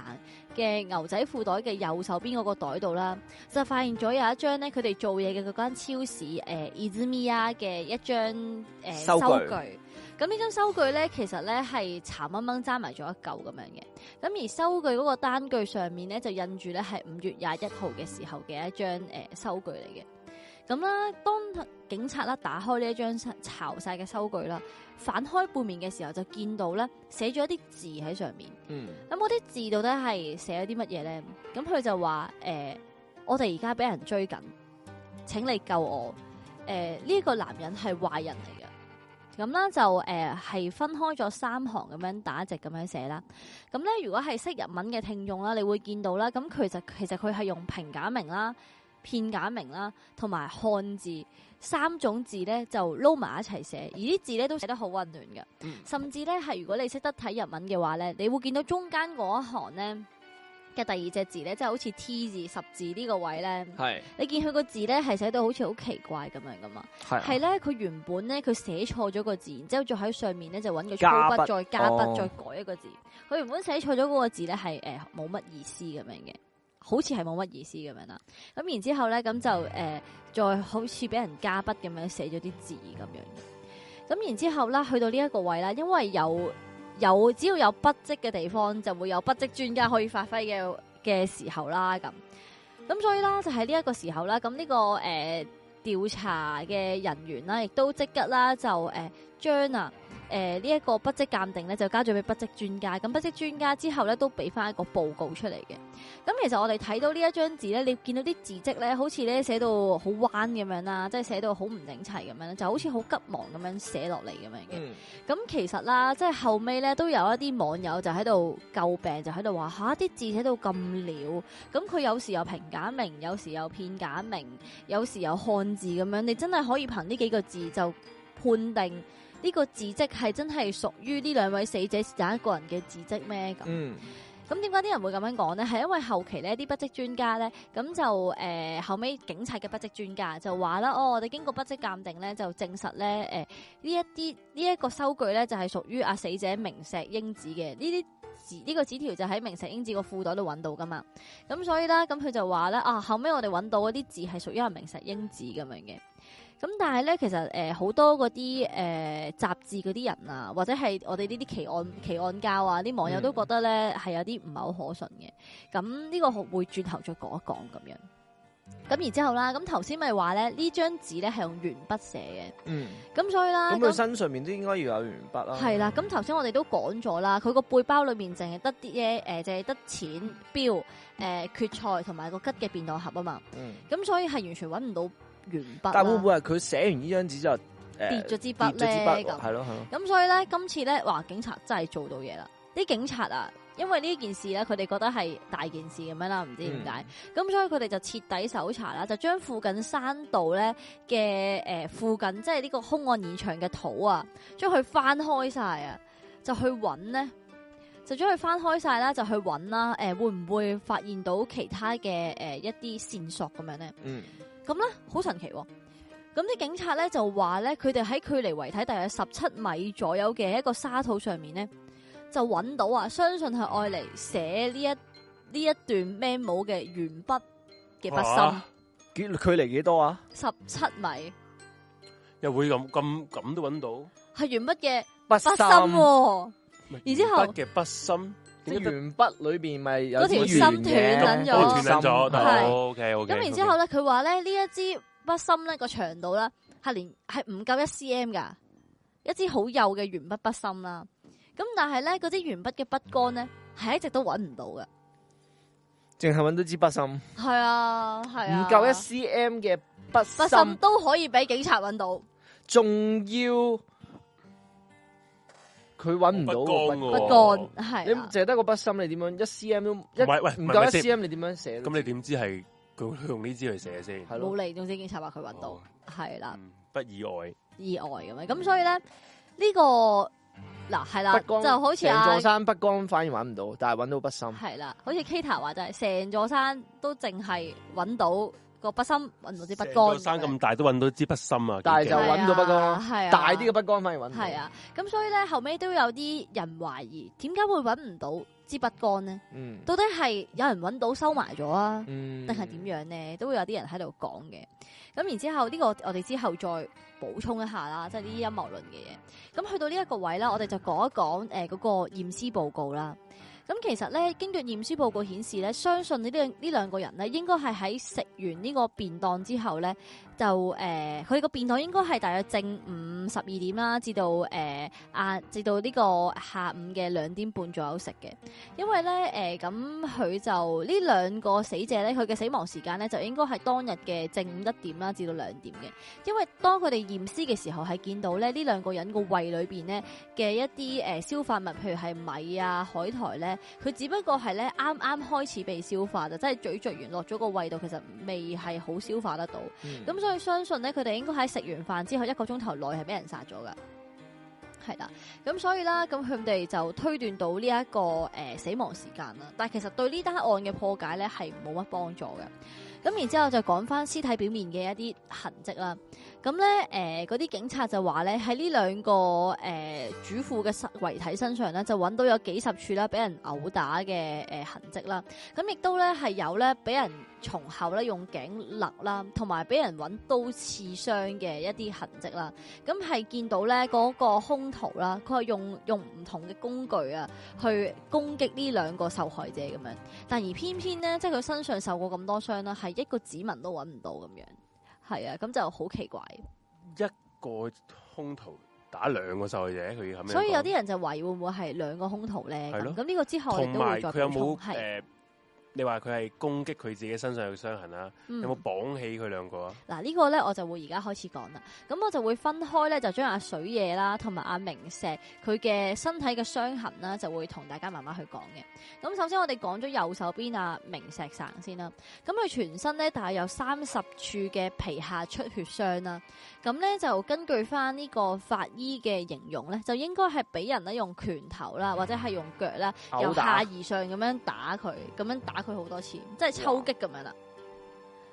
嘅牛仔褲袋嘅右手邊嗰個袋度啦，就發現咗有一張咧，佢哋做嘢嘅嗰間超市誒 Izumiya 嘅一張,、呃、收收張收據。咁呢張收據咧，其實咧係慘掹掹揸埋咗一嚿咁樣嘅。咁而收據嗰個單據上面咧，就印住咧係五月廿一號嘅時候嘅一張收據嚟嘅。咁啦，當警察啦打開呢一張巢晒嘅收據啦。反開背面嘅時候就見到咧寫咗啲字喺上面。咁嗰啲字到底係寫咗啲乜嘢咧？咁佢就話：誒、呃，我哋而家俾人追緊，請你救我。誒、呃，呢、這個男人係壞人嚟嘅。咁啦就誒係、呃、分開咗三行咁樣打直咁樣寫啦。咁咧如果係識日文嘅聽眾啦，你會見到啦。咁其實其實佢係用平假名啦、片假名啦同埋漢字。三種字咧就撈埋一齊寫，而啲字咧都寫得好溫暖嘅，嗯、甚至咧係如果你識得睇日文嘅話咧，嗯、你會見到中間嗰一行咧嘅第二隻字咧，即、就、係、是、好似 T 字十字呢個位咧，係你見佢個字咧係寫到好似好奇怪咁樣噶嘛，係咧佢原本咧佢寫錯咗個字，然之後再喺上面咧就揾個粗筆再加筆再改一個字，佢、哦、原本寫錯咗嗰個字咧係誒冇乜意思咁樣嘅。好似係冇乜意思咁樣啦，咁然之後咧，咁就誒、呃、再好似俾人加筆咁樣寫咗啲字咁樣，咁然之後呢，去到呢一個位啦，因為有有只要有筆迹嘅地方，就會有筆迹專家可以發揮嘅嘅時候啦，咁咁所以啦，就喺呢一個時候啦，咁呢、這個誒調、呃、查嘅人員啦，亦都即刻啦就誒將啊。呃誒、呃，這個、不鑑呢一個筆跡鑑定咧，就交咗俾筆跡專家。咁筆跡專家之後咧，都俾翻一個報告出嚟嘅。咁其實我哋睇到這一張呢一張字咧，你見到啲字跡咧，好似咧寫到好彎咁樣啦，即係寫到好唔整齊咁樣，就好似好急忙咁樣寫落嚟咁樣嘅。咁、嗯、其實啦，即係後尾咧，都有一啲網友就喺度詬病，就喺度話吓啲字寫到咁潦，咁佢有時候又平假名，有時候又片假名，有時候又漢字咁樣，你真係可以憑呢幾個字就判定？呢、這個字跡係真係屬於呢兩位死者單一個人嘅字跡咩？咁、嗯，咁點解啲人會咁樣講呢？係因為後期呢啲筆跡專家呢，咁就誒、呃、後尾警察嘅筆跡專家就話啦，哦，我哋經過筆跡鑑定呢，就證實咧誒呢、呃、一啲呢一個收據呢，就係屬於阿死者明石英子嘅。呢啲呢個字條、這個、就喺明石英子個褲袋度揾到㗎嘛。咁所以呢，咁佢就話呢：「啊，後尾我哋揾到嗰啲字係屬於阿明石英子咁樣嘅。咁但係咧，其實誒好、呃、多嗰啲誒雜誌嗰啲人啊，或者係我哋呢啲奇案奇案教啊，啲網友都覺得咧係有啲唔係好可信嘅。咁呢個會轉頭再講一講咁樣。咁然之後啦，咁頭先咪話咧呢張紙咧係用鉛筆寫嘅。嗯。咁、嗯、所以啦。咁佢身上面都應該要有鉛筆啦。係啦、啊，咁頭先我哋都講咗啦，佢個背包裏面淨係得啲嘢，誒淨係得錢、錶、誒、呃、決賽同埋個吉嘅便當盒啊嘛。咁、嗯、所以係完全揾唔到。但會唔會係佢寫完呢張紙之後，跌咗支筆咧？咁係咯，係咯。咁所以咧，今次咧，哇！警察真係做到嘢啦！啲警察啊，因為呢件事咧，佢哋覺得係大件事咁樣啦，唔知點解。咁、嗯、所以佢哋就徹底搜查啦，就將附近山道咧嘅誒附近，即係呢個凶案現場嘅土啊，將佢翻開晒啊，就去揾呢，就將佢翻開晒啦，就去揾啦、啊。誒、呃，會唔會發現到其他嘅誒、呃、一啲線索咁樣咧？嗯。咁咧好神奇、哦，咁啲警察咧就話咧，佢哋喺距離遺體大約十七米左右嘅一個沙土上面咧，就揾到啊！相信係愛嚟寫呢一呢一段 memo 嘅鉛筆嘅筆芯。幾距離幾多啊？十七、啊、米，又會咁咁咁都揾到？係鉛筆嘅筆芯，而之後鉛筆嘅筆芯。原筆裡面支鉛筆裏邊咪有條心斷咗。係、哦哦、OK OK 然後然後，咁然之後咧，佢話咧，呢一支筆芯咧個長度咧係連係唔夠一 CM 噶，一支好幼嘅鉛筆筆芯啦。咁但係咧嗰支鉛筆嘅筆桿咧係一直都揾唔到嘅，淨係揾到支筆芯。係啊係啊，唔夠一 CM 嘅筆筆芯都可以俾警察揾到，仲要佢揾唔到，筆桿係、哦啊，你淨係得個筆芯你點樣一 cm 都一唔係喂唔夠一 cm 你點樣寫？咁你點知係佢用呢支去寫先？冇嚟總之警察話佢揾到，係、哦、啦、啊嗯，不外意外，意外咁樣。咁所以咧，呢、這個嗱係啦，就好似成座山筆桿，反而揾唔到，但係揾到筆芯、啊，係啦，好似 Kita 話就係成座山都淨係揾到。個筆芯揾到啲筆桿，生咁大都揾到支筆芯啊，但係就揾咗筆桿，大啲嘅筆桿反而揾唔到。係啊，咁所以咧，後尾都有啲人懷疑，點解會揾唔到支筆桿呢、嗯？到底係有人揾到收埋咗啊，定係點樣呢？都會有啲人喺度講嘅。咁然之後呢個我哋之後再補充一下啦，即係啲陰謀論嘅嘢。咁去到呢一個位咧，我哋就講一講誒嗰個驗屍報告啦。咁其實咧，根據驗屍報告顯示咧，相信呢兩呢兩個人咧，應該係喺食完呢個便當之後咧。就誒佢個便當應該係大約正午十二點啦，至到誒、呃、啊，至到呢個下午嘅兩點半左右食嘅。因為咧誒咁佢就呢兩個死者咧，佢嘅死亡時間咧就應該係當日嘅正午一點啦，至到兩點嘅。因為當佢哋驗屍嘅時候係見到咧，呢兩個人個胃裏邊咧嘅一啲誒消化物，譬如係米啊、海苔咧，佢只不過係咧啱啱開始被消化就即、是、係咀嚼完落咗個胃度，其實未係好消化得到。咁、嗯，所以所以相信咧，佢哋應該喺食完飯之後一個鐘頭內係俾人殺咗噶，係啦。咁所以啦，咁佢哋就推斷到呢、這、一個誒、呃、死亡時間啦。但係其實對呢單案嘅破解咧係冇乜幫助嘅。咁然之後就講翻屍體表面嘅一啲痕跡啦。咁咧，誒嗰啲警察就話咧，喺呢兩個誒、呃、主婦嘅身遺體身上咧，就揾到有幾十處啦，俾人毆打嘅誒痕跡啦。咁亦都咧係有咧俾人從後咧用頸勒啦，同埋俾人揾刀刺傷嘅一啲痕跡啦。咁係見到咧嗰、那個兇徒啦，佢係用用唔同嘅工具啊，去攻擊呢兩個受害者咁樣。但而偏偏咧，即係佢身上受過咁多傷啦，係一個指紋都揾唔到咁樣。係啊，咁就好奇怪。一個兇徒打兩個受害者，佢係咪？所以有啲人就懷疑會唔會係兩個兇徒咧？係咯。咁呢個之後同埋佢有冇誒？你話佢係攻擊佢自己身上嘅傷痕啦，啊嗯，有冇綁起佢兩個啊？嗱，這個，呢個咧我就會而家開始講啦。咁我就會分開咧，就將阿，啊、水野啦，同埋阿明石佢嘅身體嘅傷痕啦，就會同大家慢慢去講嘅。咁首先我哋講咗右手邊阿，啊、明石層先啦。咁佢全身咧，大約有三十處嘅皮下出血傷啦。咁咧就根據翻呢個法醫嘅形容咧，就應該係俾人咧用拳頭啦，或者係用腳啦，由下而上咁樣打佢，咁樣打。佢好多次，即係抽擊咁樣啦。Yeah.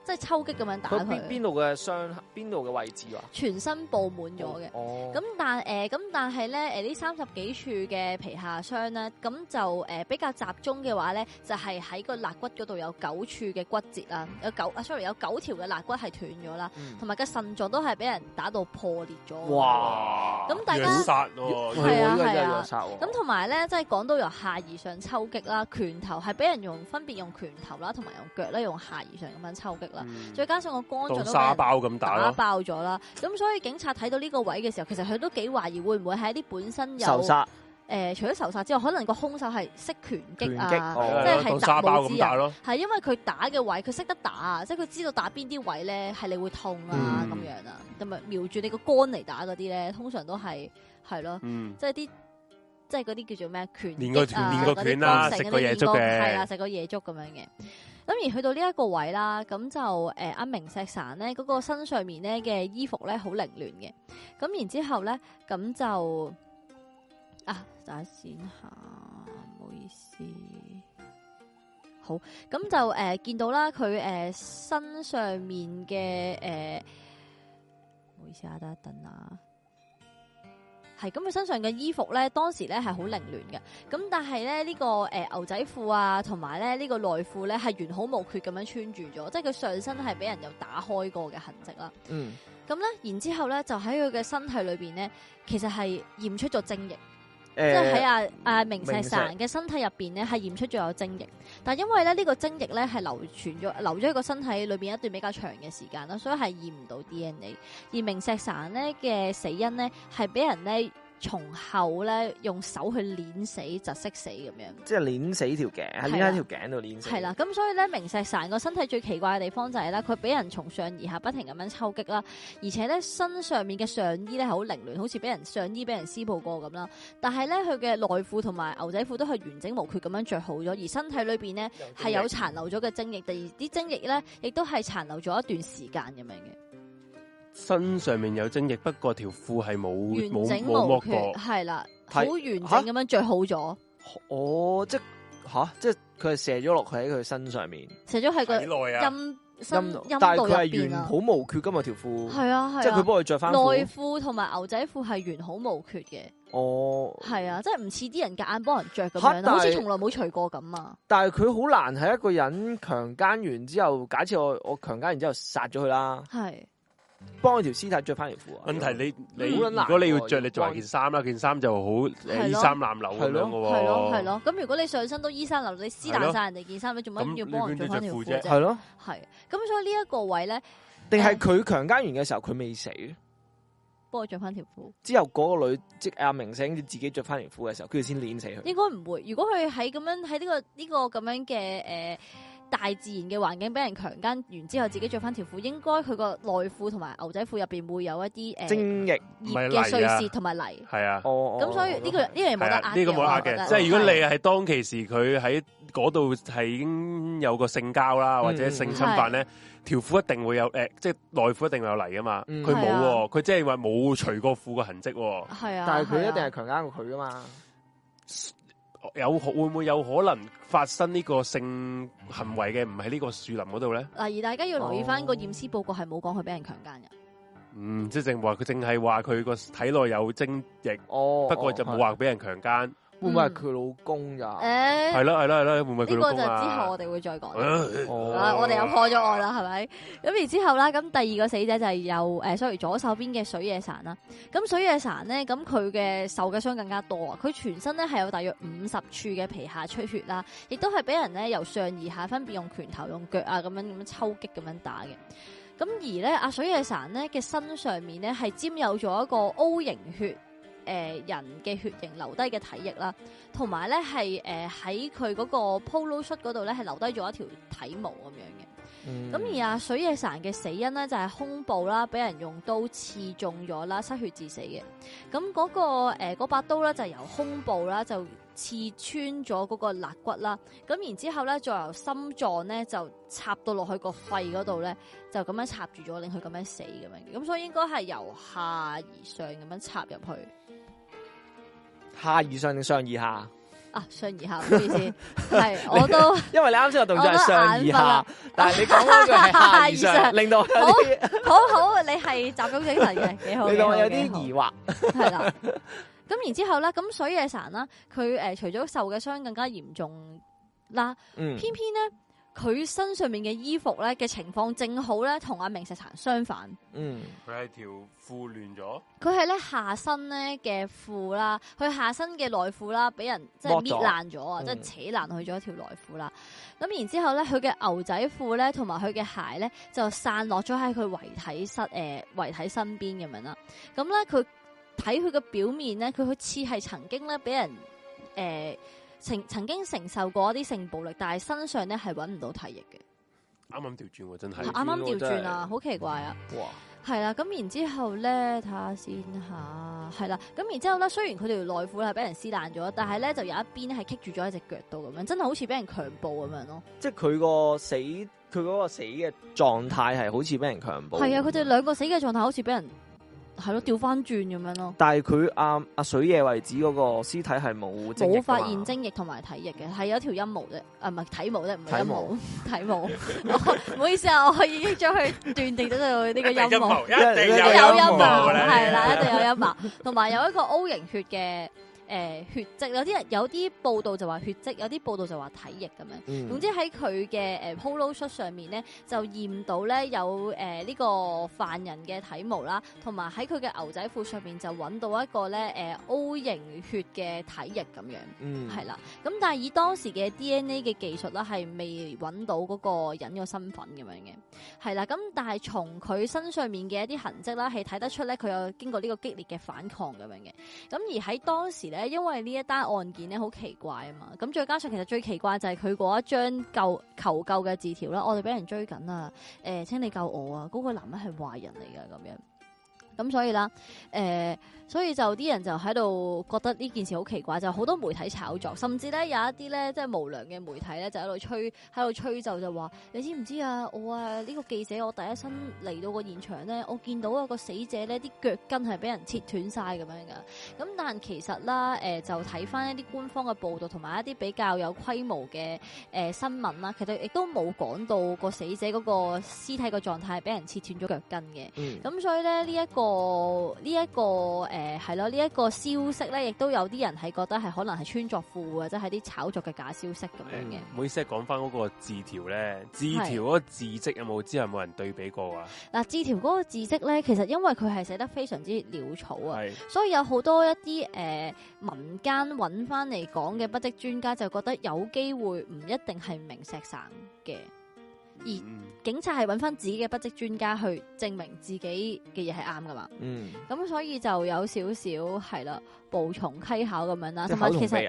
即係抽擊咁樣打佢。邊度嘅傷？邊度嘅位置啊？全身布滿咗嘅。哦。咁但誒，咁但係咧誒，呢三十幾處嘅皮下傷咧，咁就誒比較集中嘅話咧，就係喺個肋骨嗰度有九處嘅骨折啦，有九啊，sorry，有九條嘅肋骨係斷咗啦，同埋個腎臟都係俾人打到破裂咗。哇！咁大家。虐殺喎！係啊係啊。咁同埋咧，即係講到由下而上抽擊啦，拳頭係俾人用分別用拳頭啦，同埋用腳咧，用下而上咁樣抽擊。再、嗯、加上個肝仲都沙包噉打爆咗啦，咁所以警察睇到呢個位嘅時候，其實佢都幾懷疑會唔會係啲本身有仇殺誒、呃、除咗仇殺之外，可能個兇手係識拳擊啊，擊哦、即係打鬥之人，係因為佢打嘅位佢識得打啊，即係佢知道打邊啲位咧係你會痛啊咁、嗯、樣啊，同埋瞄住你個肝嚟打嗰啲咧，通常都係係咯，嗯、即係啲。即係嗰啲叫做咩拳擊啊嗰種食個、啊、吃野粥嘅係啊食個野粥咁樣嘅，咁而去到呢一個位啦，咁就誒阿、呃、明石神咧嗰個身上面咧嘅衣服咧好凌亂嘅，咁然之後咧咁就啊打先下唔好意思好咁就誒、呃、見到啦佢誒身上面嘅誒唔好意思啊等一下。係咁佢身上嘅衣服咧，當時咧係好凌亂嘅，咁但係咧呢、呢個誒、呃、牛仔褲啊，同埋咧呢、呢個內褲咧係完好無缺咁樣穿住咗，即係佢上身係俾人又打開過嘅痕跡啦。嗯呢，咁咧然之後咧就喺佢嘅身體裏面咧，其實係驗出咗精液。即係喺阿阿明石散嘅身體入邊咧，係驗出咗有精液，但係因為咧呢個精液咧係流傳咗留咗喺個身體裏邊一段比較長嘅時間啦，所以係驗唔到 DNA。而明石散咧嘅死因咧係俾人咧。從後咧用手去碾死，窒息死咁樣，即係碾死條頸，喺喺條頸度碾死。係啦，咁所以咧，明石成個身體最奇怪嘅地方就係咧，佢俾人從上而下不停咁樣抽擊啦，而且咧身上面嘅上衣咧係好凌亂，好似俾人上衣俾人撕破過咁啦。但係咧佢嘅內褲同埋牛仔褲都係完整無缺咁樣着好咗，而身體裏邊呢係有殘留咗嘅精液，第二啲精液咧亦都係殘留咗一段時間咁樣嘅。身上面有精液，不過條褲係冇完整無缺，係啦，好完整咁樣着好咗。哦，即係吓，即係佢係射咗落佢喺佢身上面，射咗喺個陰陰陰，但係佢係完好無缺噶嘛條褲，係啊，即係佢幫佢着翻內褲同埋牛仔褲係完好無缺嘅。哦，係啊，即係唔似啲人夾硬幫人着咁樣，好似從來冇除過咁啊。但係佢好難係一個人強姦完之後，假設我我強姦完之後殺咗佢啦，係。幫我條絲帶着翻條褲啊！問題你你、嗯、如果你要着、嗯、你要做埋件衫啦，件衫就好衣衫襤褸咁樣嘅、啊、喎。係咯，係咯，咁如果你上身都衣衫襤褸，你撕爛晒人哋件衫，你做乜要幫我着翻條褲啫？係咯，係。咁所以呢一個位咧，定係佢強奸完嘅時候佢未死？幫我着翻條褲。之後嗰個女即阿明星自己着翻條褲嘅時候，佢先碾死佢。應該唔會。如果佢喺咁樣喺呢、這個呢、這個咁樣嘅誒。呃大自然嘅環境俾人強奸完之後，自己着翻條褲，應該佢個內褲同埋牛仔褲入面會有一啲誒精液嘅碎屑同埋泥，係啊，咁、啊哦嗯哦哦、所以呢、呢個呢樣冇得呃嘅。呢個冇嘅，即係如果你係當其時佢喺嗰度係已經有個性交啦，嗯、或者性侵犯咧、啊，條褲一定會有即係、呃就是、內褲一定會有泥噶嘛。佢冇喎，佢即係話冇除過褲嘅痕跡、啊，喎、啊。啊，但係佢一定係強奸過佢噶嘛。有會唔會有可能發生呢個性行為嘅？唔係呢個樹林嗰度咧。嗱，而大家要留意翻、哦那個驗屍報告係冇講佢俾人強奸嘅。嗯，即係正話佢淨係話佢個體內有精液，哦、不過就冇話俾人強奸。哦哦會唔會係佢老公咋、啊？係啦係啦係啦，會唔會係、啊？呢、這個就之後我哋會再講、啊。我哋又破咗案啦，係 (laughs) 咪？咁而之後咧，咁第二個死者就係右誒，sorry，左手邊嘅水野禪啦。咁水野禪呢，咁佢嘅受嘅傷更加多啊！佢全身咧係有大約五十處嘅皮下出血啦，亦都係俾人咧由上而下分別用拳頭用腳、用腳啊咁樣咁樣抽擊咁樣打嘅。咁而咧阿水野禪呢嘅身上面呢係沾有咗一個 O 型血。誒、呃、人嘅血型留低嘅體液啦，同埋咧係誒喺佢嗰個 polo shirt 嗰度咧係留低咗一條體毛咁樣嘅。咁、嗯、而阿、啊、水野神嘅死因咧就係、是、胸部啦，俾人用刀刺中咗啦，失血致死嘅。咁嗰、那個嗰、呃、把刀咧就是、由胸部啦就刺穿咗嗰個肋骨啦。咁然之後咧再由心臟咧就插到落去個肺嗰度咧，就咁樣插住咗，令佢咁樣死咁樣。咁所以應該係由下而上咁樣插入去。下而上定上而下？啊，上而下，唔好意思，係 (laughs) 我都， (laughs) 因為你啱先個動作係上而下， (laughs) 但係你講嗰個下而上，令到好，好好， (laughs) 你係集中精神嘅，幾好，令到我有啲疑惑。係啦，咁 (laughs) 然之後咧，咁水月神啦，佢誒、呃，除咗受嘅傷更加嚴重啦、嗯，偏偏咧。佢身上面嘅衣服咧嘅情況，正好咧同阿明石殘相反。嗯，佢係條褲亂咗。佢係咧下身咧嘅褲啦，佢下身嘅內褲啦，俾人即係搣爛咗啊，即係、嗯、扯爛去咗一條內褲啦。咁然之後咧，佢嘅牛仔褲咧，同埋佢嘅鞋咧，就散落咗喺佢遺體室、誒、呃、遺體身邊咁樣啦。咁咧佢睇佢嘅表面咧，佢好似係曾經咧俾人誒。呃曾曾經承受過一啲性暴力，但係身上咧係揾唔到體液嘅。啱啱調轉喎，真係啱啱調轉啊，好奇怪啊！哇，係啦，啊，咁然之後咧，睇下先，吓，係啦，啊，咁然之後咧，雖然佢條內褲咧係俾人撕爛咗，但係咧就有一邊係棘住咗一隻腳度咁樣，真係好似俾人強暴咁樣咯。即係佢個死，佢嗰個死嘅狀態係好似俾人強暴。係啊，佢哋兩個死嘅狀態好似俾人。係咯，掉返轉咁樣咯。但係佢阿阿水野為止嗰個屍體係冇冇發現精液同埋體液嘅，係有一條陰毛嘅。啊唔係體毛唔係陰毛，體毛。唔 (laughs) 看毛 (laughs) (laughs) 好意思啊，我已經將佢斷定到呢個陰毛，一定有陰毛，係啦，一定有陰毛，同 (laughs) 埋有, (laughs) (laughs) 有一個 O 型血嘅。誒血跡，有啲人有啲報道就話血跡，有啲報道就話體液咁樣，嗯。總之喺佢嘅誒 polo shirt 上面呢，就驗到咧有呢、呃呢個犯人嘅體毛啦，同埋喺佢嘅牛仔褲上面就揾到一個咧誒、呃、O 型血嘅體液咁樣。係、嗯、啦。咁但係以當時嘅 DNA 嘅技術啦，係未揾到嗰個人嘅身份咁樣嘅。係啦。咁但係從佢身上面嘅一啲痕跡啦，係睇得出咧佢有經過呢個激烈嘅反抗咁樣嘅。咁而喺當時。因為呢一單案件咧好奇怪啊嘛，咁再加上其實最奇怪就係佢嗰一張舊求救嘅字條啦，我哋俾人追緊啊，誒、呃，請你救我啊，嗰、那個男人係壞人嚟噶咁樣，咁所以啦，誒、呃。所以就啲人就喺度覺得呢件事好奇怪，就好多媒體炒作，甚至咧有一啲咧即係無良嘅媒體咧就喺度吹，喺度吹就就話：你知唔知啊？我啊呢個記者，我第一身嚟到個現場咧，我見到有個死者咧啲腳筋係俾人切斷曬咁樣噶。咁但其實啦，誒、呃、就睇翻一啲官方嘅報道同埋一啲比較有規模嘅誒、呃、新聞啦，其實亦都冇講到個死者嗰個屍體個狀態係俾人切斷咗腳筋嘅。咁、嗯、所以咧呢一個呢一個誒。呃誒、嗯，係咯，呢、這、一個消息咧，亦都有啲人係覺得係可能係穿鑿附會或者係啲炒作嘅假消息咁樣嘅。唔、嗯、好意思，講翻嗰個字條咧，字條嗰個字迹有冇知？係冇人對比過啊？嗱，字條嗰個字迹咧，其實因為佢係寫得非常之潦草啊，所以有好多一啲誒、呃、民間揾翻嚟講嘅筆迹專家就覺得有機會唔一定係明石省嘅。而警察係揾返自己嘅筆跡專家去證明自己嘅嘢係啱㗎嘛，嗯。咁所以就有少少係啦。無從稽考咁樣啦，同埋其實係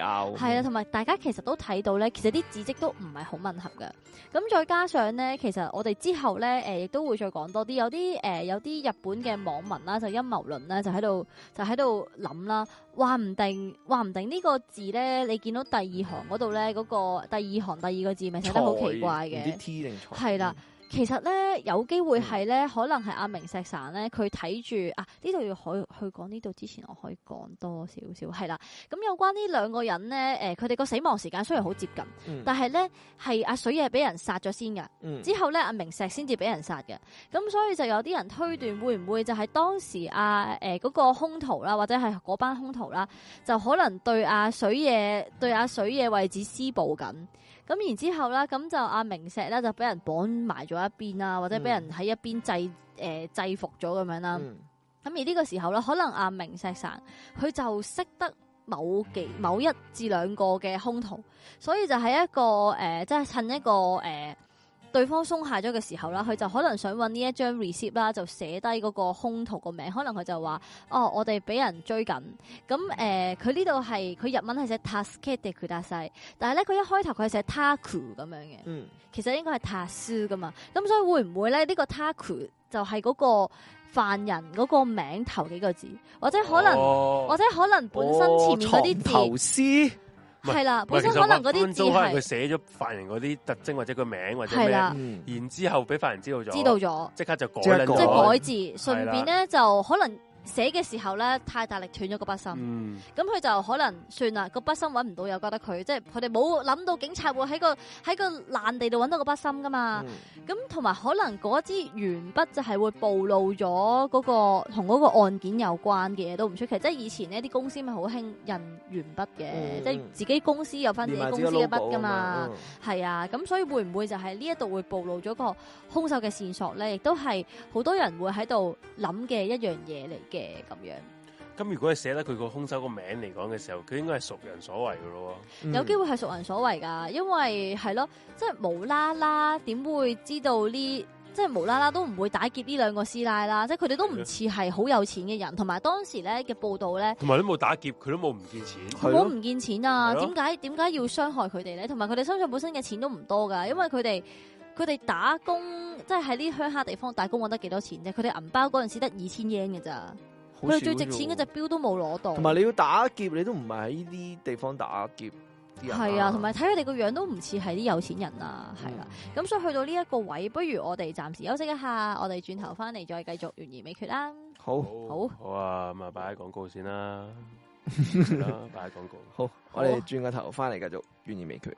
啊，同埋大家其實都睇到咧，其實啲字跡都唔係好吻合嘅。咁再加上咧，其實我哋之後咧，誒亦都會再講多啲。有啲誒、呃，有啲日本嘅網民啦，就陰謀論咧，就喺度就喺度諗啦，話唔定話唔定呢個字咧，你見到第二行嗰度咧，嗰、嗰個第二行第二個字咪寫得好奇怪嘅，啲係啦。其實咧有機會係咧，可能係阿明石神咧，佢睇住啊呢度要可去講呢度之前，我可以講多少少係啦。咁有關呢兩個人咧，誒佢哋個死亡時間雖然好接近，嗯、但係咧係阿水野俾人殺咗先㗎。之後咧阿明石先至俾人殺嘅。咁所以就有啲人推斷會唔會就係當時阿、啊、嗰、呃那個兇徒啦，或者係嗰班兇徒啦，就可能對阿、啊、水野對阿、啊、水野位置施暴緊。咁然之後啦，咁就阿明石咧就俾人綁埋咗一邊啦，或者俾人喺一邊制、嗯呃、制服咗咁樣啦。咁、嗯、而呢個時候咧，可能阿明石神佢就識得某幾某一至兩個嘅兇徒，所以就係一個誒，即、呃、係、就係、趁一個誒。呃對方鬆懈咗嘅時候啦，佢就可能想搵呢一張 receipt 啦，就寫低嗰個兇徒個名。可能佢就話：哦，我哋俾人追緊。咁誒，佢呢度係佢日文係寫 tasked 的佢達曬，但係呢，佢一開頭佢係寫 taku 咁樣嘅。其實應該係 task 㗎嘛。咁所以會唔會咧？呢、呢個 taku 就係、係、嗰個犯人嗰個名頭幾個字，或者可能，哦、或者可能本身前面嗰啲頭詩。哦係啦，本身可能啲字可能佢寫咗犯人啲特徵或者個名或者係啦，然之後俾犯人知道咗，知道咗，即刻就改，即係改、就是、改字，順便咧就可能。寫嘅時候咧，太大力斷咗個筆芯，咁、嗯、佢就可能算啦。個筆芯揾唔到又覺得佢，即係佢哋冇諗到警察會喺個喺個爛地度揾到個筆芯噶嘛。咁同埋可能嗰支鉛筆就係會暴露咗嗰、那個同嗰個案件有關嘅嘢，都唔出奇。即係以前呢啲公司咪好興印鉛筆嘅，嗯、即係自己公司有返自己公司嘅筆噶嘛。係、嗯、啊，咁所以會唔會就係呢一度會暴露咗個兇手嘅線索咧？亦都係好多人會喺度諗嘅一樣嘢嚟嘅。嘅咁樣、嗯，咁如果係寫得佢個兇手個名嚟講嘅時候，佢應該係熟人所為噶咯，有機會係熟人所為噶，因為係咯，即、嗯、係、即係、無啦啦點會知道呢？即、就、係、係、無啦啦都唔會打劫呢兩個師奶啦，即係佢哋都唔似係好有錢嘅人，同埋當時咧嘅報道咧，同埋都冇打劫，佢都冇唔見錢，佢冇唔見錢啊？點解點解要傷害佢哋咧？同埋佢哋身上本身嘅錢都唔多噶，因為佢哋。佢哋打工，即係喺啲鄉下地方打工，搵得幾多錢啫？佢哋銀包嗰陣時得二千日圓嘅咋，佢哋最值錢嗰隻表都冇攞到。同埋你要打劫，你都唔係喺呢啲地方打劫。係啊，同埋睇佢哋個樣都唔似係啲有錢人啊，係啦、啊。咁、嗯、所以去到呢一個位，不如我哋暫時休息一下，我哋轉頭翻嚟再繼續懸疑未決啦。好，好，好啊！咁啊，擺喺廣告先啦，擺喺廣告。好，好我哋轉個頭翻嚟繼續懸疑未決。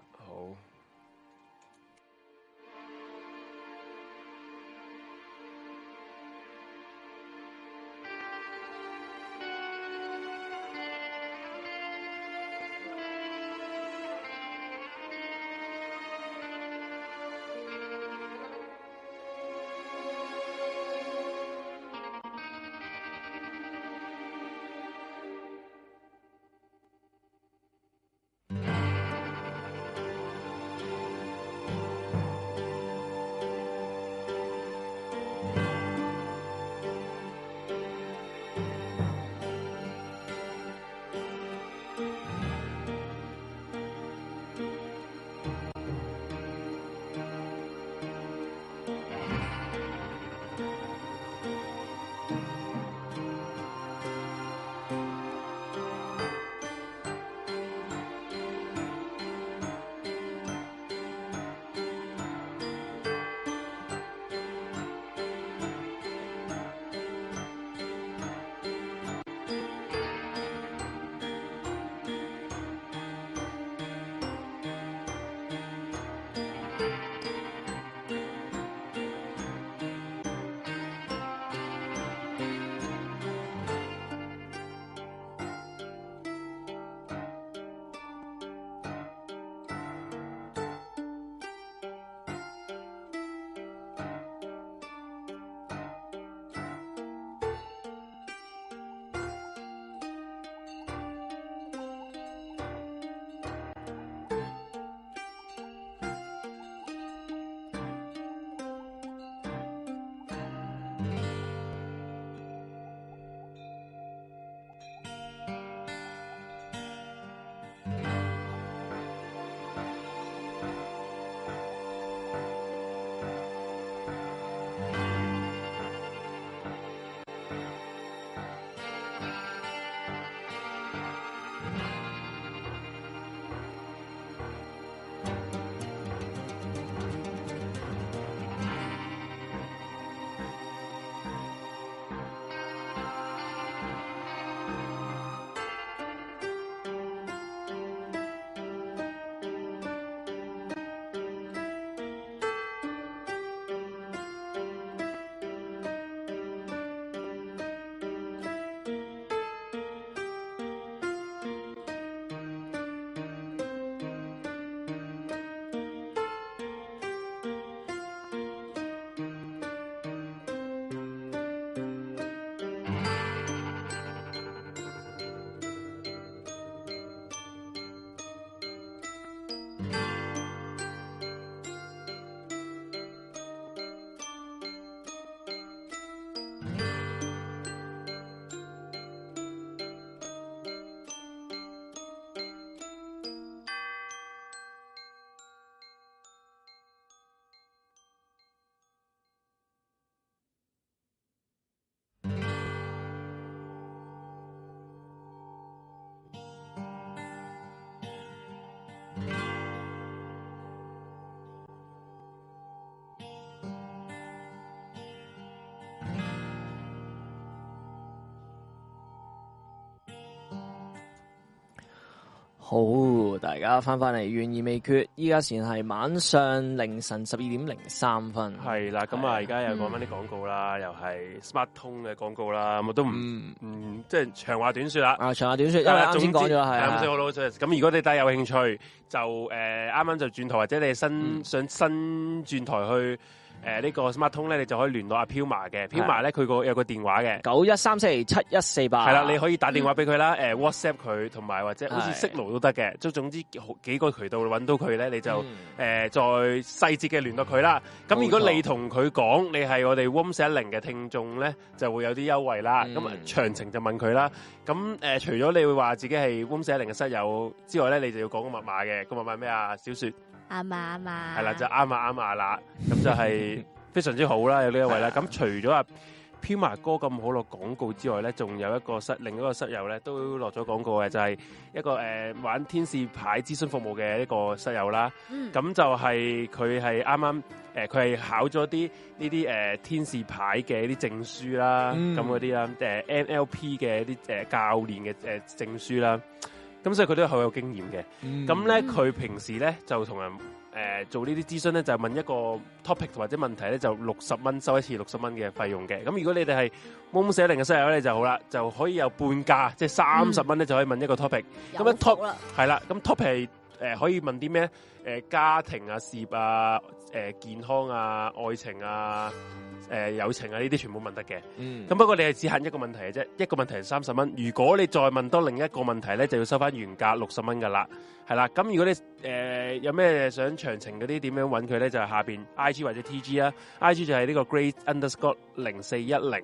好，大家翻翻嚟，懸而未決，依家時間係晚上凌晨十二點零三分。係啦，咁啊，而、嗯、家又講翻啲廣告啦、嗯，又係 Smart 通嘅廣告啦、嗯，我都唔唔、嗯，即係長話短說啦。啊，長話短說，因為啱先講咗係咁，如果大家有興趣，嗯、就誒，啱啱就轉台，或者你新、嗯、想新轉台去。誒、呃，呢、這個 smart 通咧，你就可以聯絡阿 Puma 嘅，Puma 咧佢個有個電話嘅，九一三四七一四八，係啦，你可以打電話俾佢啦，誒、嗯呃、WhatsApp 佢，同埋或者好似 Signal 都得嘅，即總之幾個渠道搵到佢咧，你就誒、嗯呃、再細節嘅聯絡佢啦。咁、嗯、如果你同佢講你係我哋 w o m 十一0嘅聽眾咧，就會有啲優惠啦。咁啊，詳情就問佢啦。咁誒、呃，除咗你會話自己係 w o m 十一0嘅室友之外咧，你就要講個密碼嘅。個密碼係咩啊？小說？啱嘛啱嘛，係啦，就啱嘛啱嘛啦，咁就係非常之好啦，有呢一位啦。咁 (laughs) 除咗啊 Puma 哥咁好落廣告之外咧，仲有一個室，另一個室友咧都落咗廣告嘅，就係、是、一個誒、呃、玩天使牌諮詢服務嘅一個室友啦。嗯，咁就係佢係啱啱誒，佢係、呃、考咗啲呢啲誒天使牌嘅啲證書啦，咁嗰啲啦，即誒、呃、NLP 嘅啲誒教練嘅誒、呃、證書啦。咁所以佢都好有經驗嘅、嗯。咁咧，佢平時咧就同人誒、呃、做呢啲諮詢咧，就問一個 topic 或者問題咧，就六十蚊收一次六十蚊嘅費用嘅。咁如果你哋係蒙寫零嘅新人咧，你就好啦，就可以有半價，即係三十蚊咧就可以問一個 topic。咁啊 top，i c 係啦。咁 top, topic 誒、呃、可以問啲咩？誒、呃、家庭啊、事業啊、誒、呃、健康啊、愛情啊。誒、呃、友情啊，呢啲全部問得嘅，咁、嗯、不過你係只限一個問題嘅啫，一個問題三十蚊。如果你再問多另一個問題咧，就要收翻原價六十蚊噶啦，係啦。咁如果你誒、呃、有咩想詳情嗰啲點樣揾佢咧，就係、是、下面 I G 或者 T G 啦、啊。I G 就係呢個 great underscore 零四、嗯、一零、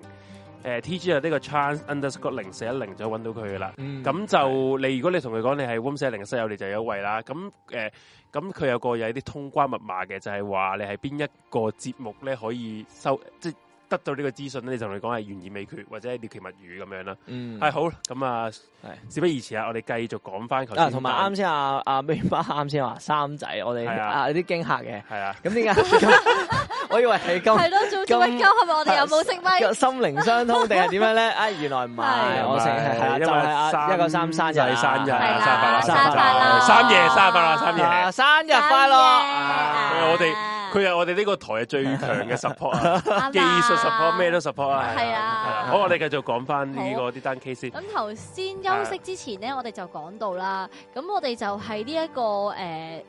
呃、T G 就呢個 chance underscore 零四一零就可以揾到佢噶啦。咁、嗯、就你如果你同佢講你係 o m e 四一零嘅室友，你就有位啦。咁誒。呃咁佢有個有啲通關密碼嘅，就係話你係邊一個節目咧可以收即。得到呢個資訊咧，你就同佢講係懸而未決或者係獵奇物語咁樣啦。嗯，係好咁啊！事不宜遲啊，我哋繼續講翻。嗱，同埋啱先啊阿 May 啱先話三仔，我哋啊有啲驚嚇嘅。係啊，咁點解？我以為係今係咯，做做交係咪？我哋有冇識咪心靈相通定係點樣咧？啊，原來唔係，我哋係啊，一個三，三日生日，啊，三日，三日，三日，三、啊、夜，生日快樂，啊，三夜，生日快樂啊！我哋。啊三日佢係我哋呢個台係最強嘅 support， (laughs) 技術 support，咩 (laughs) 都 support 啊！係 (laughs) 啊，好，我哋繼續講翻呢個啲單 case 先。咁頭先休息之前咧，我哋就講到啦。咁 (laughs) 我哋就係呢一個、呃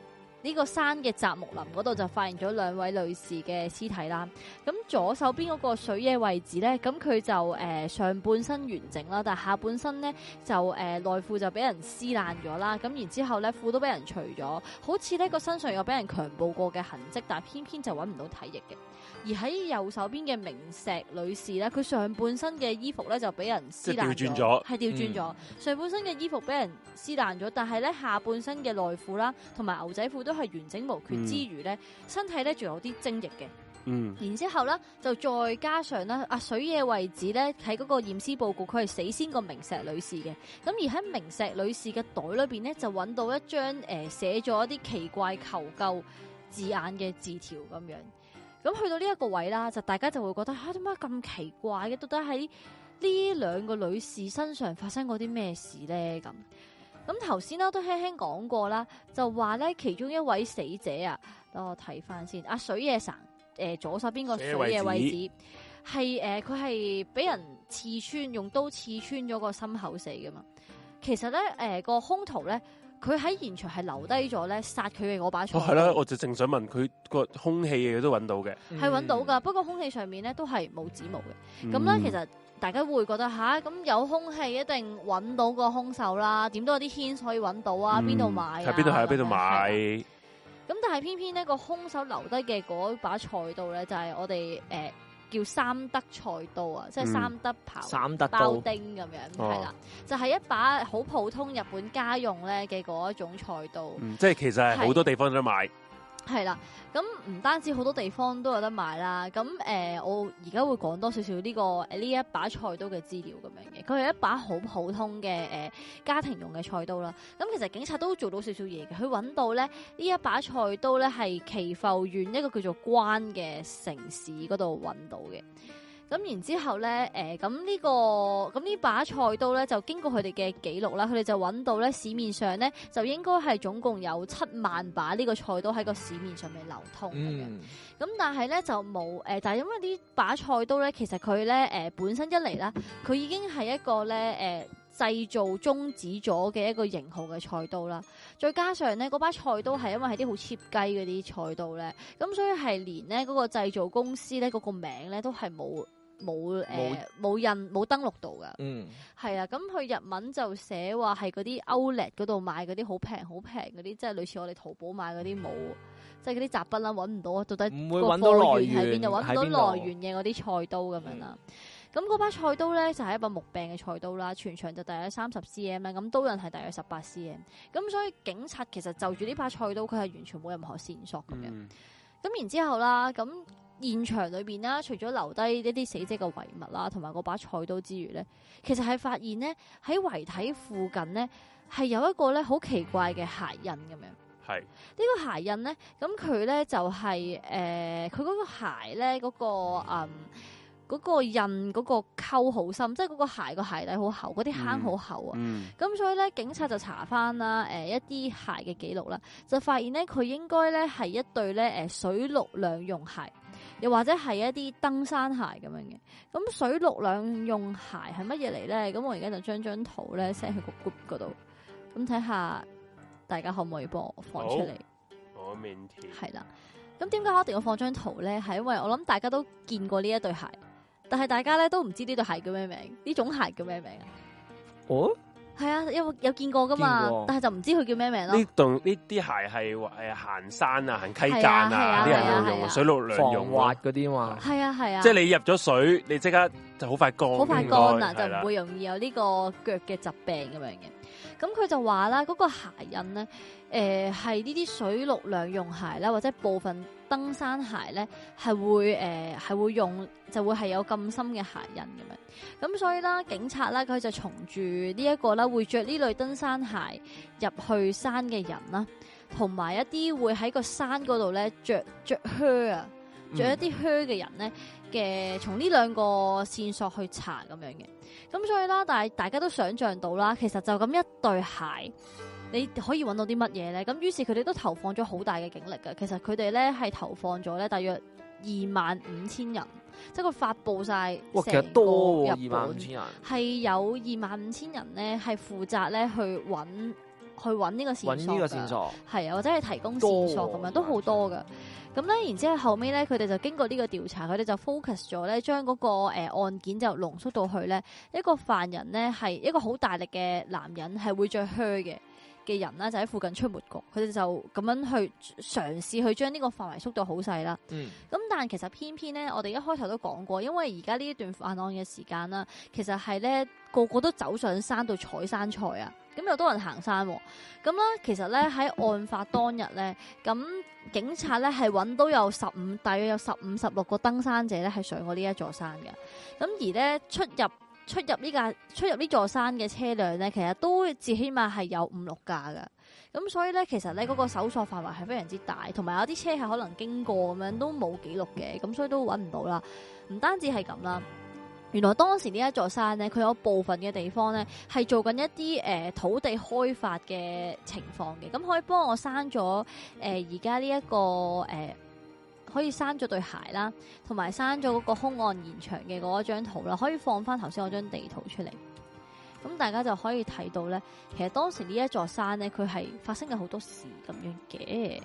呢、這個山嘅雜木林嗰度就發現咗兩位女士嘅屍體啦。咁左手邊嗰個水野位置呢，咁佢就誒、呃、上半身完整啦，但係下半身呢，就誒內褲就俾人撕爛咗啦。咁然之後呢，褲都俾人除咗，好似呢個身上有俾人強暴過嘅痕跡，但係偏偏就揾唔到體液嘅。而喺右手邊嘅明石女士呢，佢上半身嘅衣服呢，就俾人撕爛咗，係掉轉咗、嗯。上半身嘅衣服俾人撕爛咗，但係呢下半身嘅內褲啦同埋牛仔褲都係完整無缺之餘呢、嗯、身體呢仲有啲精液嘅。嗯，然之後呢，就再加上呢阿、啊、水野為子呢，喺嗰個驗屍報告，佢係死先個明石女士嘅。咁而喺明石女士嘅袋裏邊呢，就揾到一張誒寫咗一啲奇怪求救字眼嘅字條咁樣。咁去到呢一個位啦，就大家就會覺得吓，點解咁奇怪嘅？到底喺呢兩個女士身上發生過啲咩事咧？咁咁頭先啦都輕輕講過啦，就話咧其中一位死者看看啊，等我睇翻先。阿水野神誒、呃，左手邊個水野位置係誒，佢係俾人刺穿，用刀刺穿咗個心口死噶嘛。其實咧誒、呃，那個兇徒咧。佢喺現場係留低咗咧殺佢嘅嗰把菜刀。哦，係啦，我就正想問佢個兇器嘅嘢都揾到嘅。係、嗯、揾到噶，不過兇器上面咧都係冇指紋嘅。咁咧，嗯、其實大家會覺得吓，咁、啊、有兇器一定揾到個兇手啦，點都有啲牽可以揾到啊，邊、嗯、度買、啊？喺邊度？喺邊度買？咁但係偏偏呢個兇手留低嘅嗰把菜刀咧，就係、是、我哋誒。呃叫三德菜刀啊，即係三德刨、嗯、三德包丁咁樣，係、哦、啦，就係、是、一把好普通日本家用咧嘅嗰一種菜刀。嗯、即係其實係好多地方都買。係啦，咁唔單止好多地方都有得賣啦，咁誒、呃，我而家會講多少少呢個呢一把菜刀嘅資料咁樣嘅，佢係一把好普通嘅誒、呃、家庭用嘅菜刀啦。咁其實警察都做到少少嘢嘅，佢揾到咧呢一把菜刀咧係岐阜縣一個叫做關嘅城市嗰度揾到嘅。咁然之後咧，咁、呃、呢、這個咁呢把菜刀咧，就經過佢哋嘅記錄啦，佢哋就揾到咧市面上咧就應該係總共有七萬把呢個菜刀喺個市面上面流通咁，咁、嗯、但係咧就冇、呃、但係因為呢把菜刀咧，其實佢咧、呃、本身一嚟啦，佢已經係一個咧誒、呃、製造中止咗嘅一個型號嘅菜刀啦。再加上咧嗰把菜刀係因為係啲好 cheap 雞嗰啲菜刀咧，咁所以係連呢嗰、那個製造公司咧嗰、那個名咧都係冇。冇誒，冇、呃、印，冇登錄到㗎。嗯的，係啊，咁佢日文就寫話係嗰啲 outlet 嗰度買嗰啲好平好平嗰啲，即係、就是、類似我哋淘寶買嗰啲冇，即係嗰啲雜品啦，揾唔到啊，到底個貨源喺邊？又揾唔到來源嘅嗰啲菜刀咁樣啦。咁、嗯、嗰把菜刀咧就係、是、一把木柄嘅菜刀啦，全長就大約三十 cm，啊。咁刀刃係大約十八 cm，咁所以警察其實就住呢把菜刀，佢係完全冇任何線索咁樣。咁、嗯、然之後啦，咁。現場裏邊啦，除咗留低一啲死者嘅遺物啦、啊，同埋嗰把菜刀之馀咧，其實係發現呢，喺遺體附近呢，係有一個咧好奇怪嘅鞋印咁樣。係呢、這個鞋印呢，咁佢咧就係、是、誒，佢、呃、嗰個鞋咧嗰、那個誒、嗯那個印嗰個溝好深，即係嗰個鞋個鞋底好厚，嗰啲坑好厚啊、哦。咁、嗯嗯、所以咧，警察，就查翻啦，誒、呃、一啲鞋嘅記錄啦，就發現呢，佢應該咧係一對咧誒水陸兩用鞋。又或者係一啲登山鞋咁樣嘅。咁水陸兩用鞋係乜嘢嚟咧？咁我而家就將張圖咧 send 喺個 group 嗰度，咁睇下大家可唔可以幫我放出嚟？我麵條係啦，咁點解我一定要放張圖咧？係因為我諗大家都見過呢一對鞋，但係大家咧都唔知呢對鞋叫咩名，呢種鞋叫咩名啊？哦。係啊，有有見過噶嘛？但係就唔知佢叫咩名字咯。呢對呢啲鞋係誒行山啊、行溪澗啊啲人用，水陸兩用滑嗰啲嘛。係啊係啊，即係你入咗水，你即刻就好快乾，好快乾啊，就唔會容易有呢個腳嘅疾病咁樣嘅。咁佢就話啦，嗰、那個鞋印咧，誒係呢啲水陸兩用鞋啦，或者部分登山鞋咧，係會誒係、呃、會用就會係有咁深嘅鞋印咁樣。咁所以啦，警察啦佢就從住呢、這、一個啦會着呢類登山鞋入去山嘅人啦，同埋一啲會喺個山嗰度咧着着靴啊，着一啲靴嘅人咧。嗯嘅，從呢兩個線索去查咁樣嘅。咁所以啦，但係大家都想象到啦，其實就咁一對鞋，你可以揾到啲乜嘢咧？咁於是佢哋都投放咗好大嘅警力噶，其實佢哋咧係投放咗咧大約二萬五千人，即係佢發佈晒成個日本，哇，其實多二萬五千人，係有二萬五千人咧，係負責咧去揾。去揾呢個、個線索，係啊，或者係提供線索咁樣，都好多噶。咁、啊、咧，然之後呢然後尾咧，佢哋就經過呢個調查，佢哋就 focus 咗咧，將嗰、那個誒、呃、案件就濃縮到去咧，一個犯人咧係一個好大力嘅男人，係會着靴嘅嘅人啦，就喺附近出沒過。佢哋就咁樣去嘗試去將呢個範圍縮到好細啦。咁、嗯、但係其實偏偏咧，我哋一開頭都講過，因為而家呢一段犯案嘅時間啦，其實係咧個個都走上山度採山菜啊。咁又多人行山，哦，咁咧，其實咧喺案發當日咧，咁警察咧係揾到有十五，大約有十五十六個登山者咧係上過呢一座山嘅。咁而咧出入出入呢架，出入呢座山嘅車輛咧，其實都至起碼係有五六架嘅。咁所以咧，其實咧嗰個搜索範圍係非常之大，同埋有啲車係可能經過咁樣都冇記錄嘅，咁所以都揾唔到啦。唔單止係咁啦。原來當時呢一座山咧，佢有部分嘅地方咧係做緊一啲誒、呃、土地開發嘅情況嘅，咁可以幫我刪咗誒而家，呢一個誒、呃、可以刪咗對鞋啦，同埋刪咗嗰個兇案現場嘅嗰一張圖啦，可以放翻頭先嗰張地圖出嚟，咁大家就可以睇到咧，其實當時呢一座山咧，佢係發生咗好多事咁樣嘅。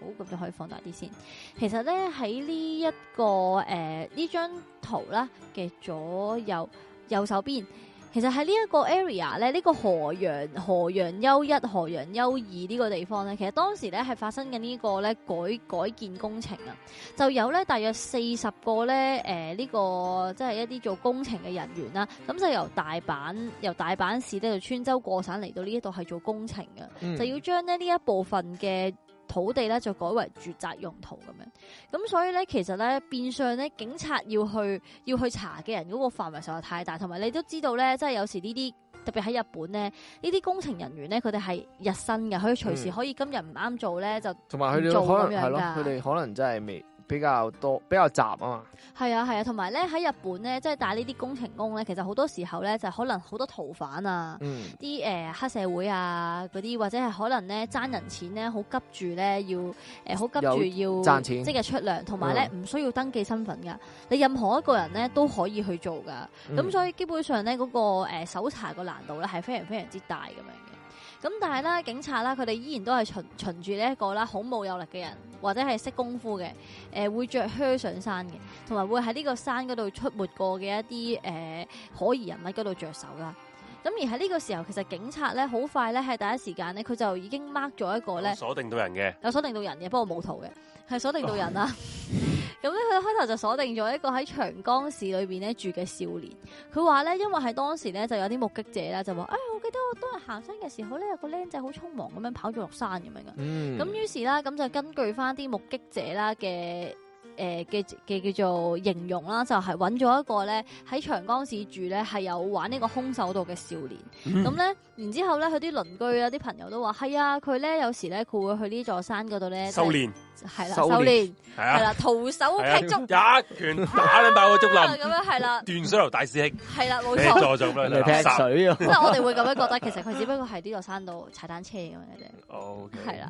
好，咁就可以放大啲先。其實咧喺呢在這一個誒呢張圖啦嘅左右右手邊，其實喺呢一個 area 咧，呢個河陽河陽優一河陽優二呢個地方咧，其實當時咧係發生緊呢個咧改改建工程啊，就有咧大約四十個咧誒呢、呃這個即係一啲做工程嘅人員啦，咁就由大阪由大阪市呢度穿州過省嚟到呢一度係做工程嘅，嗯，就要將咧呢一部分嘅。土地咧就改為住宅用途咁樣，咁所以咧其實咧變相咧警察要去要去查嘅人嗰個範圍實在太大，同埋你都知道咧，即係有時呢啲特別喺日本咧，呢啲工程人員咧佢哋係日薪嘅，佢隨時可以今日唔啱做咧就同埋佢哋可能係咯，佢哋可能真係未。比較多比較雜啊嘛，係啊係啊，同埋咧喺日本咧，即係帶呢啲工程工咧，其實好多時候咧就是、可能好多逃犯啊，啲、嗯、誒、呃、黑社會啊嗰啲，或者係可能咧爭人錢咧，好急住咧要誒，好、呃、急住要賺錢，即係出糧，同埋咧唔需要登記身份噶，嗯、你任何一個人咧都可以去做噶，咁、嗯、所以基本上咧嗰、嗰個誒、呃、搜查個難度咧係非常非常之大咁樣嘅。咁但係咧，警察啦，佢哋依然都係循循住呢一個啦，好冇有力嘅人，或者係識功夫嘅，誒、呃、會着靴上山嘅，同埋會喺呢個山嗰度出沒過嘅一啲誒、呃、可疑人物嗰度着手啦。咁而喺呢個時候，其實警察咧好快咧係第一時間咧，佢就已經 mark 咗一個咧鎖定到人嘅，有鎖定到人嘅，不過冇圖嘅，係鎖定到人啦。 (laughs) 咁咧，佢開頭就鎖定咗一個喺長江市裏邊咧住嘅少年。佢話咧，因為係當時咧就有啲目擊者呢，就話，誒，我記得我當日行山嘅時候咧，有個僆仔好匆忙咁樣跑咗落山咁樣噶。咁、嗯、於是啦，咁就根據翻啲目擊者啦嘅，誒嘅嘅叫做形容啦，就係揾咗一個咧喺長江市住咧係有玩呢個空手道嘅少年。咁、嗯、咧，然之後咧，佢啲鄰居啊，啲朋友都話係啊，佢咧有時咧佢會去呢座山嗰度咧修煉。係啦，修煉係啦，徒手劈竹，一拳打爛爆個竹林咁樣，係、啊、啦，斷水流大師兄，係啦，冇錯，做劈水啊！即係 (laughs) 我哋會咁樣覺得，其實佢只不過係呢座山度踩單車咁樣嘅啫。O K，係啦，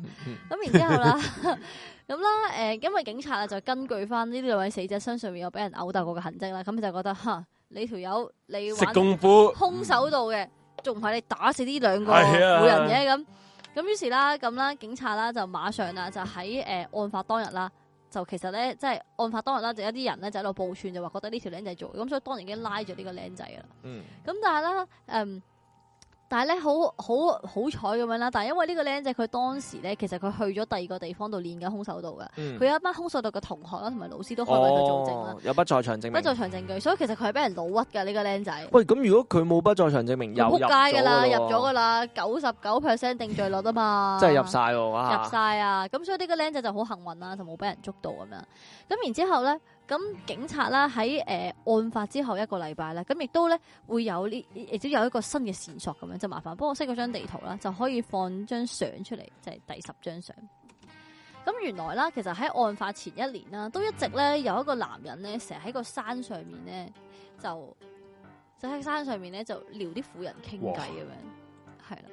咁、哦 okay、然之後啦，咁 (laughs) 啦、嗯，誒，因、嗯、為警察啊，就根據翻呢兩位死者身上面有俾人毆打過嘅痕跡啦，咁就覺得吓你條友，你功夫空手道嘅，仲係你打死呢兩個冇人嘅咁。哎咁於是啦，咁啦，警察啦就馬上啦，就喺誒案發當日啦，就其實咧，即係案發當日啦，一就有啲人咧就喺度報串，就話覺得呢條僆仔做，咁所以當然已經拉咗呢個僆仔㗎、嗯、啦。嗯。咁但係啦但係咧，好好好彩咁樣啦。但係因為呢個僆仔佢當時咧，其實佢去咗第二個地方度練緊空手道嘅。佢、嗯、有一班空手道嘅同學啦，同埋老師都開喺度作證啦、哦。有不在場證明。不在場證據，所以其實佢係俾人老屈㗎。呢、這個僆仔。喂，咁如果佢冇不在場證明，扑街噶啦，入咗噶啦，九十九 percent 定罪率啊嘛。 (laughs) 即係入晒喎、啊。入晒啊！咁所以呢個僆仔就好幸運啦，就冇俾人捉到咁樣。咁然之後咧。咁警察啦喺誒案發之後一個禮拜啦，咁亦都咧會有呢亦都有一個新嘅線索咁樣，就麻煩幫我熄嗰張地圖啦，就可以放張相出嚟，就係、是、第十張相。咁原來啦，其實喺案發前一年啦，都一直咧有一個男人咧，成日喺個山上面咧就就喺山上面咧就撩啲婦人傾偈咁樣，係啦。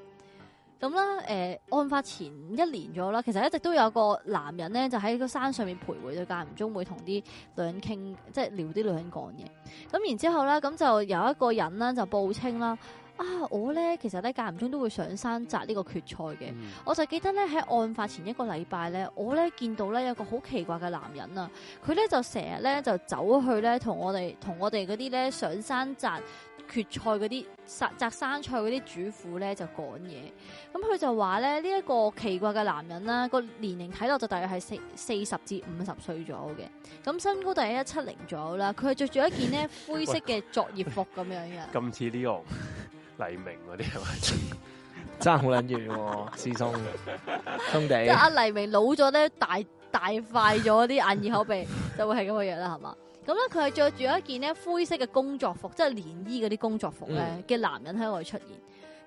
咁啦，誒、呃、案發前一年咗啦，其實一直都有一個男人咧，就喺個山上面徘徊，就間唔中會同啲女人傾，即係撩啲女人講嘢。咁然之後咧，咁就有一個人咧就報稱啦，啊我咧其實咧間唔中都會上山摘呢個決賽嘅、嗯。我就記得咧喺案發前一個禮拜咧，我咧見到咧有一個好奇怪嘅男人啊，佢咧就成日咧就走去咧同我哋同我哋嗰啲咧上山摘，決賽嗰啲摘摘生菜嗰啲主婦咧就講嘢，咁佢就話咧呢一，這個奇怪嘅男人啦，那個年齡睇落就大約係四四十至五十歲左右嘅，咁身高大約一七零左右啦，佢係着住一件咧灰色嘅作業服咁樣嘅。咁似呢個黎明嗰啲係真爭好捻遠，師 (laughs) 兄遠、啊、 (laughs) 鬆的 (laughs) 兄弟。即阿、啊、黎明老咗咧，大大塊咗啲眼耳口鼻，就會係咁個樣啦，係嘛？咁咧，佢係着住一件咧灰色嘅工作服，即係連衣嗰啲工作服咧嘅男人喺度出現。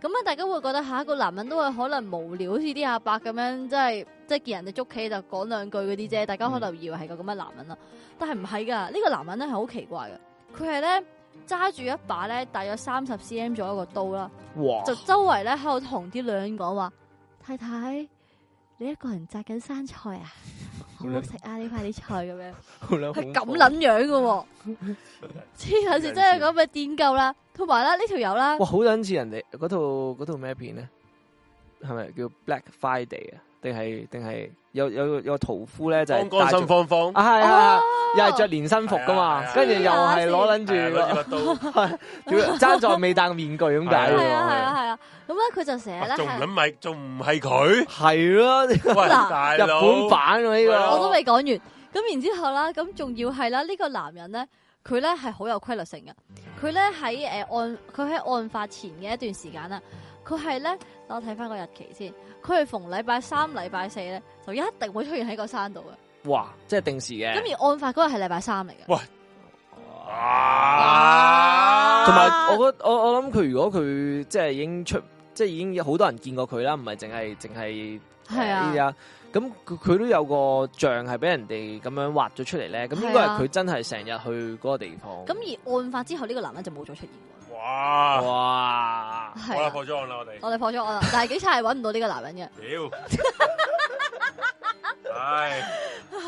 咁、嗯、大家會覺得下一個男人，都會可能無聊，好似啲阿伯咁樣，即係即係見人哋捉棋就講兩句嗰啲啫。大家可能以為係個咁嘅男人啦、嗯，但係唔係噶，呢個男人咧係好奇怪嘅。佢係咧揸住一把咧大約三十 cm 左右一個刀啦，就周圍咧喺度同啲女人講話，太太。你一個人摘緊生菜吃啊？好唔好食啊？呢塊啲菜咁樣，係咁捻樣嘅？天，還是真係咁嘅癲夠啦！同埋啦，呢條友啦，哇，好想似人哋嗰套嗰套咩片咧？係咪叫《Black Friday》啊？定係定係有有有個屠夫咧，就係、是、光光心方方，係、啊、係、啊哦、又係着連身服噶嘛，跟住、啊啊、又係攞捻住，揸在未戴面具咁解，係啊係啊係啊，咁咧佢就成日咧，仲諗咪仲唔係佢？係咯、啊，喂， (laughs) 大佬，日本版呢個、啊，我都未講完。咁然後之後啦，咁仲要係啦，呢個男人咧，佢咧係好有規律性嘅，佢咧喺誒案，佢喺案發前嘅一段時間啦佢係咧，等我睇翻個日期先。佢係逢禮拜三、禮拜四咧，就一定會出現喺個山度嘅。哇！即係定時嘅。咁而案發嗰日係禮拜三嚟嘅。喂，同埋、啊，我諗，我我諗佢如果佢即係已經出，即係已經有好多人見過佢啦，唔係淨係淨係係啊。咁佢都有個像係俾人哋咁樣畫咗出嚟咧。咁應該係佢真係成日去嗰個地方。咁、啊、而案發之後，呢個男人就冇再出現。哇！哇！係、啊，我哋破咗案啦！我哋我哋破咗案啦！ (laughs) 但係警察係揾唔到呢個男人嘅、 (laughs) (laughs) (laughs) 啊。屌！係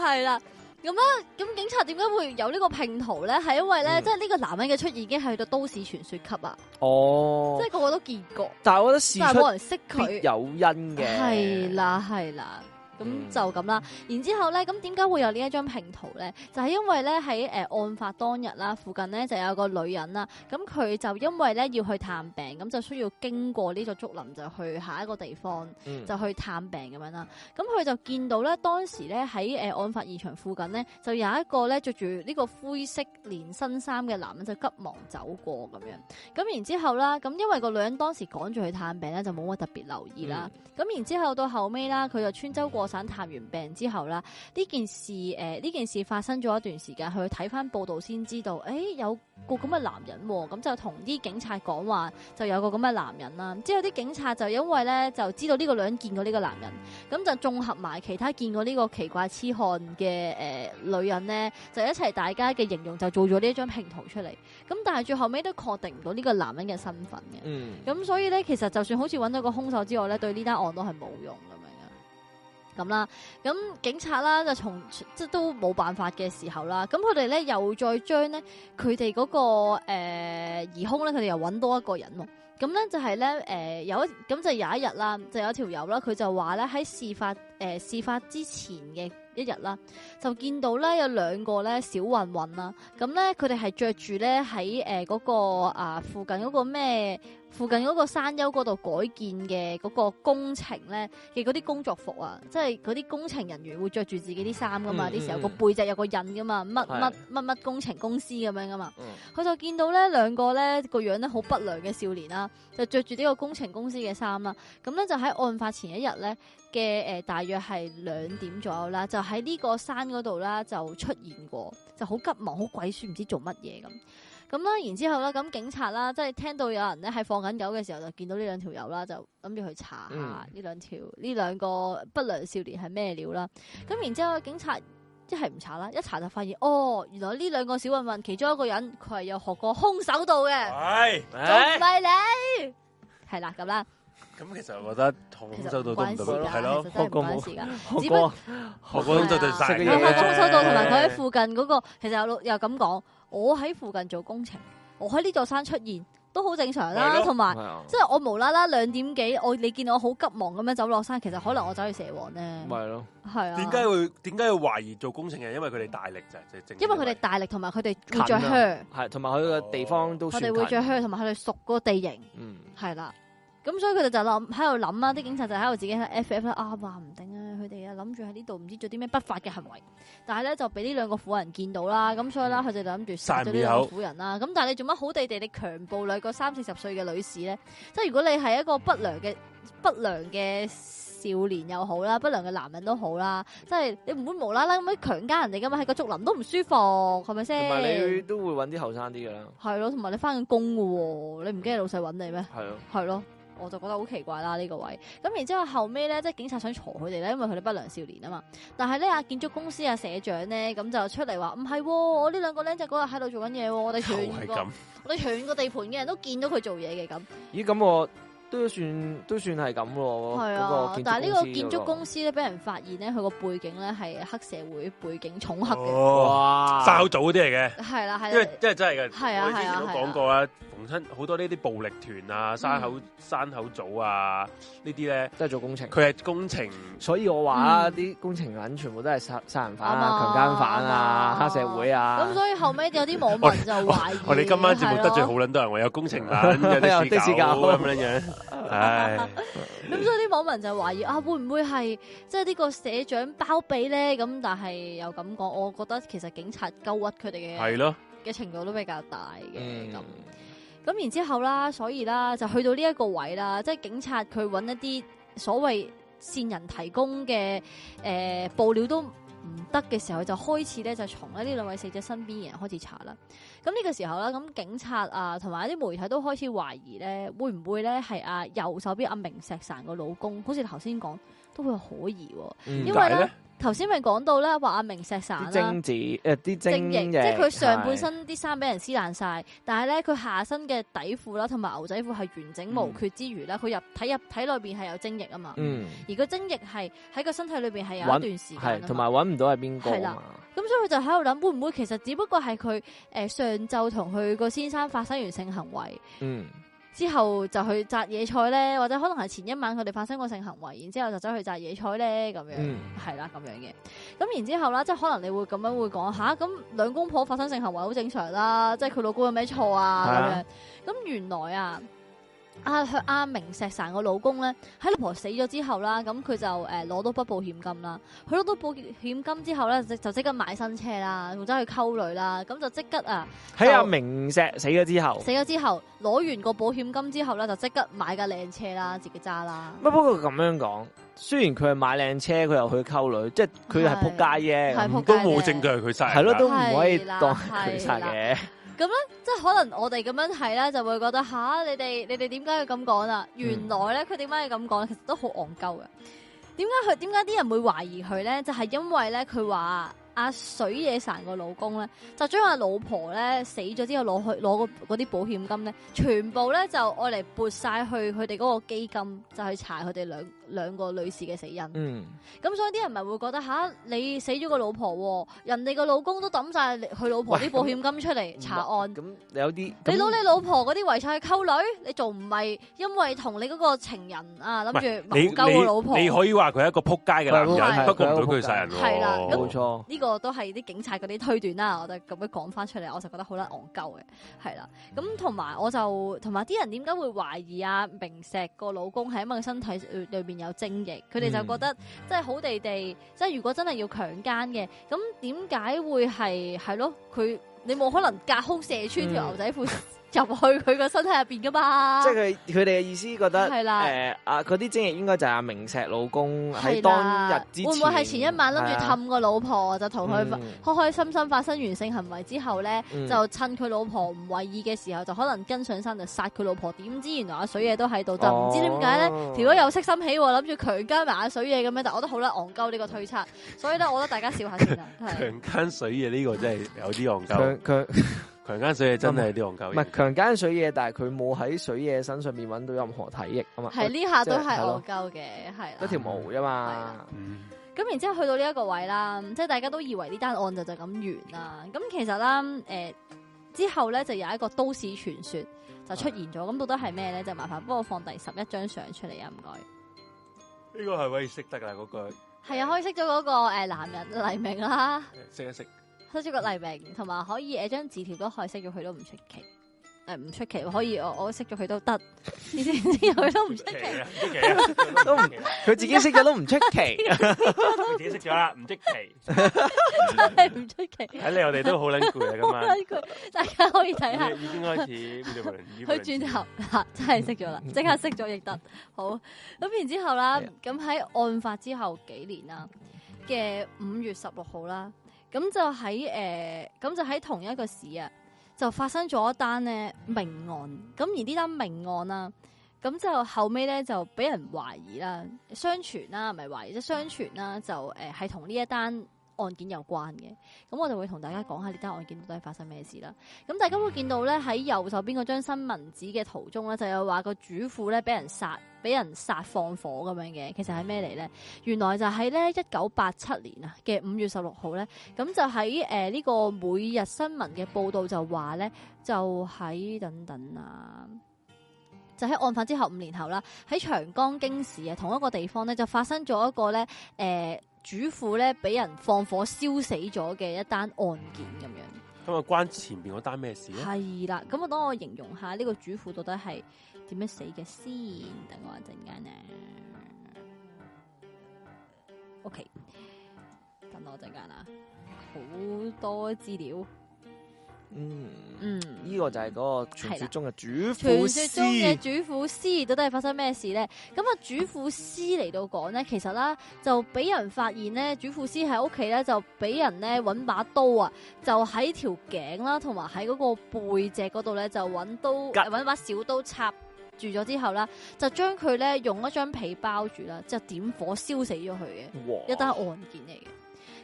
係啦，咁咧，咁警察點解會有呢個拼圖咧？係因為咧，即係呢個男人嘅出現已經係去到都市傳說級啊！哦，即係個個都見過。但係我覺得事出冇人識佢。有因嘅。係啦、啊，係啦、啊。咁就咁啦，然之後咧，咁點解會有平呢一張拼圖咧？就係、是、因為咧喺誒案發當日啦，附近咧，就有個女人啦，咁佢就因為咧要去探病，咁就需要經過呢座竹林就去下一個地方，嗯、就去探病咁樣啦。咁佢就見到咧當時咧喺誒案發現場附近咧，就有一個咧着住呢個灰色連身衫嘅男人就急忙走過咁樣。咁然之後啦，咁因為個女人當時趕住去探病咧就冇乜特別留意啦。咁、嗯、然之後到後尾啦，佢就穿州過。探完病之後啦，呢件事誒，呢、呃、件事發生咗一段時間，去睇返報道先知道，誒，有個咁嘅男人，哦，咁就同啲警察講話，就有個咁嘅男人啦。之後啲警察就因為咧，就知道呢個女人見過呢個男人，咁就綜合埋其他見過呢個奇怪痴漢嘅誒女人呢，就一齊大家嘅形容就做咗呢一張拼圖出嚟。咁但係最後尾都確定唔到呢個男人嘅身份嘅。嗯。咁所以咧，其實就算好似揾到一個兇手之外咧，對呢單案都係冇用。咁啦，咁警察啦就從即都冇辦法嘅時候啦，咁佢哋咧又再將咧佢哋嗰個誒疑凶咧，佢哋又搵多一個人咯，咁咧就係咧誒有，咁就有一日啦，就有一條友啦，佢就話咧喺事發誒事發之前嘅一日啦，就見到咧有兩個咧小混混啦，咁咧佢哋係着住咧喺誒嗰個啊附近嗰個咩？附近嗰個山丘嗰度改建嘅嗰個工程咧嘅嗰啲工作服啊，即係嗰啲工程人員會着住自己啲衫噶嘛，啲、嗯、時候有個背脊有個印噶嘛，乜乜乜乜工程公司咁樣噶嘛，佢、嗯、就見到咧兩個咧個樣咧好不良嘅少年啦、啊，就着住呢個工程公司嘅衫啦，咁咧就喺案發前一日咧嘅誒，大約係兩點左右啦，就喺呢個山嗰度啦就出現過，就好急忙，好鬼算，唔知做乜嘢咁。咁啦，然之後咧，咁警察啦，即係聽到有人咧喺放緊狗嘅時候，就見到呢兩條友啦，就諗住去查下呢兩條呢兩個不良少年係咩料啦。咁、嗯、然之後，警察即係唔查啦，一查就發現哦，原來呢兩個小混混其中一個人佢係有學過空手道嘅，仲係你係啦咁啦。咁、欸、其實我覺得空手道都係咯，學過，學過，學過都對晒。學過空手道同埋佢喺附近嗰、那個，其實有又咁講。我喺附近做工程，我喺呢座山出現都好正常啦。同埋，即係我無啦啦兩點幾，我你見到我好急忙咁樣走落山，其實可能我走去蛇王咧。咪咯，係啊。點解會點解會懷疑做工程嘅？因為佢哋大力就係即係，因為佢哋大力同埋佢哋着靴，係同埋佢個地方都佢哋會着靴，同埋佢哋熟嗰個地形，嗯，係啦。咁所以佢哋就諗喺度諗啊，啲警察就喺度自己喺 FF 啊話唔定啊，佢哋啊諗住喺呢度唔知做啲咩不法嘅行為，但係咧就俾呢兩個婦人見到啦，咁所以啦，佢哋就諗住殺咗呢兩個婦人啦。咁但係你做乜好地地你強暴兩個三四十歲嘅女士咧？即係如果你係一個不良嘅不良嘅少年又好啦，不良嘅男人都好啦，即係你唔會無啦啦咁樣強姦人哋噶嘛？喺個竹林都唔舒服，係咪先？同埋你都會揾啲後生啲嘅啦。係 (laughs) 咯、啊，同埋你翻緊工噶喎，你唔驚老細揾你咩？係咯，係咯。我就覺得好奇怪啦呢個位，咁然之後後尾咧，即係警察想鋤佢哋咧，因為佢哋不良少年啊嘛。但係咧，阿建築公司阿社長咧，咁就出嚟話唔係，我呢兩個僆仔嗰日喺度做緊嘢，我哋全個、係咁、我哋全個地盤嘅人都見到佢做嘢嘅咁。咦，咁我。都算都算係咁係啊！但係呢個建築公司咧，俾人發現咧，佢個背景咧係黑社會背景，重黑嘅、哦。哇！山口組嗰啲嚟嘅，係啦係。因為因為真係嘅，我之前都講過啊，逢親好多呢啲暴力團啊、山口、嗯、山口組啊這些呢啲咧，都係做工程。佢係工程，所以我話啊，啲、嗯、工程人全部都係殺殺人犯啊、強奸犯啊、黑社會啊。咁所以後尾有啲網民就懷疑， (laughs) 我哋 (laughs) 今晚節目得罪好撚多人，唯 (laughs) (laughs) 有工程人 (laughs) 有啲的事搞咁樣嘢。咁 (laughs) 唉 (laughs) 所以啲網民就懷疑啊，會唔會係即係呢個社長包庇咧？咁但係又咁講，我覺得其實警察夠屈佢哋嘅，係咯嘅程度都比較大嘅咁。咁、嗯、然之後啦，所以啦，就去到呢一個位啦，即係警察佢揾一啲所謂線人提供嘅誒報料都，唔得嘅時候就開始咧，就從呢兩位死者身邊嘅人開始查啦。咁呢個時候咧，咁警察啊同埋啲媒體都開始懷疑咧，會唔會咧係、啊、右手邊阿，、啊、明石珊個老公，好似頭先講都會可疑、啊嗯，因為咧。頭先咪講到咧，話阿明石散啦，精子，誒、呃，啲精，精液，即係佢上半身啲衫俾人撕爛晒，但係咧佢下身嘅底褲啦，同埋牛仔褲係完整無缺之餘咧，佢、嗯、入體入體內邊係有精液啊嘛、嗯，而個精液係喺個身體裏邊係有一段時間，同埋搵唔到係邊個，係啦，咁所以佢就喺度諗，會唔會其實只不過係佢誒上晝同佢個先生發生完性行為，嗯。之後就去摘野菜咧，或者可能係前一晚佢哋發生過性行為，然之後就走去摘野菜咧咁樣，係啦咁樣嘅。咁然之後啦，即係可能你會咁樣會講吓，咁兩公婆發生性行為好正常啦，即係佢老公有咩錯啊咁樣。咁、啊、原來啊。阿、啊、阿、啊、明石神個老公咧，喺老婆死咗之後啦，咁佢就誒攞、嗯、到筆保險金啦，佢攞到保險金之後咧，就即刻買新車啦，仲走去溝女啦，咁就即刻啊！喺阿、啊、明石死咗之後，死咗之後，攞完個保險金之後咧，就即刻買架靚車啦，自己揸啦。乜不,不過咁樣講，雖然佢係買靚車，佢又去溝女，即係佢係扑街啫，都冇證據佢殺，係咯，都唔可以當佢殺嘅。 (laughs) 咁咧，即係可能我哋咁樣睇咧，就會覺得吓你哋，你哋點解要咁講啊？原來咧，佢點解要咁講，其實都好戇鳩嘅。點解佢？點解啲人會懷疑佢咧？就係因為咧，佢話阿水野神個老公咧，就將阿老婆咧死咗之後攞去攞嗰啲保險金咧，全部咧就愛嚟撥晒去佢哋嗰個基金，就去查佢哋兩。兩個女士嘅死因，咁、嗯、所以啲人咪會覺得吓你死咗個老婆，人哋個老公都抌晒佢老婆啲保險金出嚟查案，咁你有啲你攞你老婆嗰啲遺產去溝女，你仲唔係因為同你嗰個情人啊諗住戇鳩個老婆？你，你，你可以話佢係一個扑街嘅男人，是是是不過唔到佢殺人。係啦，冇錯，呢、這個都係啲警察嗰啲推斷啦，我就咁樣講翻出嚟，我就覺得好卵戇鳩嘅，係啦。咁同埋我就同埋啲人點解會懷疑啊？明石個老公係因為身體裏邊，有精液，佢哋就覺得即係、嗯、好地地，即係如果真係要強奸嘅，咁點解會係係咯？佢你冇可能隔空射穿條牛仔褲、嗯。 (laughs) 入去佢個身體入邊噶嘛？即係佢佢哋嘅意思覺得係啦，誒啊、呃，嗰啲精液應該就係阿明石老公喺當日之前會唔會係前一晚諗住氹個老婆，就同佢開開心心發生完性行為之後咧，嗯、就趁佢老婆唔為意嘅時候，就可能跟上身，就殺佢老婆。點知原來阿水嘢都喺度，就唔知點解咧，條友又色心起，諗住強奸埋阿水嘢咁樣。但我都好撚戇鳩呢個推測，所以咧，我覺得大家笑下先啦。強 (laughs) 奸水嘢呢個真係有啲戇鳩。強姦水野真係啲戇鳩嘢，唔係強姦水野，但係佢冇喺水野身上面搵到任何體液啊嘛，係呢下都係戇鳩嘅，係一條毛啊嘛，咁、嗯、然之後去到呢一個位啦，即係大家都以為呢單案就就咁完啦，咁其實啦，誒、欸、之後咧就有一個都市傳說就出現咗，咁、啊、到底係咩咧？就麻煩幫我放第十一張相出嚟啊唔該。呢、這個係可以識得噶嗰句，係、那、啊、個，可以識咗嗰個誒男人黎明啦，識一識。識咗個黎明，同埋可以誒，張字條都可以識咗佢都唔、欸、 (laughs) (laughs) 都不 (laughs) 出奇，誒唔 (laughs) 出奇，可以我我識咗佢都得，你知唔知佢都唔出奇？都 (laughs) 唔不，佢自己識咗都唔出奇，自己識咗啦，唔出奇，真係唔出奇。睇嚟我哋都好攰噶嘛，大家可以睇下， (laughs) 已經開始。佢轉頭吓，真係識咗啦，即刻識咗亦得。 (laughs) 好咁、啊、然之後啦，咁、yeah. 喺案發之後幾年啦嘅五月十六號啦。咁就喺誒，咁、呃、就喺同一個市啊，就發生咗一單咧命案。咁而呢單命案啦、啊，咁就後尾咧就俾人懷疑啦，相傳啦、啊，唔係懷疑即相傳啦、啊，就誒係同呢一單案件有關嘅。咁我就會同大家講下呢單案件到底發生咩事啦。咁大家會見到咧喺右手邊嗰張新聞紙嘅途中咧就有話個主婦咧俾人殺俾人殺放火咁樣嘅，其實係咩嚟呢？原來就喺咧一九八七年啊嘅五月十六號咧，咁就喺誒呢個每日新聞嘅報道就話咧，就喺等等啊，就喺案發之後五年後啦，喺長江京市啊同一個地方呢，就發生咗一個咧誒、呃、主婦咧俾人放火燒死咗嘅一單案件咁樣。咁啊關前邊嗰單咩事咧？係啦，咁啊當我形容一下呢個主婦到底係。點樣死嘅先？等我一陣間咧。O、okay, K，等我一陣間啦。好多資料。嗯嗯，呢、這個就係嗰個傳說中嘅主婦屍。傳說中嘅主婦屍到底發生咩事咧？咁啊，主婦屍嚟到講咧，其實啦，就俾人發現咧，主婦屍喺屋企咧就俾人咧揾把刀啊，就喺條頸啦，同埋喺嗰個背脊嗰度咧就揾刀，揾、啊、把小刀插。住咗之後啦，就將佢咧用一張被包住啦，之後點火燒死咗佢嘅一單案件嚟嘅。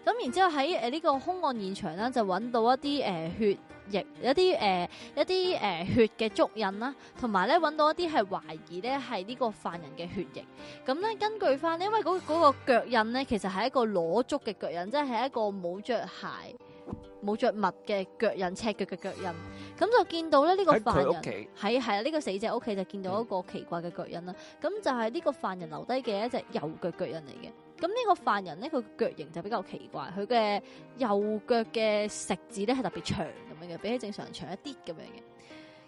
咁然之後喺誒呢個兇案現場咧，就揾到一啲誒、呃、血液，一啲誒、呃、一啲誒、呃、血嘅足印啦，同埋咧揾到一啲係懷疑咧係呢個犯人嘅血液。咁咧根據翻，因為嗰、嗰個腳、嗰個、印咧，其實係一個裸足嘅腳印，即係一個冇着鞋。冇着襪嘅腳印，赤腳嘅腳印，咁就見到咧呢個犯人喺係啊呢個死者屋企就見到一個奇怪嘅腳印啦。咁、嗯、就係呢個犯人留低嘅一隻右腳腳印嚟嘅。咁呢個犯人咧，佢腳型就比較奇怪，佢嘅右腳嘅食指咧係特別長咁樣嘅，比起正常人長一啲咁樣嘅。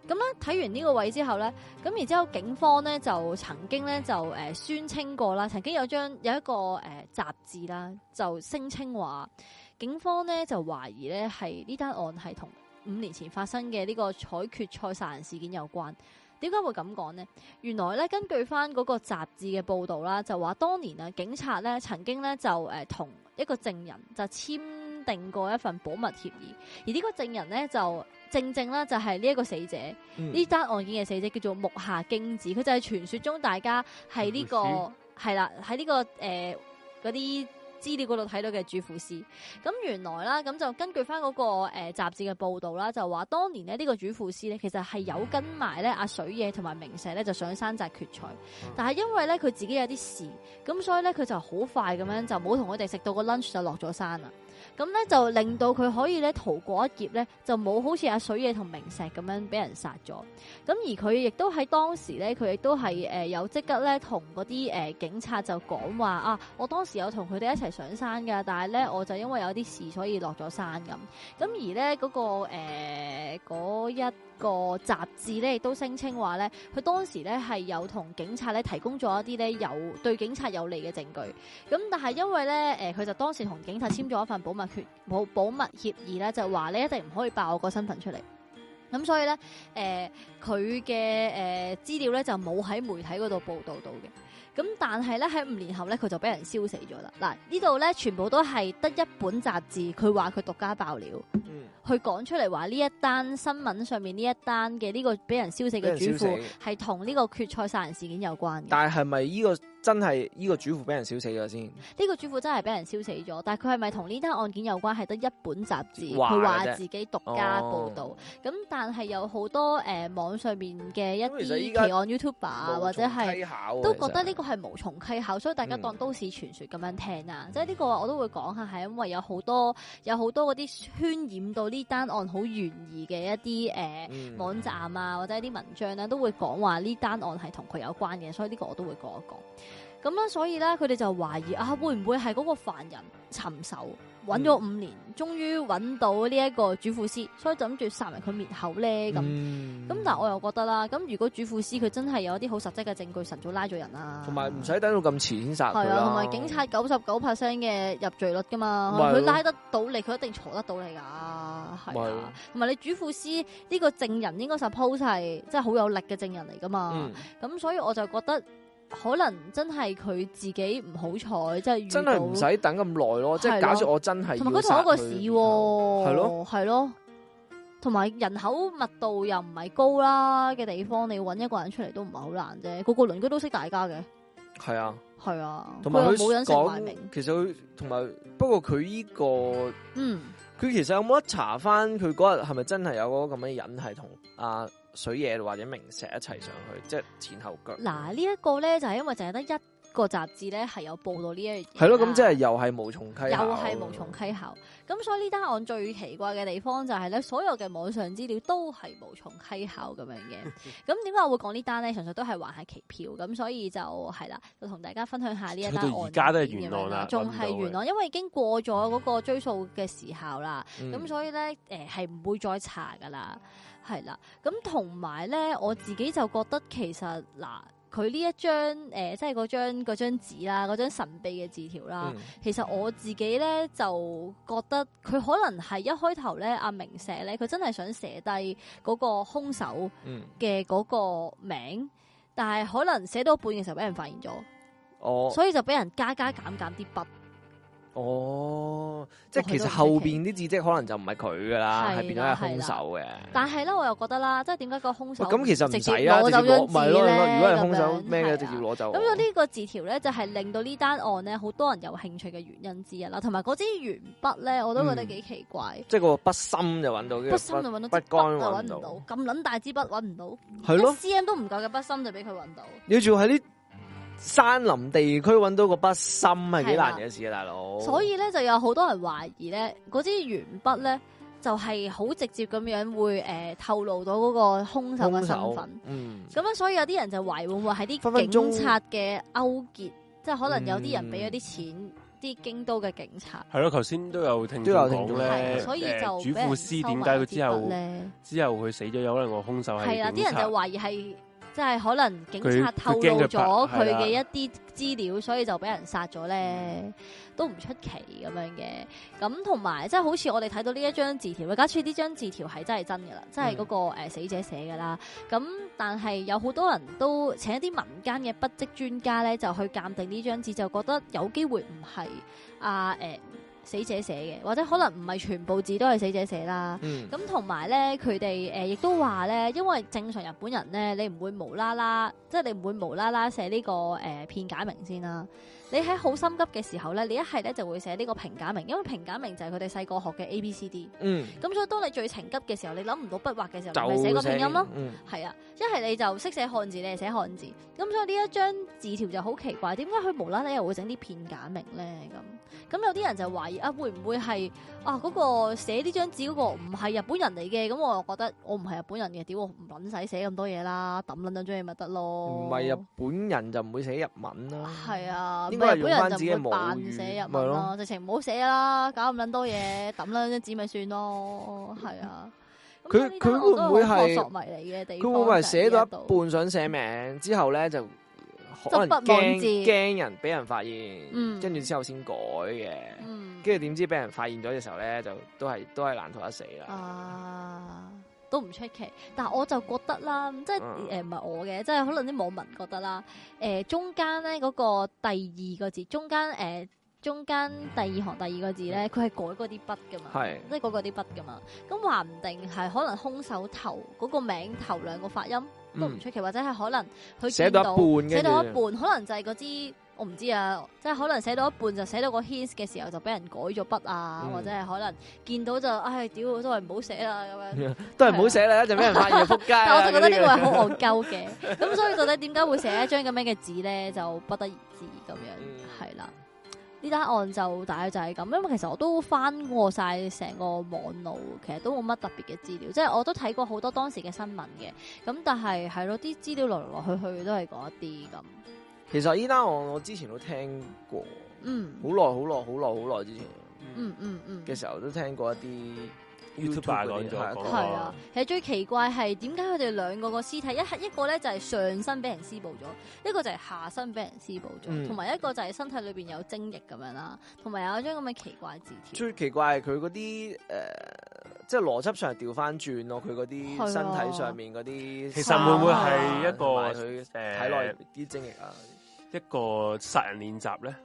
咁咧睇完呢個位之後咧，咁然之後警方咧就曾經咧就誒、呃、宣稱過啦，曾經有一張有一個誒、呃、雜誌啦，就聲稱話。警方呢就懷疑呢係呢單案係同五年前發生嘅呢個采決賽殺人事件有關。點解會咁講呢？原來呢，根據翻嗰個雜誌嘅報道啦，就話當年啊，警察呢曾經呢就誒同、呃、一個證人就簽訂過一份保密協議。而呢個證人呢，就正正呢就係呢一個死者。呢、嗯、單案件嘅死者叫做木下京子，佢就係傳說中大家喺呢、這個係啦喺呢個誒嗰啲。呃資料嗰度睇到嘅主婦司，咁原來啦，咁就根據翻、那、嗰個誒、呃、雜誌嘅報道啦，就話當年這呢，呢個主婦司咧其實係有跟埋咧阿水野同埋明石咧就上山寨決賽，但係因為咧佢自己有啲事，咁所以咧佢就好快咁樣就冇同佢哋食到個 lunch 就落咗山啦。咁咧就令到佢可以咧逃過一劫咧，就冇好似阿水野同明石咁樣俾人殺咗。咁而佢亦都喺當時咧，佢亦都係有即刻咧同嗰啲警察就講話啊，我當時有同佢哋一齊上山㗎，但係咧我就因為有啲事所以落咗山咁。咁而咧、嗰、嗰個嗰、呃、一。個雜誌咧亦都聲稱話咧，佢當時咧係有同警察咧提供咗一啲咧有對警察有利嘅證據，咁但係因為咧誒佢就當時同警察簽咗一份保密協保密協議咧，就話你一定唔可以爆我個身份出嚟，咁所以咧誒佢嘅誒資料咧就冇喺媒體嗰度報導到嘅。咁但係咧喺五年後咧佢就俾人燒死咗啦，嗱，呢度咧全部都係得一本雜誌，佢話佢獨家爆料，嗯、佢講出嚟話呢一單新聞上面呢一單嘅呢個俾人燒死嘅主婦係同呢個決賽殺人事件有關嘅，但係係咪呢個？真係呢個主婦俾人燒死咗先？呢個主婦真係俾人燒死咗，但係佢係咪同呢單案件有關係？得一本雜誌，佢話自己獨家報導。咁、哦、但係有好多、呃、網上面嘅一啲奇案 YouTuber 啊，或者係都覺得呢個係無從稽考，所以大家當都市傳說咁樣聽啊。即係呢個我都會講下，係因為有好多有好多嗰啲渲染到呢單案好懸疑嘅一啲、呃嗯、網站啊，或者一啲文章咧、啊，都會講話呢單案係同佢有關嘅，所以呢個我都會講一講。咁啦，所以咧，佢哋就懷疑啊，會唔會係嗰個犯人尋仇，揾咗五年，終於揾到呢一個主婦師，所以就諗住殺埋佢滅口咧咁。咁、嗯、但係我又覺得啦，咁如果主婦師佢真係有一啲好實際嘅證據，神早拉咗人啦。同埋唔使等到咁遲先殺佢。係啊，同埋警察九十九 percent 嘅入罪率噶嘛，佢拉得到你，佢一定坐得到你噶。係。同埋你主婦師呢個證人應該，應該 suppose 係即係好有力嘅證人嚟噶嘛。咁、嗯、所以我就覺得。可能真係佢自己唔好彩，即係真係唔使等咁耐咯。即係假設我真係同佢同一個市，哦，係咯，係咯，同埋人口密度又唔係高啦嘅地方，你搵一個人出嚟，都唔係好難啫。個個鄰居都識大家嘅，係啊，係啊。同埋佢講，其實佢同埋不過佢依個，嗯，佢其實有冇得查翻佢嗰日係咪真係有嗰個咁嘅人係同啊？水野或者名石一齊上去，即係前後腳。嗱、啊，這個、呢一個咧就係、是、因為淨係得一個雜誌咧係有報道呢一係咯，咁即係又係無從稽，又係無從稽考。咁所以呢單案最奇怪嘅地方就係咧，所有嘅網上資料都係無從稽考咁樣嘅。咁點解我會講呢單咧？純粹都係還係期票。咁所以就係啦，就同大家分享一下呢一單案，現在也是案。而家都係懸案啦，仲係懸案，因為已經過咗嗰個追訴嘅時效啦。咁、嗯、所以咧，誒係唔會再查噶啦。係啦，咁同埋咧，我自己就覺得其實嗱，佢、啊、呢一張誒、呃，即係張張紙啦，張神秘嘅字條啦、嗯，其實我自己咧就覺得佢可能係一開頭咧，阿、啊、明寫咧，佢真係想寫低個兇手嘅個名、嗯，但係可能寫到一半嘅時候俾人發現咗，哦，所以就俾人加加減減啲筆。哦，即係其實後邊啲字跡可能就唔係佢噶啦，係、嗯、變咗係凶手嘅。但係咧，我又覺得啦，即係點解個凶手咁、啊、其實唔使啊，直接攞走張紙咧。如果係凶手咩嘅，的什麼直接攞走、嗯。咁呢個字條咧，就係令到呢單案咧好多人有興趣嘅原因之一啦。同埋嗰支鉛筆咧，我都覺得幾奇怪。嗯、即係個筆芯就揾到，筆芯就揾到，到，筆桿就揾唔到。咁捻，大支筆揾唔到，係咯？C M 都唔夠嘅筆芯就俾佢揾到。你仲要喺呢？山林地區揾到一個筆芯係幾難嘅事啊，大佬、啊！所以咧就有好多人懷疑咧，嗰支鉛筆咧就係、是、好直接咁樣會誒、呃、透露到嗰個兇手嘅身份。兇手咁樣、嗯、所以有啲人就懷疑會唔會係啲警察嘅勾結，即係可能有啲人俾咗啲錢啲、嗯、京都嘅警察。係、嗯、咯，頭先都有聽都有講咧，所以就主副俾人解佢之得咧。之後佢死咗，有可能兇手係警察係啦，啲、啊、人就懷疑係。即、就、係、是、可能警察透露咗佢嘅一啲資料，所以就俾人殺咗咧，都唔出奇咁樣嘅。咁同埋即係好似我哋睇到呢一張字條，假設呢張字條係真係真噶啦、嗰個，即係嗰個死者寫噶啦。咁但係有好多人都請一啲民間嘅筆跡專家咧，就去鑑定呢張字，就覺得有機會唔係阿誒。啊欸死者寫嘅，或者可能唔係全部字都係死者寫啦。嗯。咁同埋咧，佢哋誒亦都話咧，因為正常日本人咧，你唔會無啦啦，即係你唔會無啦啦寫呢個誒片假名先啦。你喺好心急嘅時候咧，你一係咧就會寫呢個平假名，因為平假名就係佢哋細個學嘅 A B C D。嗯。咁所以當你最情急嘅時候，你諗唔到筆畫嘅時候，咪寫、寫個拼音咯。嗯。係啊，一係你就識寫漢字，你就寫漢字。咁所以呢一張字條就好奇怪，點解佢無啦啦又會整啲片假名咧？咁咁有啲人就懷疑啊，會唔會係啊嗰、嗰個寫呢張紙嗰個唔係日本人嚟嘅？咁我又覺得我唔係日本人嘅，屌我唔撚使寫咁多嘢啦，抌撚兩張嘢咪得咯。唔係日本人就唔會寫日文啦。係啊。因為本人就用自己冇寫入，咪、啊、咯，直情唔好寫啦，搞咁捻多嘢，抌兩張紙咪算咯，係啊。佢佢會唔會係？佢會唔會係寫到一半想寫名、嗯、之後咧就可能怕，驚驚人俾人發現，嗯、跟住之後先改嘅。跟住點知俾人發現咗嘅時候咧，就都係都係難逃一死啦。啊都唔出奇，但係我就覺得啦，即係誒唔係我嘅，即係可能啲網民覺得啦，誒、呃、中間咧嗰個第二個字，中間誒、呃、中間第二行第二個字咧，佢、嗯、係改嗰啲筆噶嘛，即係改嗰啲筆噶嘛，咁話唔定係可能兇手頭嗰、嗰個名頭兩個發音、嗯、都唔出奇，或者係可能佢寫到，到，到一半，到一半可能就係嗰支。我唔知啊，即係可能寫到一半就寫到個 h i n 嘅時候就俾人改咗筆啊，嗯、或者係可能見到就唉、哎，屌都係唔好寫啦咁樣，都係唔好寫啦，啊、就俾人翻嘅仆街。但我就覺得呢個係好戇鳩嘅，咁 (laughs) 所以到底點解會寫一張咁樣嘅紙咧，就不得而知咁樣，係、嗯、啦、啊。呢單案就大概就係咁，因為其實我都翻過晒成個網路，其實都冇乜特別嘅資料，即係我都睇過好多當時嘅新聞嘅，咁但係係咯，啲資、啊、料來來去去都係嗰一啲咁。其實依單我我之前都聽過，嗯，好耐好耐好耐好耐之前，嗯嗯嗯嘅時候都聽過一啲 YouTuber 嘅係啊，其實最奇怪係點解佢哋兩個個屍體一一個咧就係上身俾人施暴咗，一個就係下身俾人施暴咗，同埋一個就係身、嗯、身體裏邊有精液咁樣啦，同埋有，有一張咁嘅奇怪字條。最奇怪係佢嗰啲誒，即係邏輯上係調翻轉咯，佢嗰啲身體上面嗰啲，其實會唔會係一個佢誒、啊、體內入啲精液啊？一個殺人練習咧，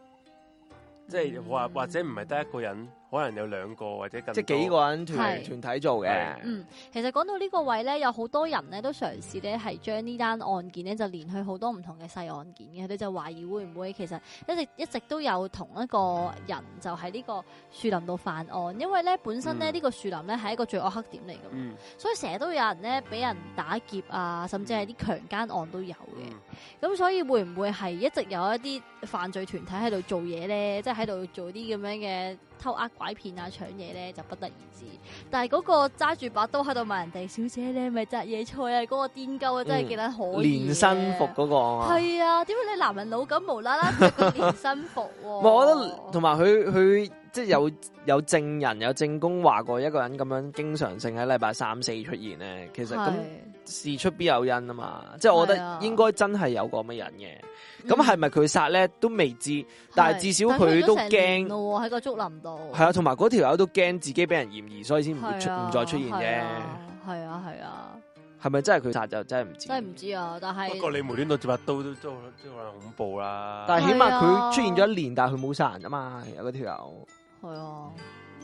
即係或或者唔係得一個人。可能有兩個或者即幾個人團團體做嘅。嗯，其實講到呢個位咧，有好多人咧都嘗試咧係將呢單案件咧就連去好多唔同嘅細案件嘅。佢哋就懷疑會唔會其實一直一直都有同一個人就喺呢個樹林度犯案，因為咧本身咧呢、嗯這個樹林咧係一個罪惡黑點嚟嘅，嗯，所以成日都有人咧俾人打劫啊，甚至係啲強奸案都有嘅。咁、嗯、所以會唔會係一直有一啲犯罪團體喺度、就是、做嘢咧？即喺度做啲咁樣嘅。偷呃拐騙啊搶嘢咧就不得而知，但係嗰個揸住把刀喺度問人哋小姐咧，咪摘野菜啊，嗰、那個癲鳩啊、嗯，真係記得好以連身服嗰、那個係啊，點解你男人老狗無啦啦着連身服、啊？ (laughs) 我覺得同埋佢佢即係有、就是、有，有證人有證供話過一個人咁樣經常性喺禮拜三四出現咧，其實咁事出必有因啊嘛，啊即係我覺得應該真係有個乜人嘅。咁係咪佢殺咧都未知，但係至少佢都驚喎，喺個竹林度係啊，同埋嗰條友都驚自己俾人嫌疑，所以先唔會出唔、啊、再出現啫。係啊，係啊，係咪、啊、真係佢殺就真係唔知？真係唔知啊！但係不過你無端到接把刀都都都好恐怖啦。但係起碼佢出現咗一年，但係佢冇殺人啊嘛，有嗰條友係啊。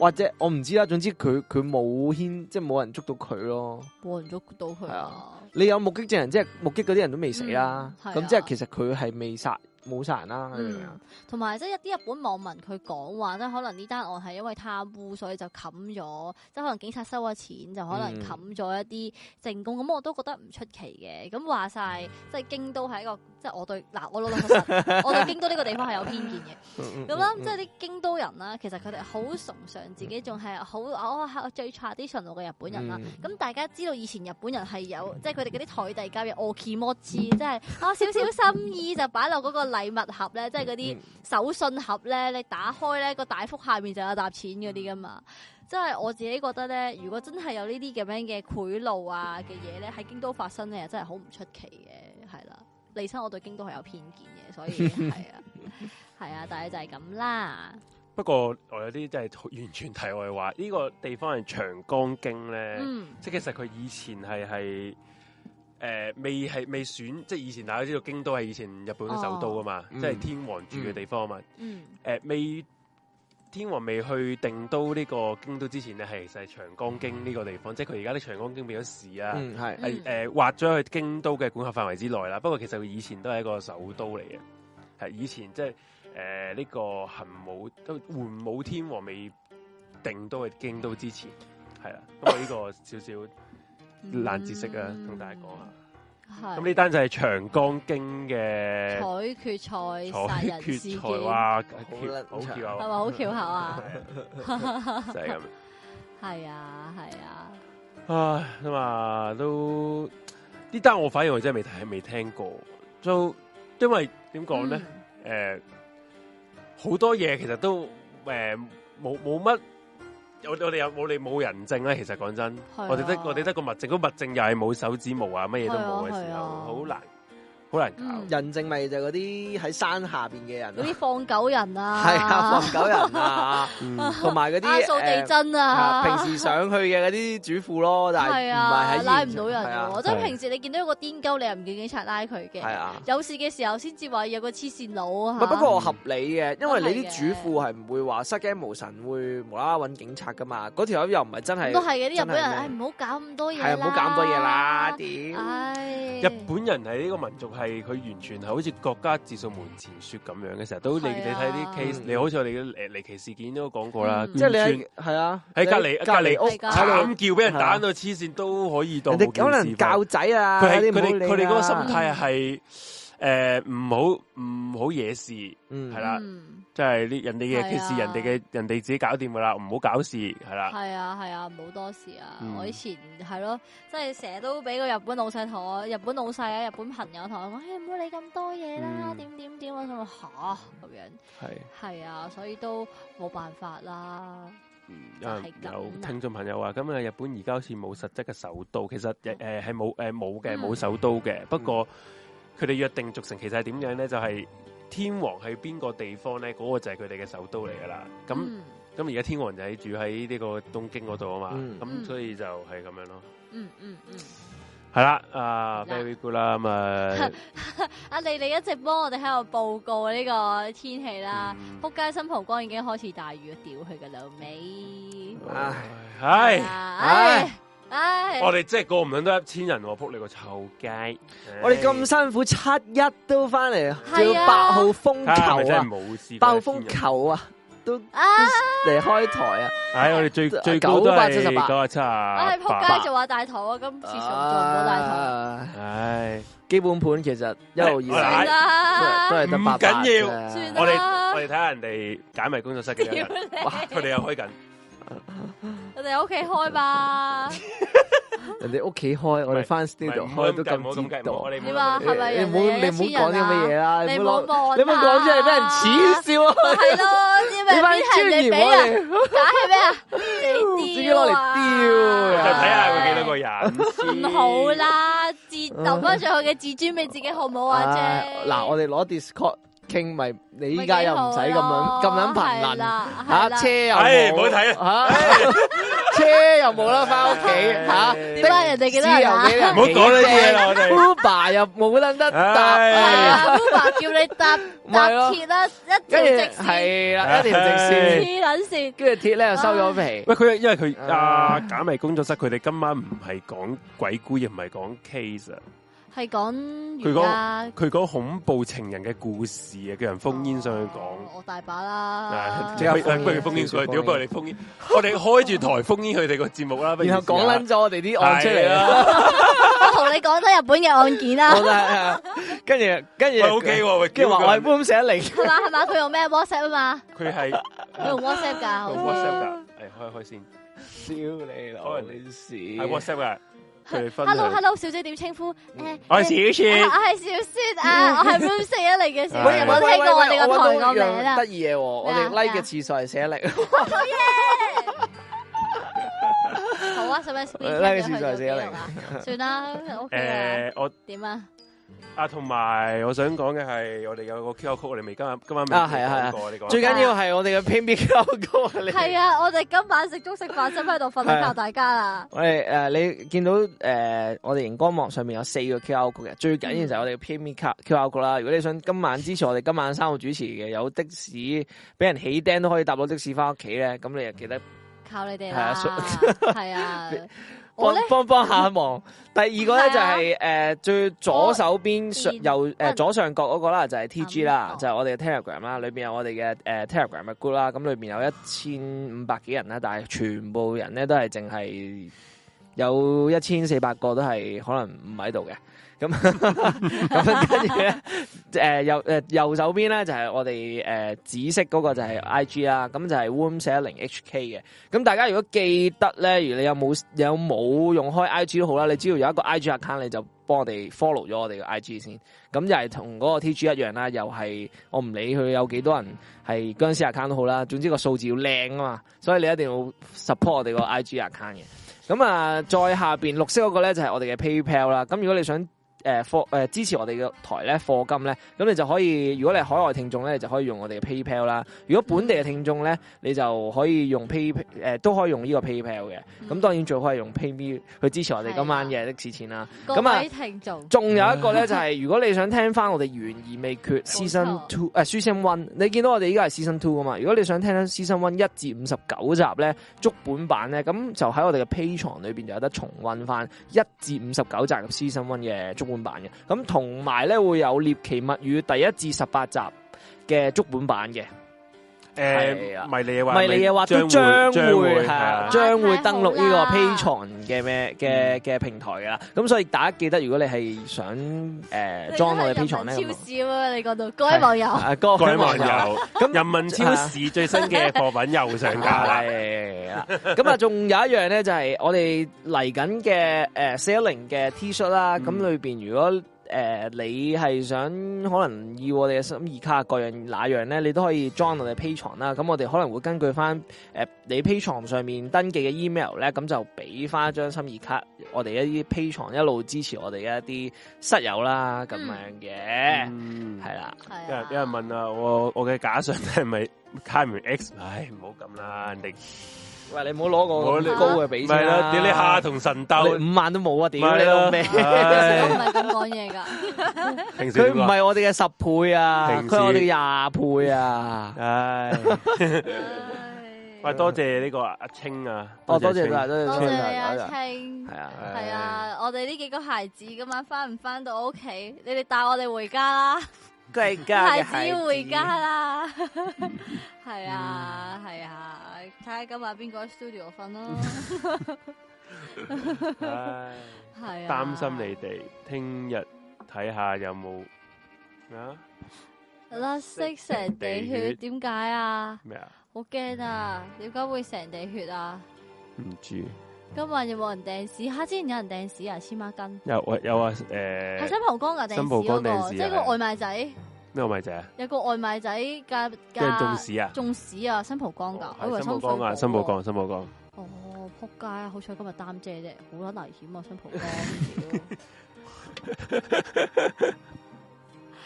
或者我唔知啦，總之佢佢冇牽，即係冇人捉到佢咯，冇人捉到佢、啊。啊，你有目擊證人，即係目擊嗰啲人都未死啦、啊，咁、嗯啊、即係其實佢係未殺冇殺人啦、啊，你明唔明啊？同埋即係一啲日本網民佢講話咧，可能呢單案係因為貪污，所以就冚咗，即係可能警察收咗錢就可能冚咗一啲證供，咁、嗯、我都覺得唔出奇嘅。咁話晒即係京都係一個，即、就、係、是、我對嗱我老實 (laughs) 我對京都呢個地方係有偏見嘅。啦，其實佢哋好崇尚自己，仲係好我係最差啲純路嘅日本人啦。咁、嗯、大家知道以前日本人係有、嗯、即係佢哋嗰啲台底交易奧基摩茲，即係啊少少心意就擺落嗰個禮物盒咧、嗯，即係嗰啲手信盒咧，你打開咧個大福下面就有沓錢嗰啲㗎嘛。即、嗯、係、就是、我自己覺得咧，如果真係有這些、啊、的呢啲咁樣嘅賄賂啊嘅嘢咧，喺京都發生咧，真係好唔出奇嘅，係啦。嚟生我對京都係有偏見嘅，所以係啊，係 (laughs) 啊，但係就係咁啦。不過我有啲真係完全題外話，呢、這個地方係長岡京咧、嗯，即係其實佢以前係係誒未係未選，即係以前大家知道京都係以前日本嘅首都啊嘛，哦、即係天皇住嘅地方啊嘛，誒、嗯嗯呃、未天皇未去定都呢個京都之前咧，係其實係長岡京呢個地方，嗯、即係佢而家啲長岡京變咗市啊，係誒劃咗去京都嘅管轄範圍之內啦。不過其實佢以前都係一個首都嚟嘅，係以前即、就、係、是。誒、呃，呢、這個恒武都桓武天皇未定都係京都之前係啦，咁啊呢個少少難知識啊，同、嗯、大家講啊。咁呢單就係長江京嘅彩決賽，彩決賽哇，好巧係咪好巧合啊？ (laughs) (laughs) (laughs) 就係咁，係啊，係啊。唉，咁啊都呢單我反而我真係未睇未聽過，就、so, 因為點講咧？誒。嗯呃好多嘢其實都誒冇冇乜，我我哋有我哋冇人證咧、啊。其實講真、啊，我哋得我哋得個物證個物證又係冇手指模啊，乜嘢都冇嘅時候，好、啊啊、難。好難搞、嗯、人正咪就嗰啲喺山下面嘅人，嗰啲放狗人啊，係啊，放狗人啊、嗯，同埋嗰啲阿數地真啊、呃，平時上去嘅嗰啲主婦咯，啊、但係唔係拉唔到人啊，即係平時你見到一個癲鳩，你又唔見警察拉佢嘅，啊、有事嘅時候先至話有個黐線佬啊，啊，啊不。不過我合理嘅，因為你啲主婦係唔會話失驚無神，會無啦啦揾警察噶嘛。嗰條友又唔係真係都係嘅啲日本人，唉唔好搞咁多嘢啦，唔好、啊、搞咁多嘢啦，點！哎、日本人係呢個民族。係佢完全係好似國家自掃門前雪咁樣嘅時候，都你、啊、你睇啲 case，你好似我哋嘅誒離奇事件都講過啦，即、嗯、係、就是、你係啊喺隔籬隔籬屋咁叫俾人打到黐線都可以到，人可能教仔啊，佢哋佢哋嗰個心態係誒唔好唔好惹事，嗯係啦。即係啲人哋嘅件事，人哋嘅人哋自己搞掂噶啦，唔好搞事係啦。係啊係啊，唔好、啊、多事啊、嗯！我以前係咯，即係成日都俾個日本老細同我日本老細啊、日本朋友同我講，唔好理咁多嘢啦，點點點啊！我話嚇咁樣，係係啊，所以都冇辦法啦、嗯就係咁樣啊嗯。有聽眾朋友話，咁啊日本而家好似冇實質嘅首都，其實誒係冇誒冇嘅冇首都嘅。嗯、不過佢哋、嗯、約定俗成，其實係點樣咧？就係、是。天王係邊個地方咧？嗰、那個就係佢哋嘅首都嚟噶啦。咁咁而家天王就喺住喺呢個東京嗰度啊嘛。咁、嗯、所以就係咁樣咯。嗯嗯嗯。係、嗯啊 but... (laughs) 啊、啦，啊 very good 啦，咁啊阿莉莉一直幫我哋喺度報告呢個天氣啦。撲街新蒲光已經開始大雨吊去了，屌佢嘅老尾。唉。唉唉唉哎、我哋即係過唔到一千人、啊，扑你這個臭街、哎。我哋咁辛苦七一都翻嚟，要八號風球啊！號、啊、風球啊，都嚟、啊、開台啊！唉、哎，我哋最最高都係九啊七啊，扑街就話大台啊！今次大台，唉，基本盤其實一號二啦、哎，都係得八。緊要，我哋我哋睇下人哋解密工作室嘅。多佢哋又開緊。 (laughs) 我哋屋企開吧，人哋屋企開，我哋翻 studio 開都咁知道，點啊？係咪？你唔好你唔好講啲乜嘢啦，你唔好、啊、你唔好講即係俾人恥笑啊！係、啊、咯、啊，你班豬唔好嚟打係咩啊？直接攞嚟吊，睇下佢幾多個人。唔好啦，自留翻最後嘅自尊俾自己好唔好啊？啫、啊。嗱、啊啊，我哋攞 Discord。傾咪，你依家又唔使咁樣，咁樣頻輪，吓車又冇，唔好睇啊！車又冇得返屋企啊！點解人哋幾多人唔好講呢啲嘢啦？Uber 又冇得搭，係啊！Uber 叫你搭搭鐵啦，一條直線，係啦，一條直線，黐撚線，跟住鐵咧又收咗皮。喂，佢因為佢阿簡微工作室，佢哋今晚唔係講鬼故，亦唔係講 case。係講佢講佢講恐怖情人嘅故事啊，叫人封煙上去講，我大把啦。不如封煙上去，屌，不如你封煙，我哋開住台封煙佢哋個節目啦。然後講捻咗我哋啲案出嚟，我同你講咗日本嘅案件啦。跟住跟住，O K，跟住話我一般咁寫嚟，係嘛係嘛？佢用咩 WhatsApp 啊嘛？佢係佢用 WhatsApp 噶，用 WhatsApp 噶。嚟開開先，笑你老！係 WhatsApp 噶。Hello，Hello，hello, 小姐點稱呼？我係小雪，我係、啊、小雪啊！我係唔識一嚟嘅，小雪、啊、 (laughs) 有冇聽過我哋個台個名啊？得意嘢，我哋 like 嘅次數係寫一零。好嘢！好啊，十蚊 three，like 嘅次數係寫一零，算啦 (laughs) ，OK 了、 (laughs) 欸、我點啊？啊，同埋我想講嘅係我哋有個 Q R Code，我哋未今日今晚未、這個、啊，聽過、啊，你、這、講、個、最緊要係我哋嘅 P M Q R Code。係啊，我哋、啊、 (laughs) 今晚食食中式飯，真喺度瞓覺大家啦。喂，誒，你見到誒、呃，我哋熒光幕上面有四個 Q R Code 嘅，最緊要就係我哋嘅 P M Q R Code 啦。如果你想今晚支持我哋今晚三號主持嘅，有的士俾人起釘都可以搭到的士翻屋企咧，咁你又記得靠你哋啦，係 (laughs) 啊。是啊 (laughs) 我幫幫下一望，第二個咧就係、是、誒、啊呃、最左手邊上右誒、呃、左上角嗰個是 TG 啦，就係 T G 啦，就係、是、我哋嘅 Telegram 啦，裏邊有我哋嘅誒 Telegram 嘅 group 啦，咁裏邊有一千五百幾人啦，但係全部人咧都係淨係有一千四百個都係可能唔喺度嘅。咁咁跟住咧，右、呃、右手邊咧就係、是、我哋誒、呃、紫色嗰個就係 I G 啦，咁就係 w o m 寫一零 H K 嘅。咁大家如果記得咧，如你有冇有冇用開 I G 都好啦，你只要有一個 I G account 你就幫我哋 follow 咗我哋嘅 I G 先。咁又係同嗰個 T G 一樣啦，又係我唔理佢有幾多人係殭屍 account 都好啦，總之個數字要靚啊嘛，所以你一定要 support 我哋個 I G account 嘅。咁啊，再下邊綠色嗰個咧就係、是、我哋嘅 PayPal 啦。咁如果你想誒、呃，課誒、呃、支持我哋嘅台咧，課金咧，咁你就可以，如果你係海外聽眾咧，你就可以用我哋嘅 PayPal 啦。如果本地嘅聽眾咧，你就可以用 Pay 誒、呃，都可以用呢個 PayPal 嘅。咁、嗯、當然最好係用 PayMe 去支持我哋今晚嘅的士錢啦。咁啊，啊聽眾仲有一個咧就係、是，如果你想聽翻我哋懸而未決 Season Two 誒、呃、Season o e 你見到我哋依家係 Season Two 啊嘛。如果你想聽 Season o e 一至五十九集咧，足、嗯、本版咧，咁就喺我哋嘅 P a y 藏裏邊就有得重温翻一至五十九集嘅 Season One 嘅。版嘅，咁同埋咧，會有《獵奇物語》第一至十八集嘅足本版嘅。誒，迷你嘅話，迷你嘅話都將會，將會係，將會登陸呢個 Patreon 嘅咩嘅嘅平台噶啦。咁所以大家記得，如果你係想誒裝我哋 Patreon 咧，超市啊，你嗰度各位網友，各位網友，咁人民超市最新嘅貨品又上架啦。咁啊，仲有一樣咧，就係我哋嚟緊嘅誒四一零嘅 T 恤啦。咁裏邊如果。誒、呃，你係想可能要我哋嘅心意卡各樣那樣咧，你都可以 join 我哋 P 床啦。咁我哋可能會根據翻誒、呃、你 P 床上面登記嘅 email 咧，咁就俾翻一張心意卡。我哋一啲 P 床一路支持我哋嘅一啲室友啦，咁、嗯、樣嘅，係、嗯、啦、嗯嗯。有人有人問啊，我我嘅假想係咪卡 X？唉，唔好咁啦，喂，你唔好攞個高嘅俾先啦、啊啊。屌、啊啊、你下同神鬥？五萬都冇啊！點？我唔係咁講嘢噶。平時佢唔係我哋嘅十倍啊，佢係我哋嘅廿倍啊、哎。唉、哎。喂、哎，多謝呢個、啊、阿青啊！多謝、哦、多謝、啊、多謝你阿青，係啊係啊，我哋呢幾個孩子今晚翻唔翻到屋企？你哋帶我哋回家啦。家，孩子要回家啦，係啊係啊，睇 (laughs) 下、啊啊、今日邊個喺 studio 瞓咯 (laughs) (laughs) 唉。係 (laughs) 擔、啊、心你哋聽日睇下有冇咩啊？藍色成地血點解 (laughs) 麼啊？咩 (laughs) 啊？好驚啊！點解會成地血啊？唔知。今晚有冇人掟屎？下之前有人掟屎，呃屎，嗰個，屎啊，黐孖筋。有啊有啊，誒，係新蒲崗噶，新蒲崗嗰個，即係個外賣仔。咩外賣仔啊？有一個外賣仔加加屎啊！中屎啊！新蒲崗噶，新蒲崗、哦、啊，新蒲崗，新蒲崗。哦，扑街！好彩今日擔遮啫，好鬼危險啊！新蒲崗。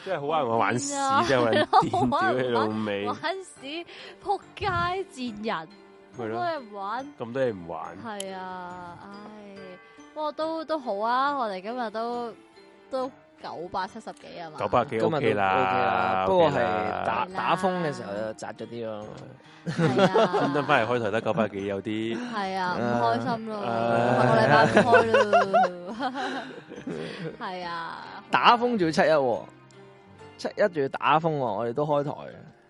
真係好啱我玩屎，即 (laughs) 玩電 (laughs) 玩屎扑街賤人。咁多嘢唔玩，咁多嘢唔玩，係啊，唉，不過都都好啊，我哋今日都都九百七十幾啊嘛，九百幾 O K 啦，不過係打打風嘅時候窒咗啲咯，專登翻嚟開台得九百幾，有啲係啊，唔開心咯，我個禮拜唔開係啊，打風仲要七一，喎，七一仲要打風，喎，我哋都開台。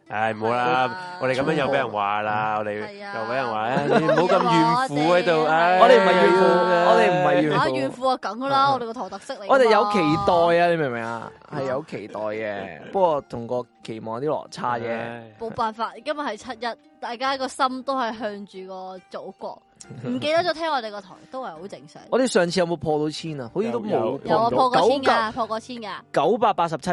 唉、哎，唔好啦！啊、我哋咁樣又俾人話啦，我哋又俾人話啦，唔好咁怨婦喺度。唉，我哋唔係怨婦，我哋唔係怨婦。我怨婦、哎哎、啊，梗啦，我哋個台特色嚟。我哋有期待啊，你明唔明啊？係有期待嘅，嗯，不過同個期望啲落差啫。冇、啊、辦法，今日係七一，大家個心都係向住個祖國，唔記得咗聽我哋個台都係好正常。我哋上次有冇破到千啊？好似都冇，有，有，破，有破，過過99，破過千噶，破過千噶，九百八十七